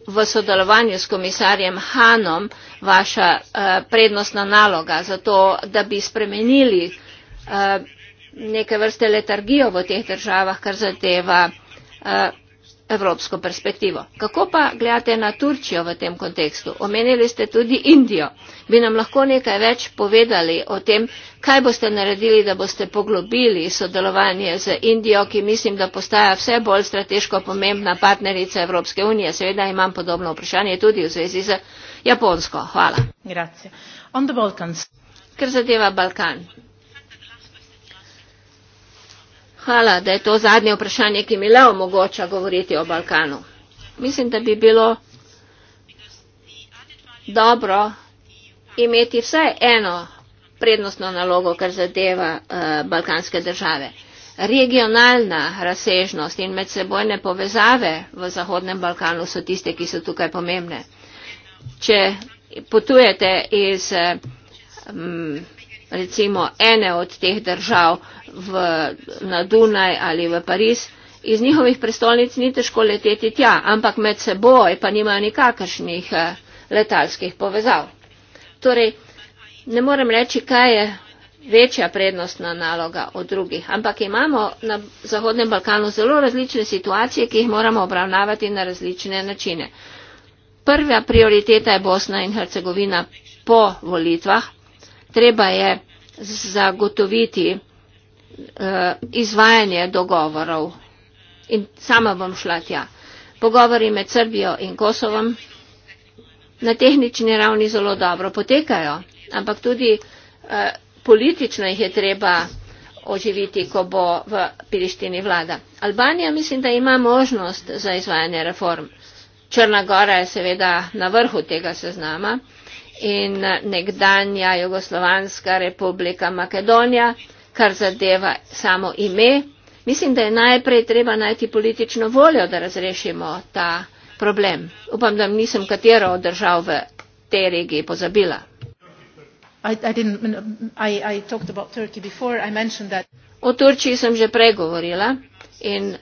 v sodelovanju s komisarjem Hanom vaša eh, prednostna naloga za to, da bi spremenili neke vrste letargijo v teh državah, kar zadeva evropsko perspektivo. Kako pa gledate na Turčijo v tem kontekstu? Omenili ste tudi Indijo. Bi nam lahko nekaj več povedali o tem, kaj boste naredili, da boste poglobili sodelovanje z Indijo, ki mislim, da postaja vse bolj strateško pomembna partnerica Evropske unije. Seveda imam podobno vprašanje tudi v zvezi z Japonsko. Hvala. Ker zadeva Balkan. Hvala, da je to zadnje vprašanje, ki mi le omogoča govoriti o Balkanu. Mislim, da bi bilo dobro imeti vsaj eno prednostno nalogo, kar zadeva uh, balkanske države. Regionalna razsežnost in medsebojne povezave v Zahodnem Balkanu so tiste, ki so tukaj pomembne. Če potujete iz. Uh, recimo ene od teh držav v, na Dunaj ali v Pariz, iz njihovih prestolnic ni težko leteti tja, ampak med seboj pa nimajo nikakršnih eh, letalskih povezav. Torej, ne morem reči, kaj je večja prednostna naloga od drugih, ampak imamo na Zahodnem Balkanu zelo različne situacije, ki jih moramo obravnavati na različne načine. Prva prioriteta je Bosna in Hercegovina po volitvah, treba je zagotoviti eh, izvajanje dogovorov. In sama bom šla tja. Pogovori med Srbijo in Kosovom na tehnični ravni zelo dobro potekajo, ampak tudi eh, politično jih je treba oživiti, ko bo v Pirištini vlada. Albanija mislim, da ima možnost za izvajanje reform. Črna Gora je seveda na vrhu tega seznama in nekdanja Jugoslovanska republika Makedonija, kar zadeva samo ime. Mislim, da je najprej treba najti politično voljo, da razrešimo ta problem. Upam, da nisem katero od držav v tej regiji pozabila. I, I I, I I that... O Turčiji sem že pregovorila in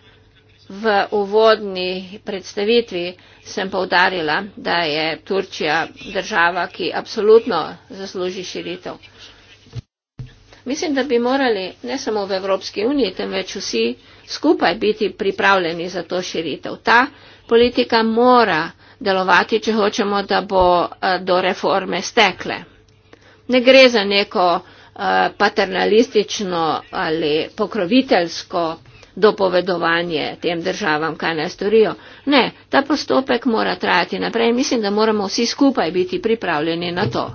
v uvodni predstavitvi sem povdarila, da je Turčija država, ki absolutno zasluži širitev. Mislim, da bi morali ne samo v Evropski uniji, temveč vsi skupaj biti pripravljeni za to širitev. Ta politika mora delovati, če hočemo, da bo eh, do reforme stekle. Ne gre za neko eh, paternalistično ali pokroviteljsko dopovedovanje tem državam, kaj naj storijo. Ne, ta postopek mora trajati naprej in mislim, da moramo vsi skupaj biti pripravljeni na to.